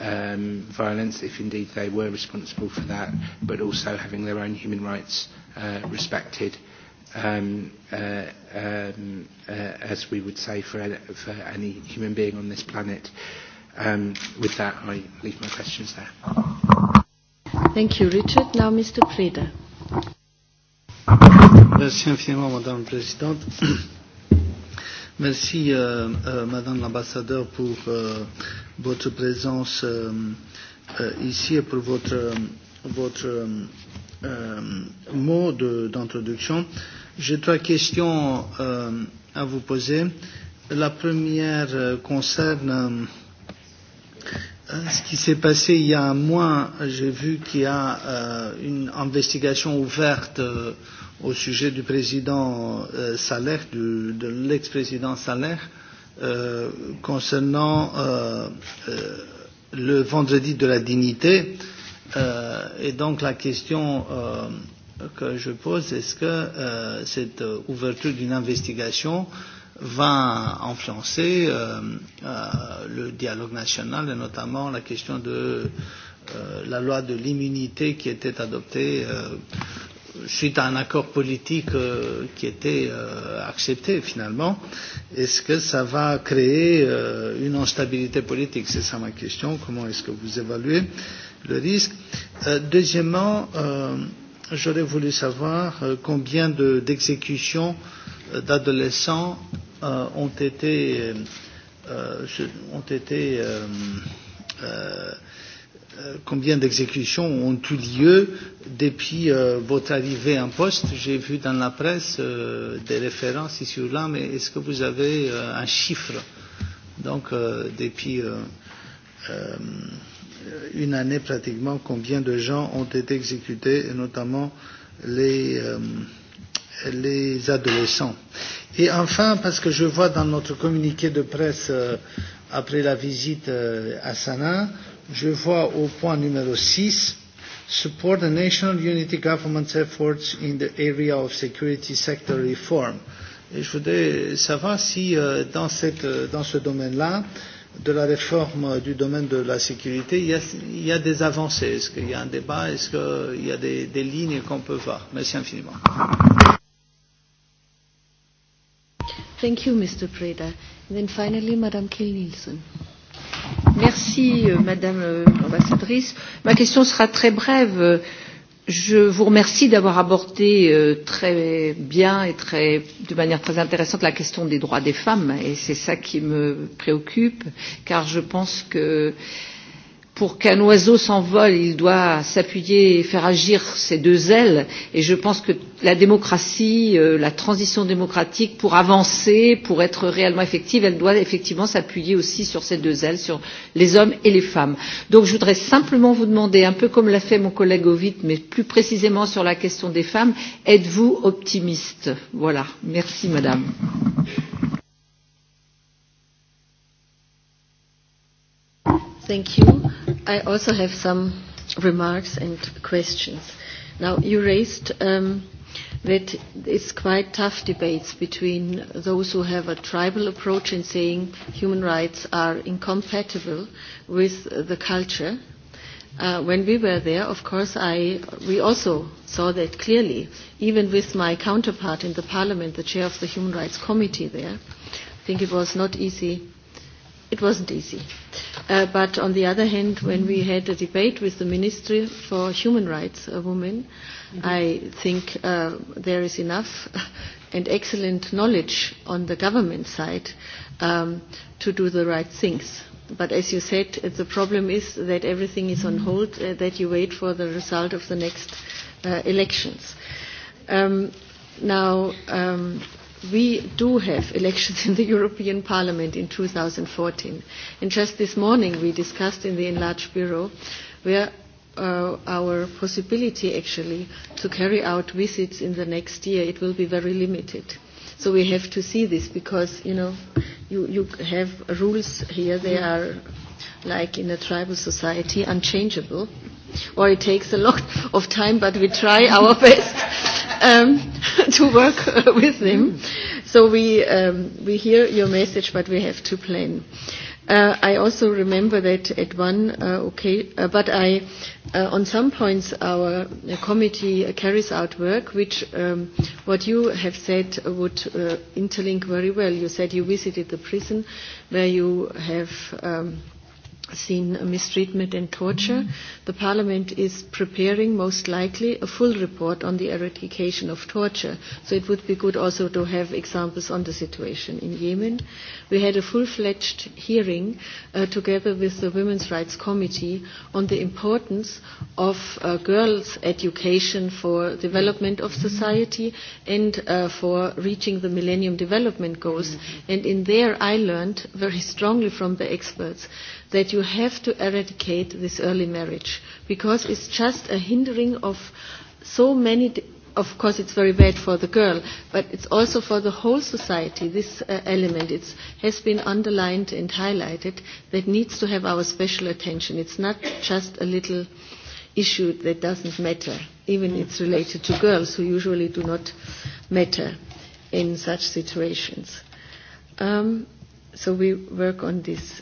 N: um, violence, if indeed they were responsible for that, but also having their own human rights uh, respected um, uh, um, uh, as we would say for, for any human being on this planet. Um, with that, I leave my questions there.
B: Thank you, Richard. Now, Mr. Preda.
O: Merci infiniment, Madame la Présidente. Merci, euh, euh, Madame l'ambassadeur, pour euh, votre présence euh, euh, ici et pour votre, votre euh, euh mot d'introduction. De, J'ai trois questions euh, à vous poser. La première euh, concerne euh, ce qui s'est passé il y a un mois. J'ai vu qu'il y a euh, une investigation ouverte euh, au sujet du président euh, Saler, du, de l'ex-président Saler, euh, concernant euh, euh, le vendredi de la dignité. Euh, et donc la question euh, que je pose, est-ce que euh, cette euh, ouverture d'une investigation va influencer euh, euh, le dialogue national et notamment la question de euh, la loi de l'immunité qui était adoptée euh, suite à un accord politique euh, qui était euh, accepté finalement. Est-ce que ça va créer euh, une instabilité politique C'est ça ma question. Comment est-ce que vous évaluez le risque euh, Deuxièmement, euh, j'aurais voulu savoir euh, combien d'exécutions de, euh, d'adolescents euh, ont été, euh, euh ont été euh, euh, euh, combien d'exécutions ont eu lieu depuis euh, votre arrivée en poste. J'ai vu dans la presse euh, des références ici ou là, mais est-ce que vous avez euh, un chiffre Donc, euh, depuis euh, euh, Euh, une année pratiquement combien de gens ont été exécutés, et notamment les, euh, les adolescents. Et enfin, parce que je vois dans notre communiqué de presse euh, après la visite euh, à Sanaa, je vois au point numéro 6 support the national unity government's efforts in the area of security sector reform. Et je voudrais savoir si euh, dans, cette, euh, dans ce domaine-là, euh, de la réforme du domaine de la sécurité, il y a, il y a des avancées. Est-ce qu'il y a un débat Est-ce qu'il y a des, des lignes qu'on peut voir Merci infiniment.
B: Thank you, Mr. Preda. And then finally, Madame Kiel-Nielsen. Merci,
K: euh, Madame euh, l'ambassadrice. Ma question sera très brève. Euh, je vous remercie d'avoir abordé euh, très bien et très, de manière très intéressante la question des droits des femmes et c'est ça qui me préoccupe car je pense que euh, pour qu'un oiseau s'envole, il doit s'appuyer et faire agir ses deux ailes. Et je pense que la démocratie, euh, la transition démocratique, pour avancer, pour être réellement effective, elle doit effectivement s'appuyer aussi sur ces deux ailes, sur les hommes et les femmes. Donc je voudrais simplement vous demander, un peu comme l'a fait mon collègue Ovid, mais plus précisément sur la question des femmes, êtes-vous optimiste Voilà. Merci, madame.
B: Thank you. I also have some remarks and questions. Now, you raised um, that it's quite tough debates between those who have a tribal approach in saying human rights are incompatible with the culture. Uh, when we were there, of course, I, we also saw that clearly, even with my counterpart in the parliament, the chair of the Human Rights Committee there. I think it was not easy it wasn't easy. Uh, but on the other hand, when we had a debate with the Ministry for Human Rights a woman, mm-hmm. I think uh, there is enough and excellent knowledge on the government side um, to do the right things. But as you said, the problem is that everything is on hold, uh, that you wait for the result of the next uh, elections. Um, now, um, we do have elections in the European Parliament in 2014. And just this morning we discussed in the enlarged bureau where uh, our possibility actually to carry out visits in the next year, it will be very limited. So we have to see this because, you know, you, you have rules here. They are like in a tribal society, unchangeable. Or it takes a lot of time, but we try our best um, to work uh, with them. So we, um, we hear your message, but we have to plan. Uh, I also remember that at one uh, okay, uh, but I, uh, on some points, our uh, committee uh, carries out work which, um, what you have said, would uh, interlink very well. You said you visited the prison where you have. Um, seen mistreatment and torture. The Parliament is preparing, most likely, a full report on the eradication of torture. So it would be good also to have examples on the situation in Yemen. We had a full-fledged hearing uh, together with the Women's Rights Committee on the importance of uh, girls' education for development of society and uh, for reaching the Millennium Development Goals. And in there I learned very strongly from the experts that you have to eradicate this early marriage because it's just a hindering of so many of course it's very bad for the girl, but it's also for the whole society, this uh, element. It has been underlined and highlighted that needs to have our special attention. It's not just a little issue that doesn't matter. Even it's related to girls who usually do not matter in such situations. Um, so we work on this.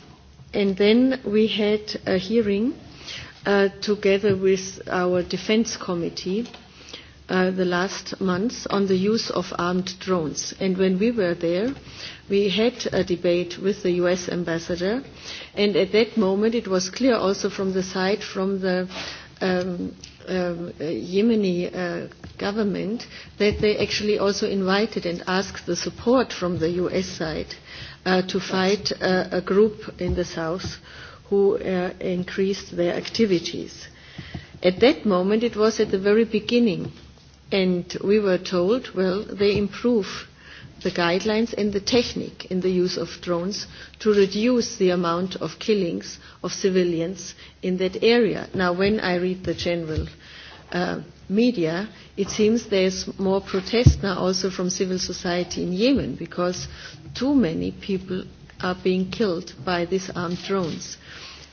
B: And then we had a hearing uh, together with our defense committee uh, the last month on the use of armed drones. And when we were there, we had a debate with the US ambassador. And at that moment, it was clear also from the side from the um, um, Yemeni uh, government that they actually also invited and asked the support from the US side uh, to fight uh, a group in the south who uh, increased their activities. At that moment, it was at the very beginning, and we were told, well, they improve the guidelines and the technique in the use of drones to reduce the amount of killings of civilians in that area. Now, when I read the general uh, media, it seems there's more protest now also from civil society in Yemen because too many people are being killed by these armed drones.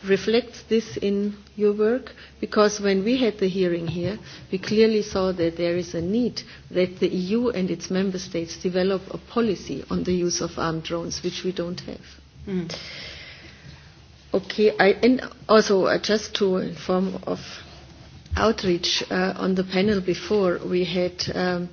B: Reflect this in your work because when we had the hearing here, we clearly saw that there is a need that the EU and its member states develop a policy on the use of armed drones, which we don't have. Mm. Okay, I, and also uh, just to inform of outreach uh, on the panel before, we had um,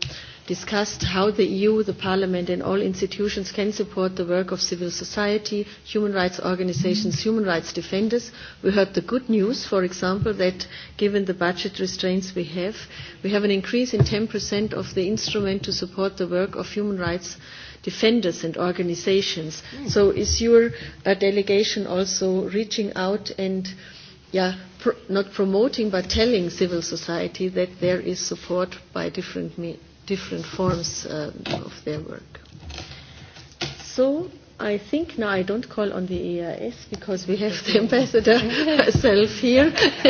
B: discussed how the EU, the Parliament and all institutions can support the work of civil society, human rights organizations, human rights defenders. We heard the good news, for example, that given the budget restraints we have, we have an increase in 10% of the instrument to support the work of human rights defenders and organizations. Mm. So is your uh, delegation also reaching out and uh, yeah, pr- not promoting but telling civil society that there is support by different me- different forms um, of their work. So I think now I don't call on the EIS because we have the ambassador herself here.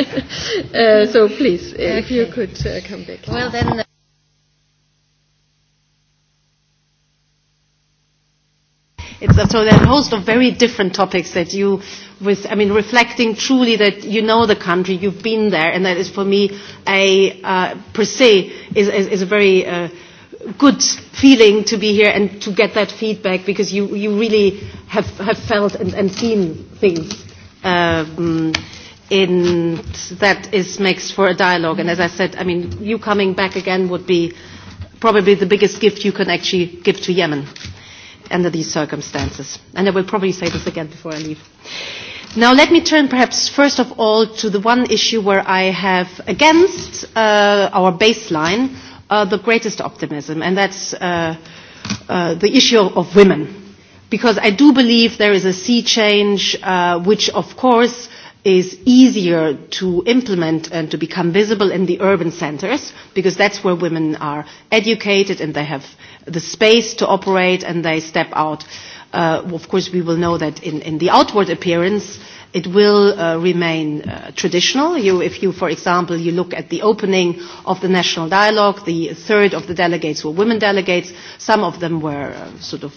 B: uh, so please, okay. if you could uh, come back. Well then.
A: Uh
M: so there are a host of very different topics that you, with, I mean, reflecting truly that you know the country, you've been there, and that is for me a, uh, per se, is, is, is a very uh, good feeling to be here and to get that feedback because you, you really have, have felt and, and seen things. Um, in that is makes for a dialogue. And as I said, I mean, you coming back again would be probably the biggest gift you can actually give to Yemen under these circumstances. And I will probably say this again before I leave. Now let me turn perhaps first of all to the one issue where I have against uh, our baseline uh, the greatest optimism, and that's uh, uh, the issue of women. Because I do believe there is a sea change, uh, which of course is easier to implement and to become visible in the urban centers because that's where women are educated and they have the space to operate and they step out. Uh, of course, we will know that in, in the outward appearance, it will uh, remain uh, traditional. You, if you, for example, you look at the opening of the national dialogue, the third of the delegates were women delegates. Some of them were uh, sort of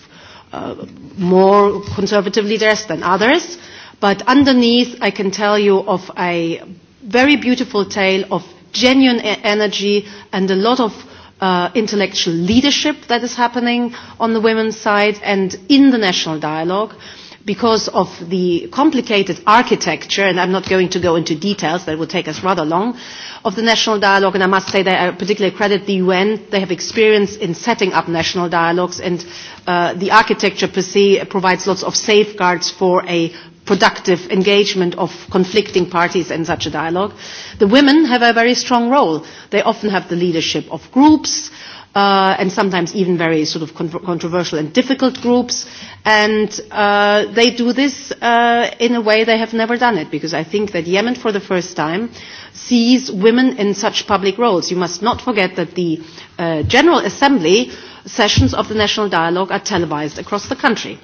M: uh, more conservatively dressed than others. But underneath, I can tell you of a very beautiful tale of genuine e-, energy and a lot of uh, intellectual leadership that is happening on the women's side and in the national dialogue because of the complicated architecture, and I'm not going to go into details, that would take us rather long, of the national dialogue, and I must say that I particularly credit the UN. They have experience in setting up national dialogues, and uh, the architecture per se provides lots of safeguards for a productive engagement of conflicting parties in such a dialogue. The women have a very strong role. They often have the leadership of groups, uh, and sometimes even very sort of controversial and difficult groups. And uh, they do this uh, in a way they have never done it, because I think that Yemen, for the first time, sees women in such public roles. You must not forget that the uh, General Assembly sessions of the National Dialogue are televised across the country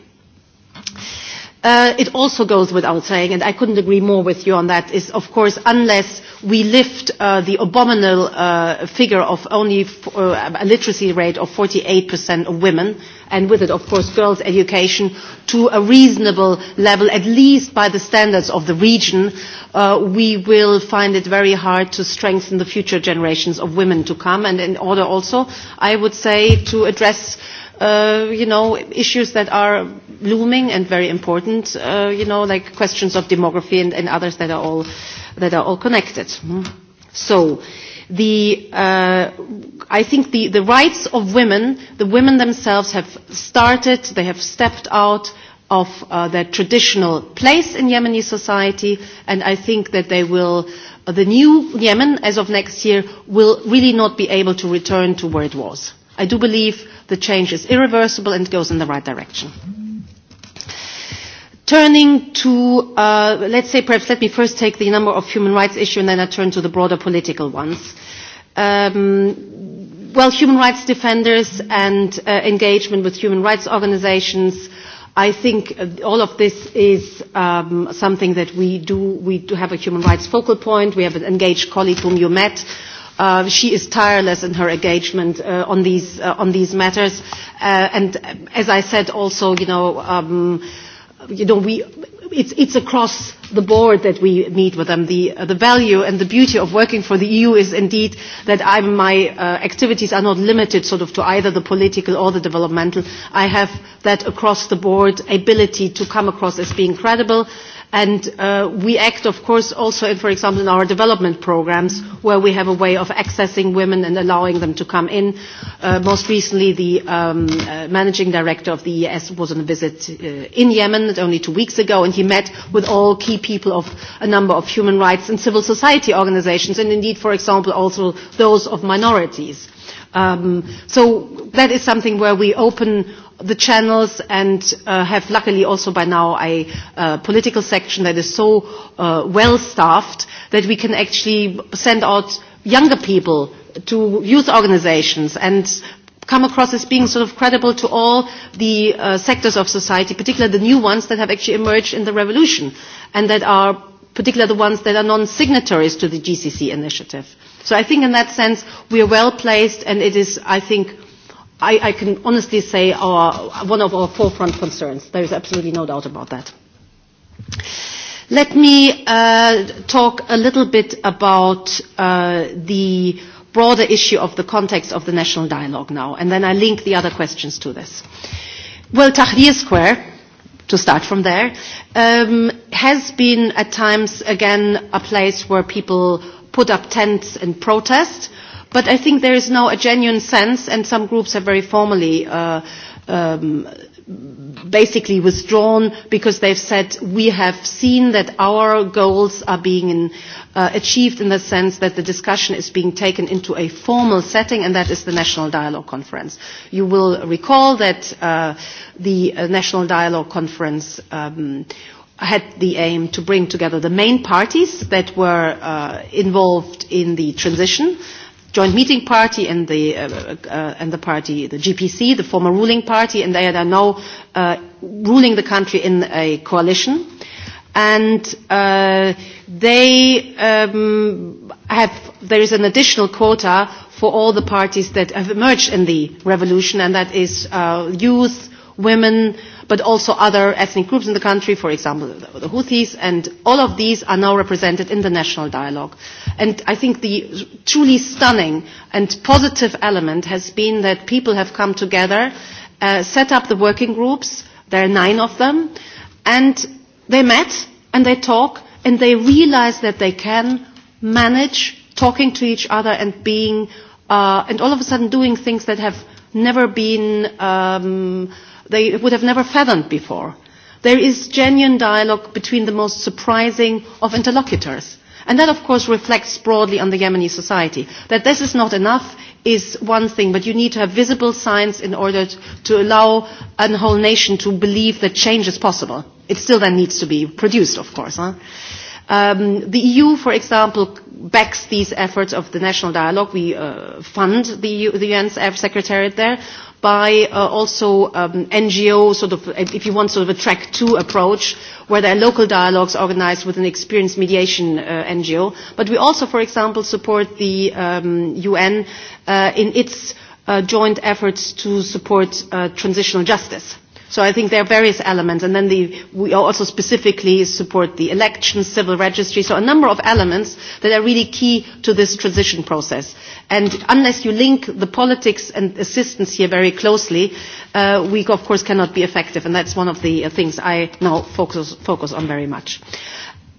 M: Uh, it also goes without saying, and I couldn't agree more with you on that, is of course unless we lift uh, the abominable uh, figure of only f uh, a literacy rate of 48% of women, and with it of course girls' education, to a reasonable level, at least by the standards of the region, uh, we will find it very hard to strengthen the future generations of women to come. And in order also, I would say, to address Uh, you know, issues that are looming and very important, uh, you know, like questions of demography and, and others that are all, that are all connected. Hmm. So, the, uh, I think the, the rights of women, the women themselves have started, they have stepped out of uh, their traditional place in Yemeni society, and I think that they will, uh, the new Yemen as of next year will really not be able to return to where it was. I do believe the change is irreversible and goes in the right direction. Turning to, uh, let's say, perhaps let me first take the number of human rights issue and then I turn to the broader political ones. Um, well, human rights defenders and uh, engagement with human rights organizations I think all of this is um, something that we do. We do have a human rights focal point. We have an engaged colleague whom you met Uh, she is tireless in her engagement uh, on these uh, on these matters, uh, and as I said, also you know. Um, you know, we, it's, it's across the board that we meet with them. The, uh, the value and the beauty of working for the EU is indeed that I'm, my uh, activities are not limited sort of to either the political or the developmental. I have that across the board ability to come across as being credible And uh, we act, of course, also, in, for example, in our development programs, where we have a way of accessing women and allowing them to come in. Uh, most recently, the um, uh, managing director of the ES was on a visit uh, in Yemen only two weeks ago, and he met with all key people of a number of human rights and civil society organizations, and indeed, for example, also those of minorities. Um, so that is something where we open the channels and uh, have luckily also by now a uh, political section that is so uh, well staffed that we can actually send out younger people to youth organizations and come across as being sort of credible to all the uh, sectors of society, particularly the new ones that have actually emerged in the revolution and that are particularly the ones that are non-signatories to the GCC initiative. So I think in that sense we are well placed and it is, I think, i, I can honestly say are one of our forefront concerns. There is absolutely no doubt about that. Let me uh, talk a little bit about uh, the broader issue of the context of the national dialogue now, and then I link the other questions to this. Well, Tahrir Square, to start from there, um, has been at times, again, a place where people put up tents and protest But I think there is now a genuine sense, and some groups are very formally uh, um, basically withdrawn because they've said we have seen that our goals are being in, uh, achieved in the sense that the discussion is being taken into a formal setting and that is the National Dialogue Conference. You will recall that uh, the uh, National Dialogue Conference um, had the aim to bring together the main parties that were uh, involved in the transition uh, joint meeting party and the uh, uh, and the party the GPC the former ruling party and they are now uh, ruling the country in a coalition and uh, they um, have there is an additional quota for all the parties that have emerged in the revolution and that is uh, youth women uh, but also other ethnic groups in the country, for example, the Houthis, and all of these are now represented in the national dialogue. And I think the truly stunning and positive element has been that people have come together, uh, set up the working groups, there are nine of them, and they met and they talk and they realize that they can manage talking to each other and being uh, and all of a sudden doing things that have never been um, they would have never fathomed before. There is genuine dialogue between the most surprising of interlocutors. And that, of course, reflects broadly on the Yemeni society. That this is not enough is one thing, but you need to have visible signs in order to allow a whole nation to believe that change is possible. It still then needs to be produced, of course. Huh? Um, the EU, for example, backs these efforts of the national dialogue. We uh, fund the, EU, the UN Secretariat there by uh, also um, NGO, sort of, if you want, sort of a track two approach, where there are local dialogues organized with an experienced mediation uh, NGO. But we also, for example, support the um, UN uh, in its uh, joint efforts to support uh, transitional justice So I think there are various elements. And then the, we also specifically support the elections, civil registry. So a number of elements that are really key to this transition process. And unless you link the politics and assistance here very closely, uh, we of course cannot be effective. And that's one of the uh, things I now focus, focus on very much.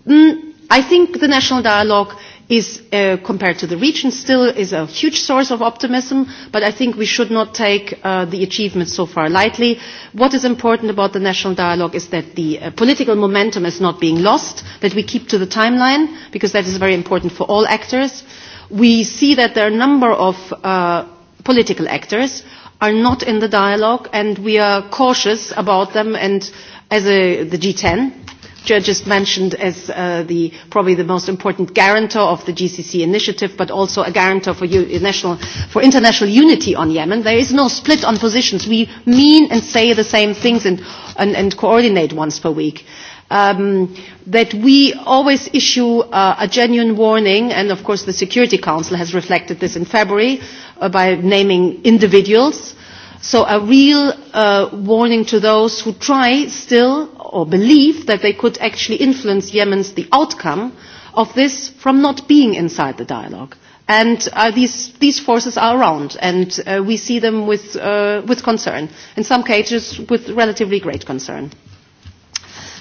M: Mm, I think the national dialogue is, uh, compared to the region, still is a huge source of optimism, but I think we should not take uh, the achievements so far lightly. What is important about the national dialogue is that the uh, political momentum is not being lost, that we keep to the timeline, because that is very important for all actors. We see that there are a number of uh, political actors are not in the dialogue, and we are cautious about them, and as a, the G10, just mentioned as uh, the, probably the most important guarantor of the GCC initiative, but also a guarantor for, national, for international unity on Yemen. There is no split on positions. We mean and say the same things and, and, and coordinate once per week. Um, that we always issue uh, a genuine warning, and of course the Security Council has reflected this in February uh, by naming individuals So a real uh, warning to those who try still or believe that they could actually influence Yemen's the outcome of this from not being inside the dialogue. And uh, these, these forces are around, and uh, we see them with, uh, with concern, in some cases with relatively great concern.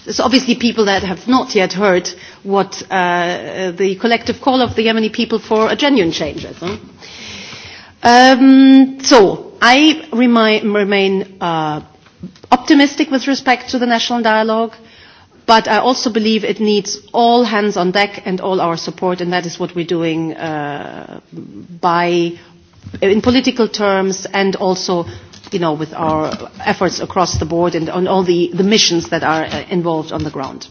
M: There's obviously people that have not yet heard what uh, the collective call of the Yemeni people for a genuine change is. Huh? Um, so, i remind, remain uh, optimistic with respect to the national dialogue, but I also believe it needs all hands on deck and all our support, and that is what we're doing uh, by, in political terms and also you know, with our efforts across the board and on all the, the missions that are uh, involved on the ground.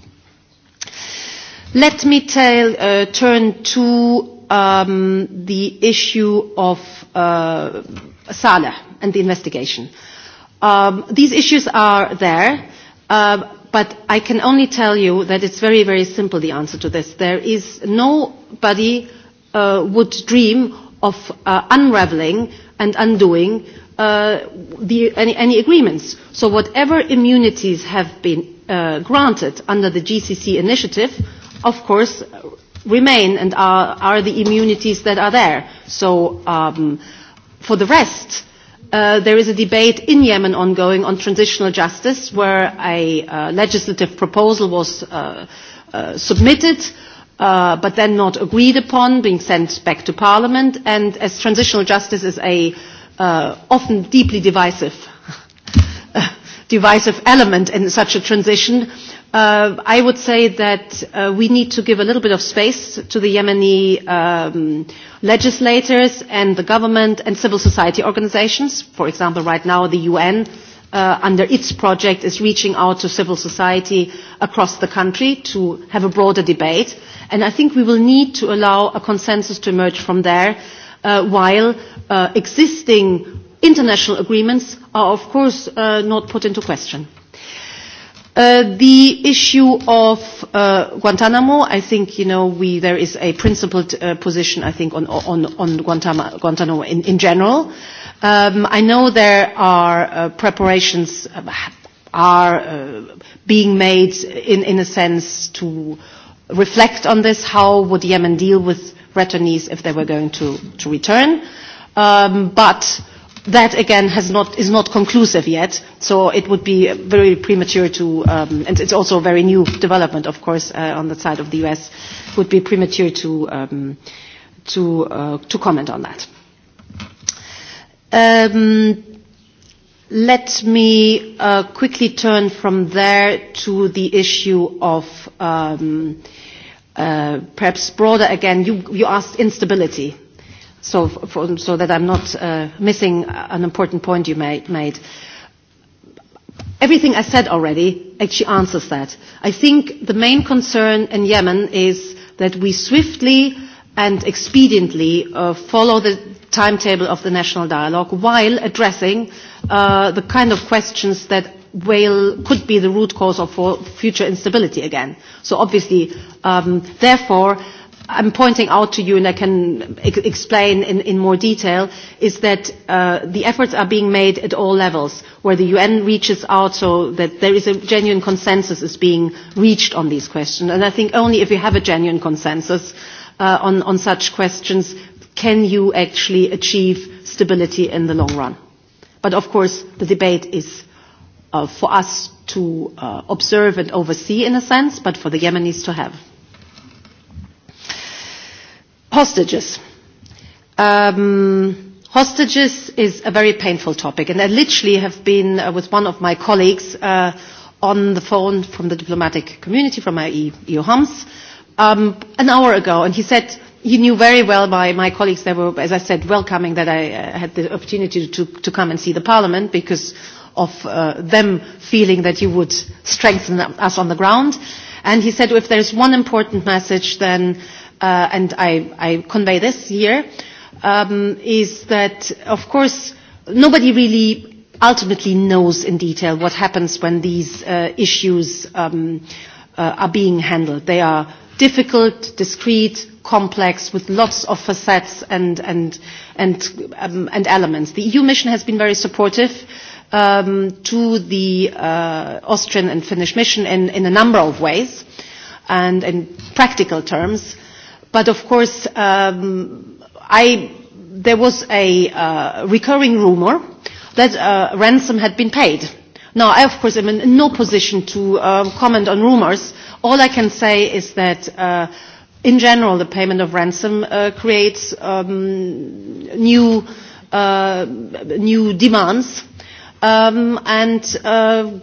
M: Let me tell, uh, turn to um, the issue of uh, Saleh and the investigation. Um, these issues are there, uh, but I can only tell you that it's very, very simple, the answer to this. There is nobody uh, would dream of uh, unraveling and undoing uh, the, any, any agreements. So whatever immunities have been uh, granted under the GCC initiative, of course, remain and are, are the immunities that are there. So um, For the rest, uh, there is a debate in Yemen ongoing on transitional justice where a uh, legislative proposal was uh, uh, submitted uh, but then not agreed upon, being sent back to Parliament. And as transitional justice is a uh, often deeply divisive divisive element in such a transition, uh, Uh, I would say that uh, we need to give a little bit of space to the Yemeni um, legislators and the government and civil society organizations. For example, right now the UN uh, under its project is reaching out to civil society across the country to have a broader debate. And I think we will need to allow a consensus to emerge from there uh, while uh, existing international agreements are of course uh, not put into question. Uh, the issue of uh, Guantanamo, I think you know we there is a principled uh, position I think on on on Guantama, Guantanamo in, in general. Um, I know there are uh, preparations uh, are uh, being made in in a sense to reflect on this. How would Yemen deal with returnees if they were going to to return? Um, but that again has not, is not conclusive yet, so it would be very premature to, um, and it's also a very new development, of course, uh, on the side of the US, would be premature to, um, to, uh, to comment on that. Um, let me uh, quickly turn from there to the issue of um, uh, perhaps broader again. You, you asked instability so, for, so that I'm not uh, missing an important point you made. made. Everything I said already actually answers that. I think the main concern in Yemen is that we swiftly and expediently uh, follow the timetable of the national dialogue while addressing uh, the kind of questions that will, could be the root cause of future instability again. So obviously, um, therefore, I'm pointing out to you, and I can ex- explain in, in more detail, is that uh, the efforts are being made at all levels, where the UN reaches out so that there is a genuine consensus is being reached on these questions. And I think only if you have a genuine consensus uh, on, on such questions can you actually achieve stability in the long run. But of course, the debate is uh, for us to uh, observe and oversee in a sense, but for the Yemenis to have. Hostages. Um, hostages is a very painful topic, and I literally have been uh, with one of my colleagues uh, on the phone from the diplomatic community, from my EU e Homs, um, an hour ago, and he said he knew very well by my colleagues that were, as I said, welcoming that I uh, had the opportunity to, to come and see the parliament because of uh, them feeling that you would strengthen us on the ground. And he said, well, if there's one important message, then uh, and I, I convey this here, um, is that, of course, nobody really ultimately knows in detail what happens when these uh, issues um, uh, are being handled. They are difficult, discreet, complex, with lots of facets and, and, and, um, and elements. The EU mission has been very supportive um, to the uh, Austrian and Finnish mission in, in a number of ways and in practical terms. But of course, um, I, there was a uh, recurring rumor that uh, ransom had been paid. Now, I, of course, am in no position to uh, comment on rumors. All I can say is that, uh, in general, the payment of ransom uh, creates um, new, uh, new demands. Um, and uh,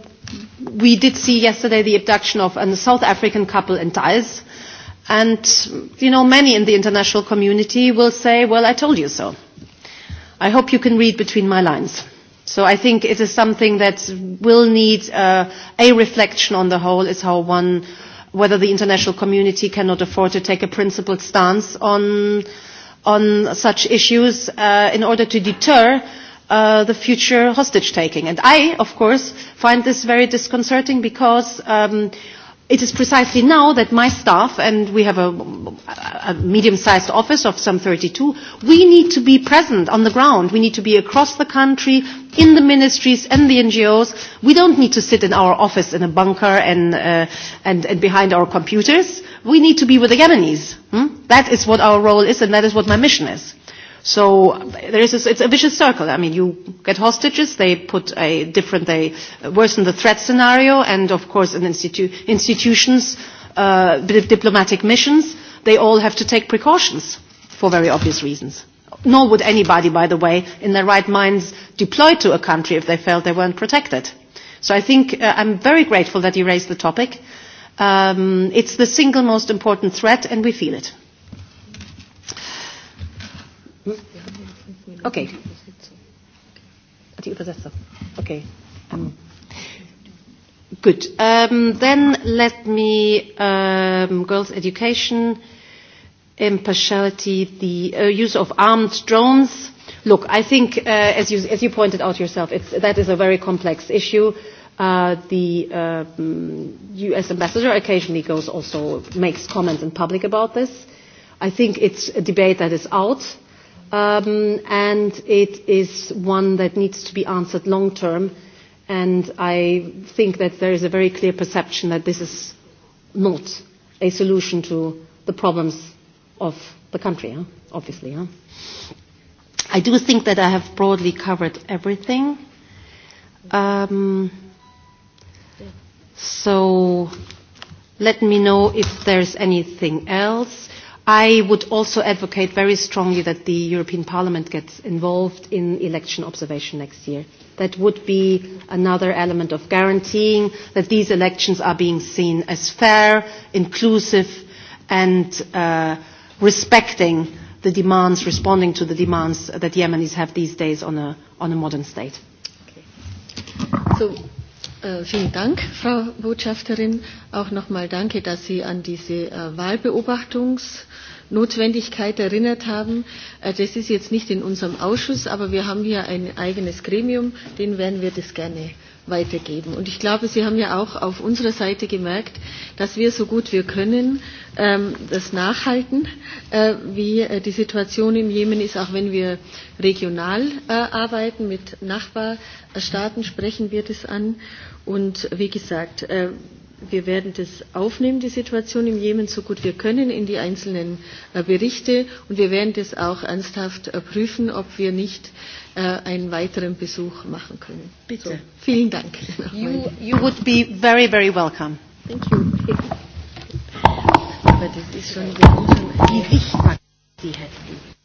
M: we did see yesterday the abduction of a South African couple in Thais And, you know, many in the international community will say, well, I told you so. I hope you can read between my lines. So I think it is something that will need uh, a reflection on the whole is how one, whether the international community cannot afford to take a principled stance on, on such issues uh, in order to deter uh, the future hostage taking. And I, of course, find this very disconcerting because um, It is precisely now that my staff, and we have a, a medium-sized office of some 32, we need to be present on the ground. We need to be across the country, in the ministries and the NGOs. We don't need to sit in our office in a bunker and, uh, and, and behind our computers. We need to be with the Yemenis. Hmm? That is what our role is, and that is what my mission is. So there is a, it's a vicious circle. I mean, you get hostages, they put a different, they worsen the threat scenario, and of course, in institu- institutions, uh, diplomatic missions, they all have to take precautions for very obvious reasons. Nor would anybody, by the way, in their right minds deploy to a country if they felt they weren't protected. So I think uh, I'm very grateful that you raised the topic. Um, it's the single most important threat, and we feel it. Hm? Okay. Die Übersetzer. Okay. Um. Good. Um, then let me, um, girls' education, impartiality, the uh, use of armed drones. Look, I think, uh, as, you, as you pointed out yourself, it's, that is a very complex issue. Uh, the uh, um, U.S. ambassador occasionally goes also makes comments in public about this. I think it's a debate that is out um, and it is one that needs to be answered long term. And I think that there is a very clear perception that this is not a solution to the problems of the country, huh? obviously. Huh? I do think that I have broadly covered everything. Um, so let me know if there's anything else. I would also advocate very strongly that the European Parliament gets involved in election observation next year. That would be another element of guaranteeing that these elections are being seen as fair, inclusive, and uh, respecting the demands, responding to the demands that Yemenis have these days on a, on a modern state. Okay.
B: So Äh, vielen Dank, Frau Botschafterin. Auch nochmal danke, dass Sie an diese äh, Wahlbeobachtungsnotwendigkeit erinnert haben. Äh, das ist jetzt nicht in unserem Ausschuss, aber wir haben hier ein eigenes Gremium, den werden wir das gerne weitergeben. Und ich glaube, Sie haben ja auch auf unserer Seite gemerkt, dass wir so gut wir können ähm, das nachhalten, äh, wie äh, die Situation im Jemen ist, auch wenn wir regional äh, arbeiten, mit Nachbarstaaten sprechen wir das an. Und wie gesagt, äh, wir werden das aufnehmen, die Situation im Jemen, so gut wir können, in die einzelnen äh, Berichte. Und wir werden das auch ernsthaft äh, prüfen, ob wir nicht äh, äh, einen weiteren Besuch machen können. Bitte. So, vielen Dank. You, you would be
M: very, very welcome. Thank you. Aber das ist schon,
O: die haben die hätten.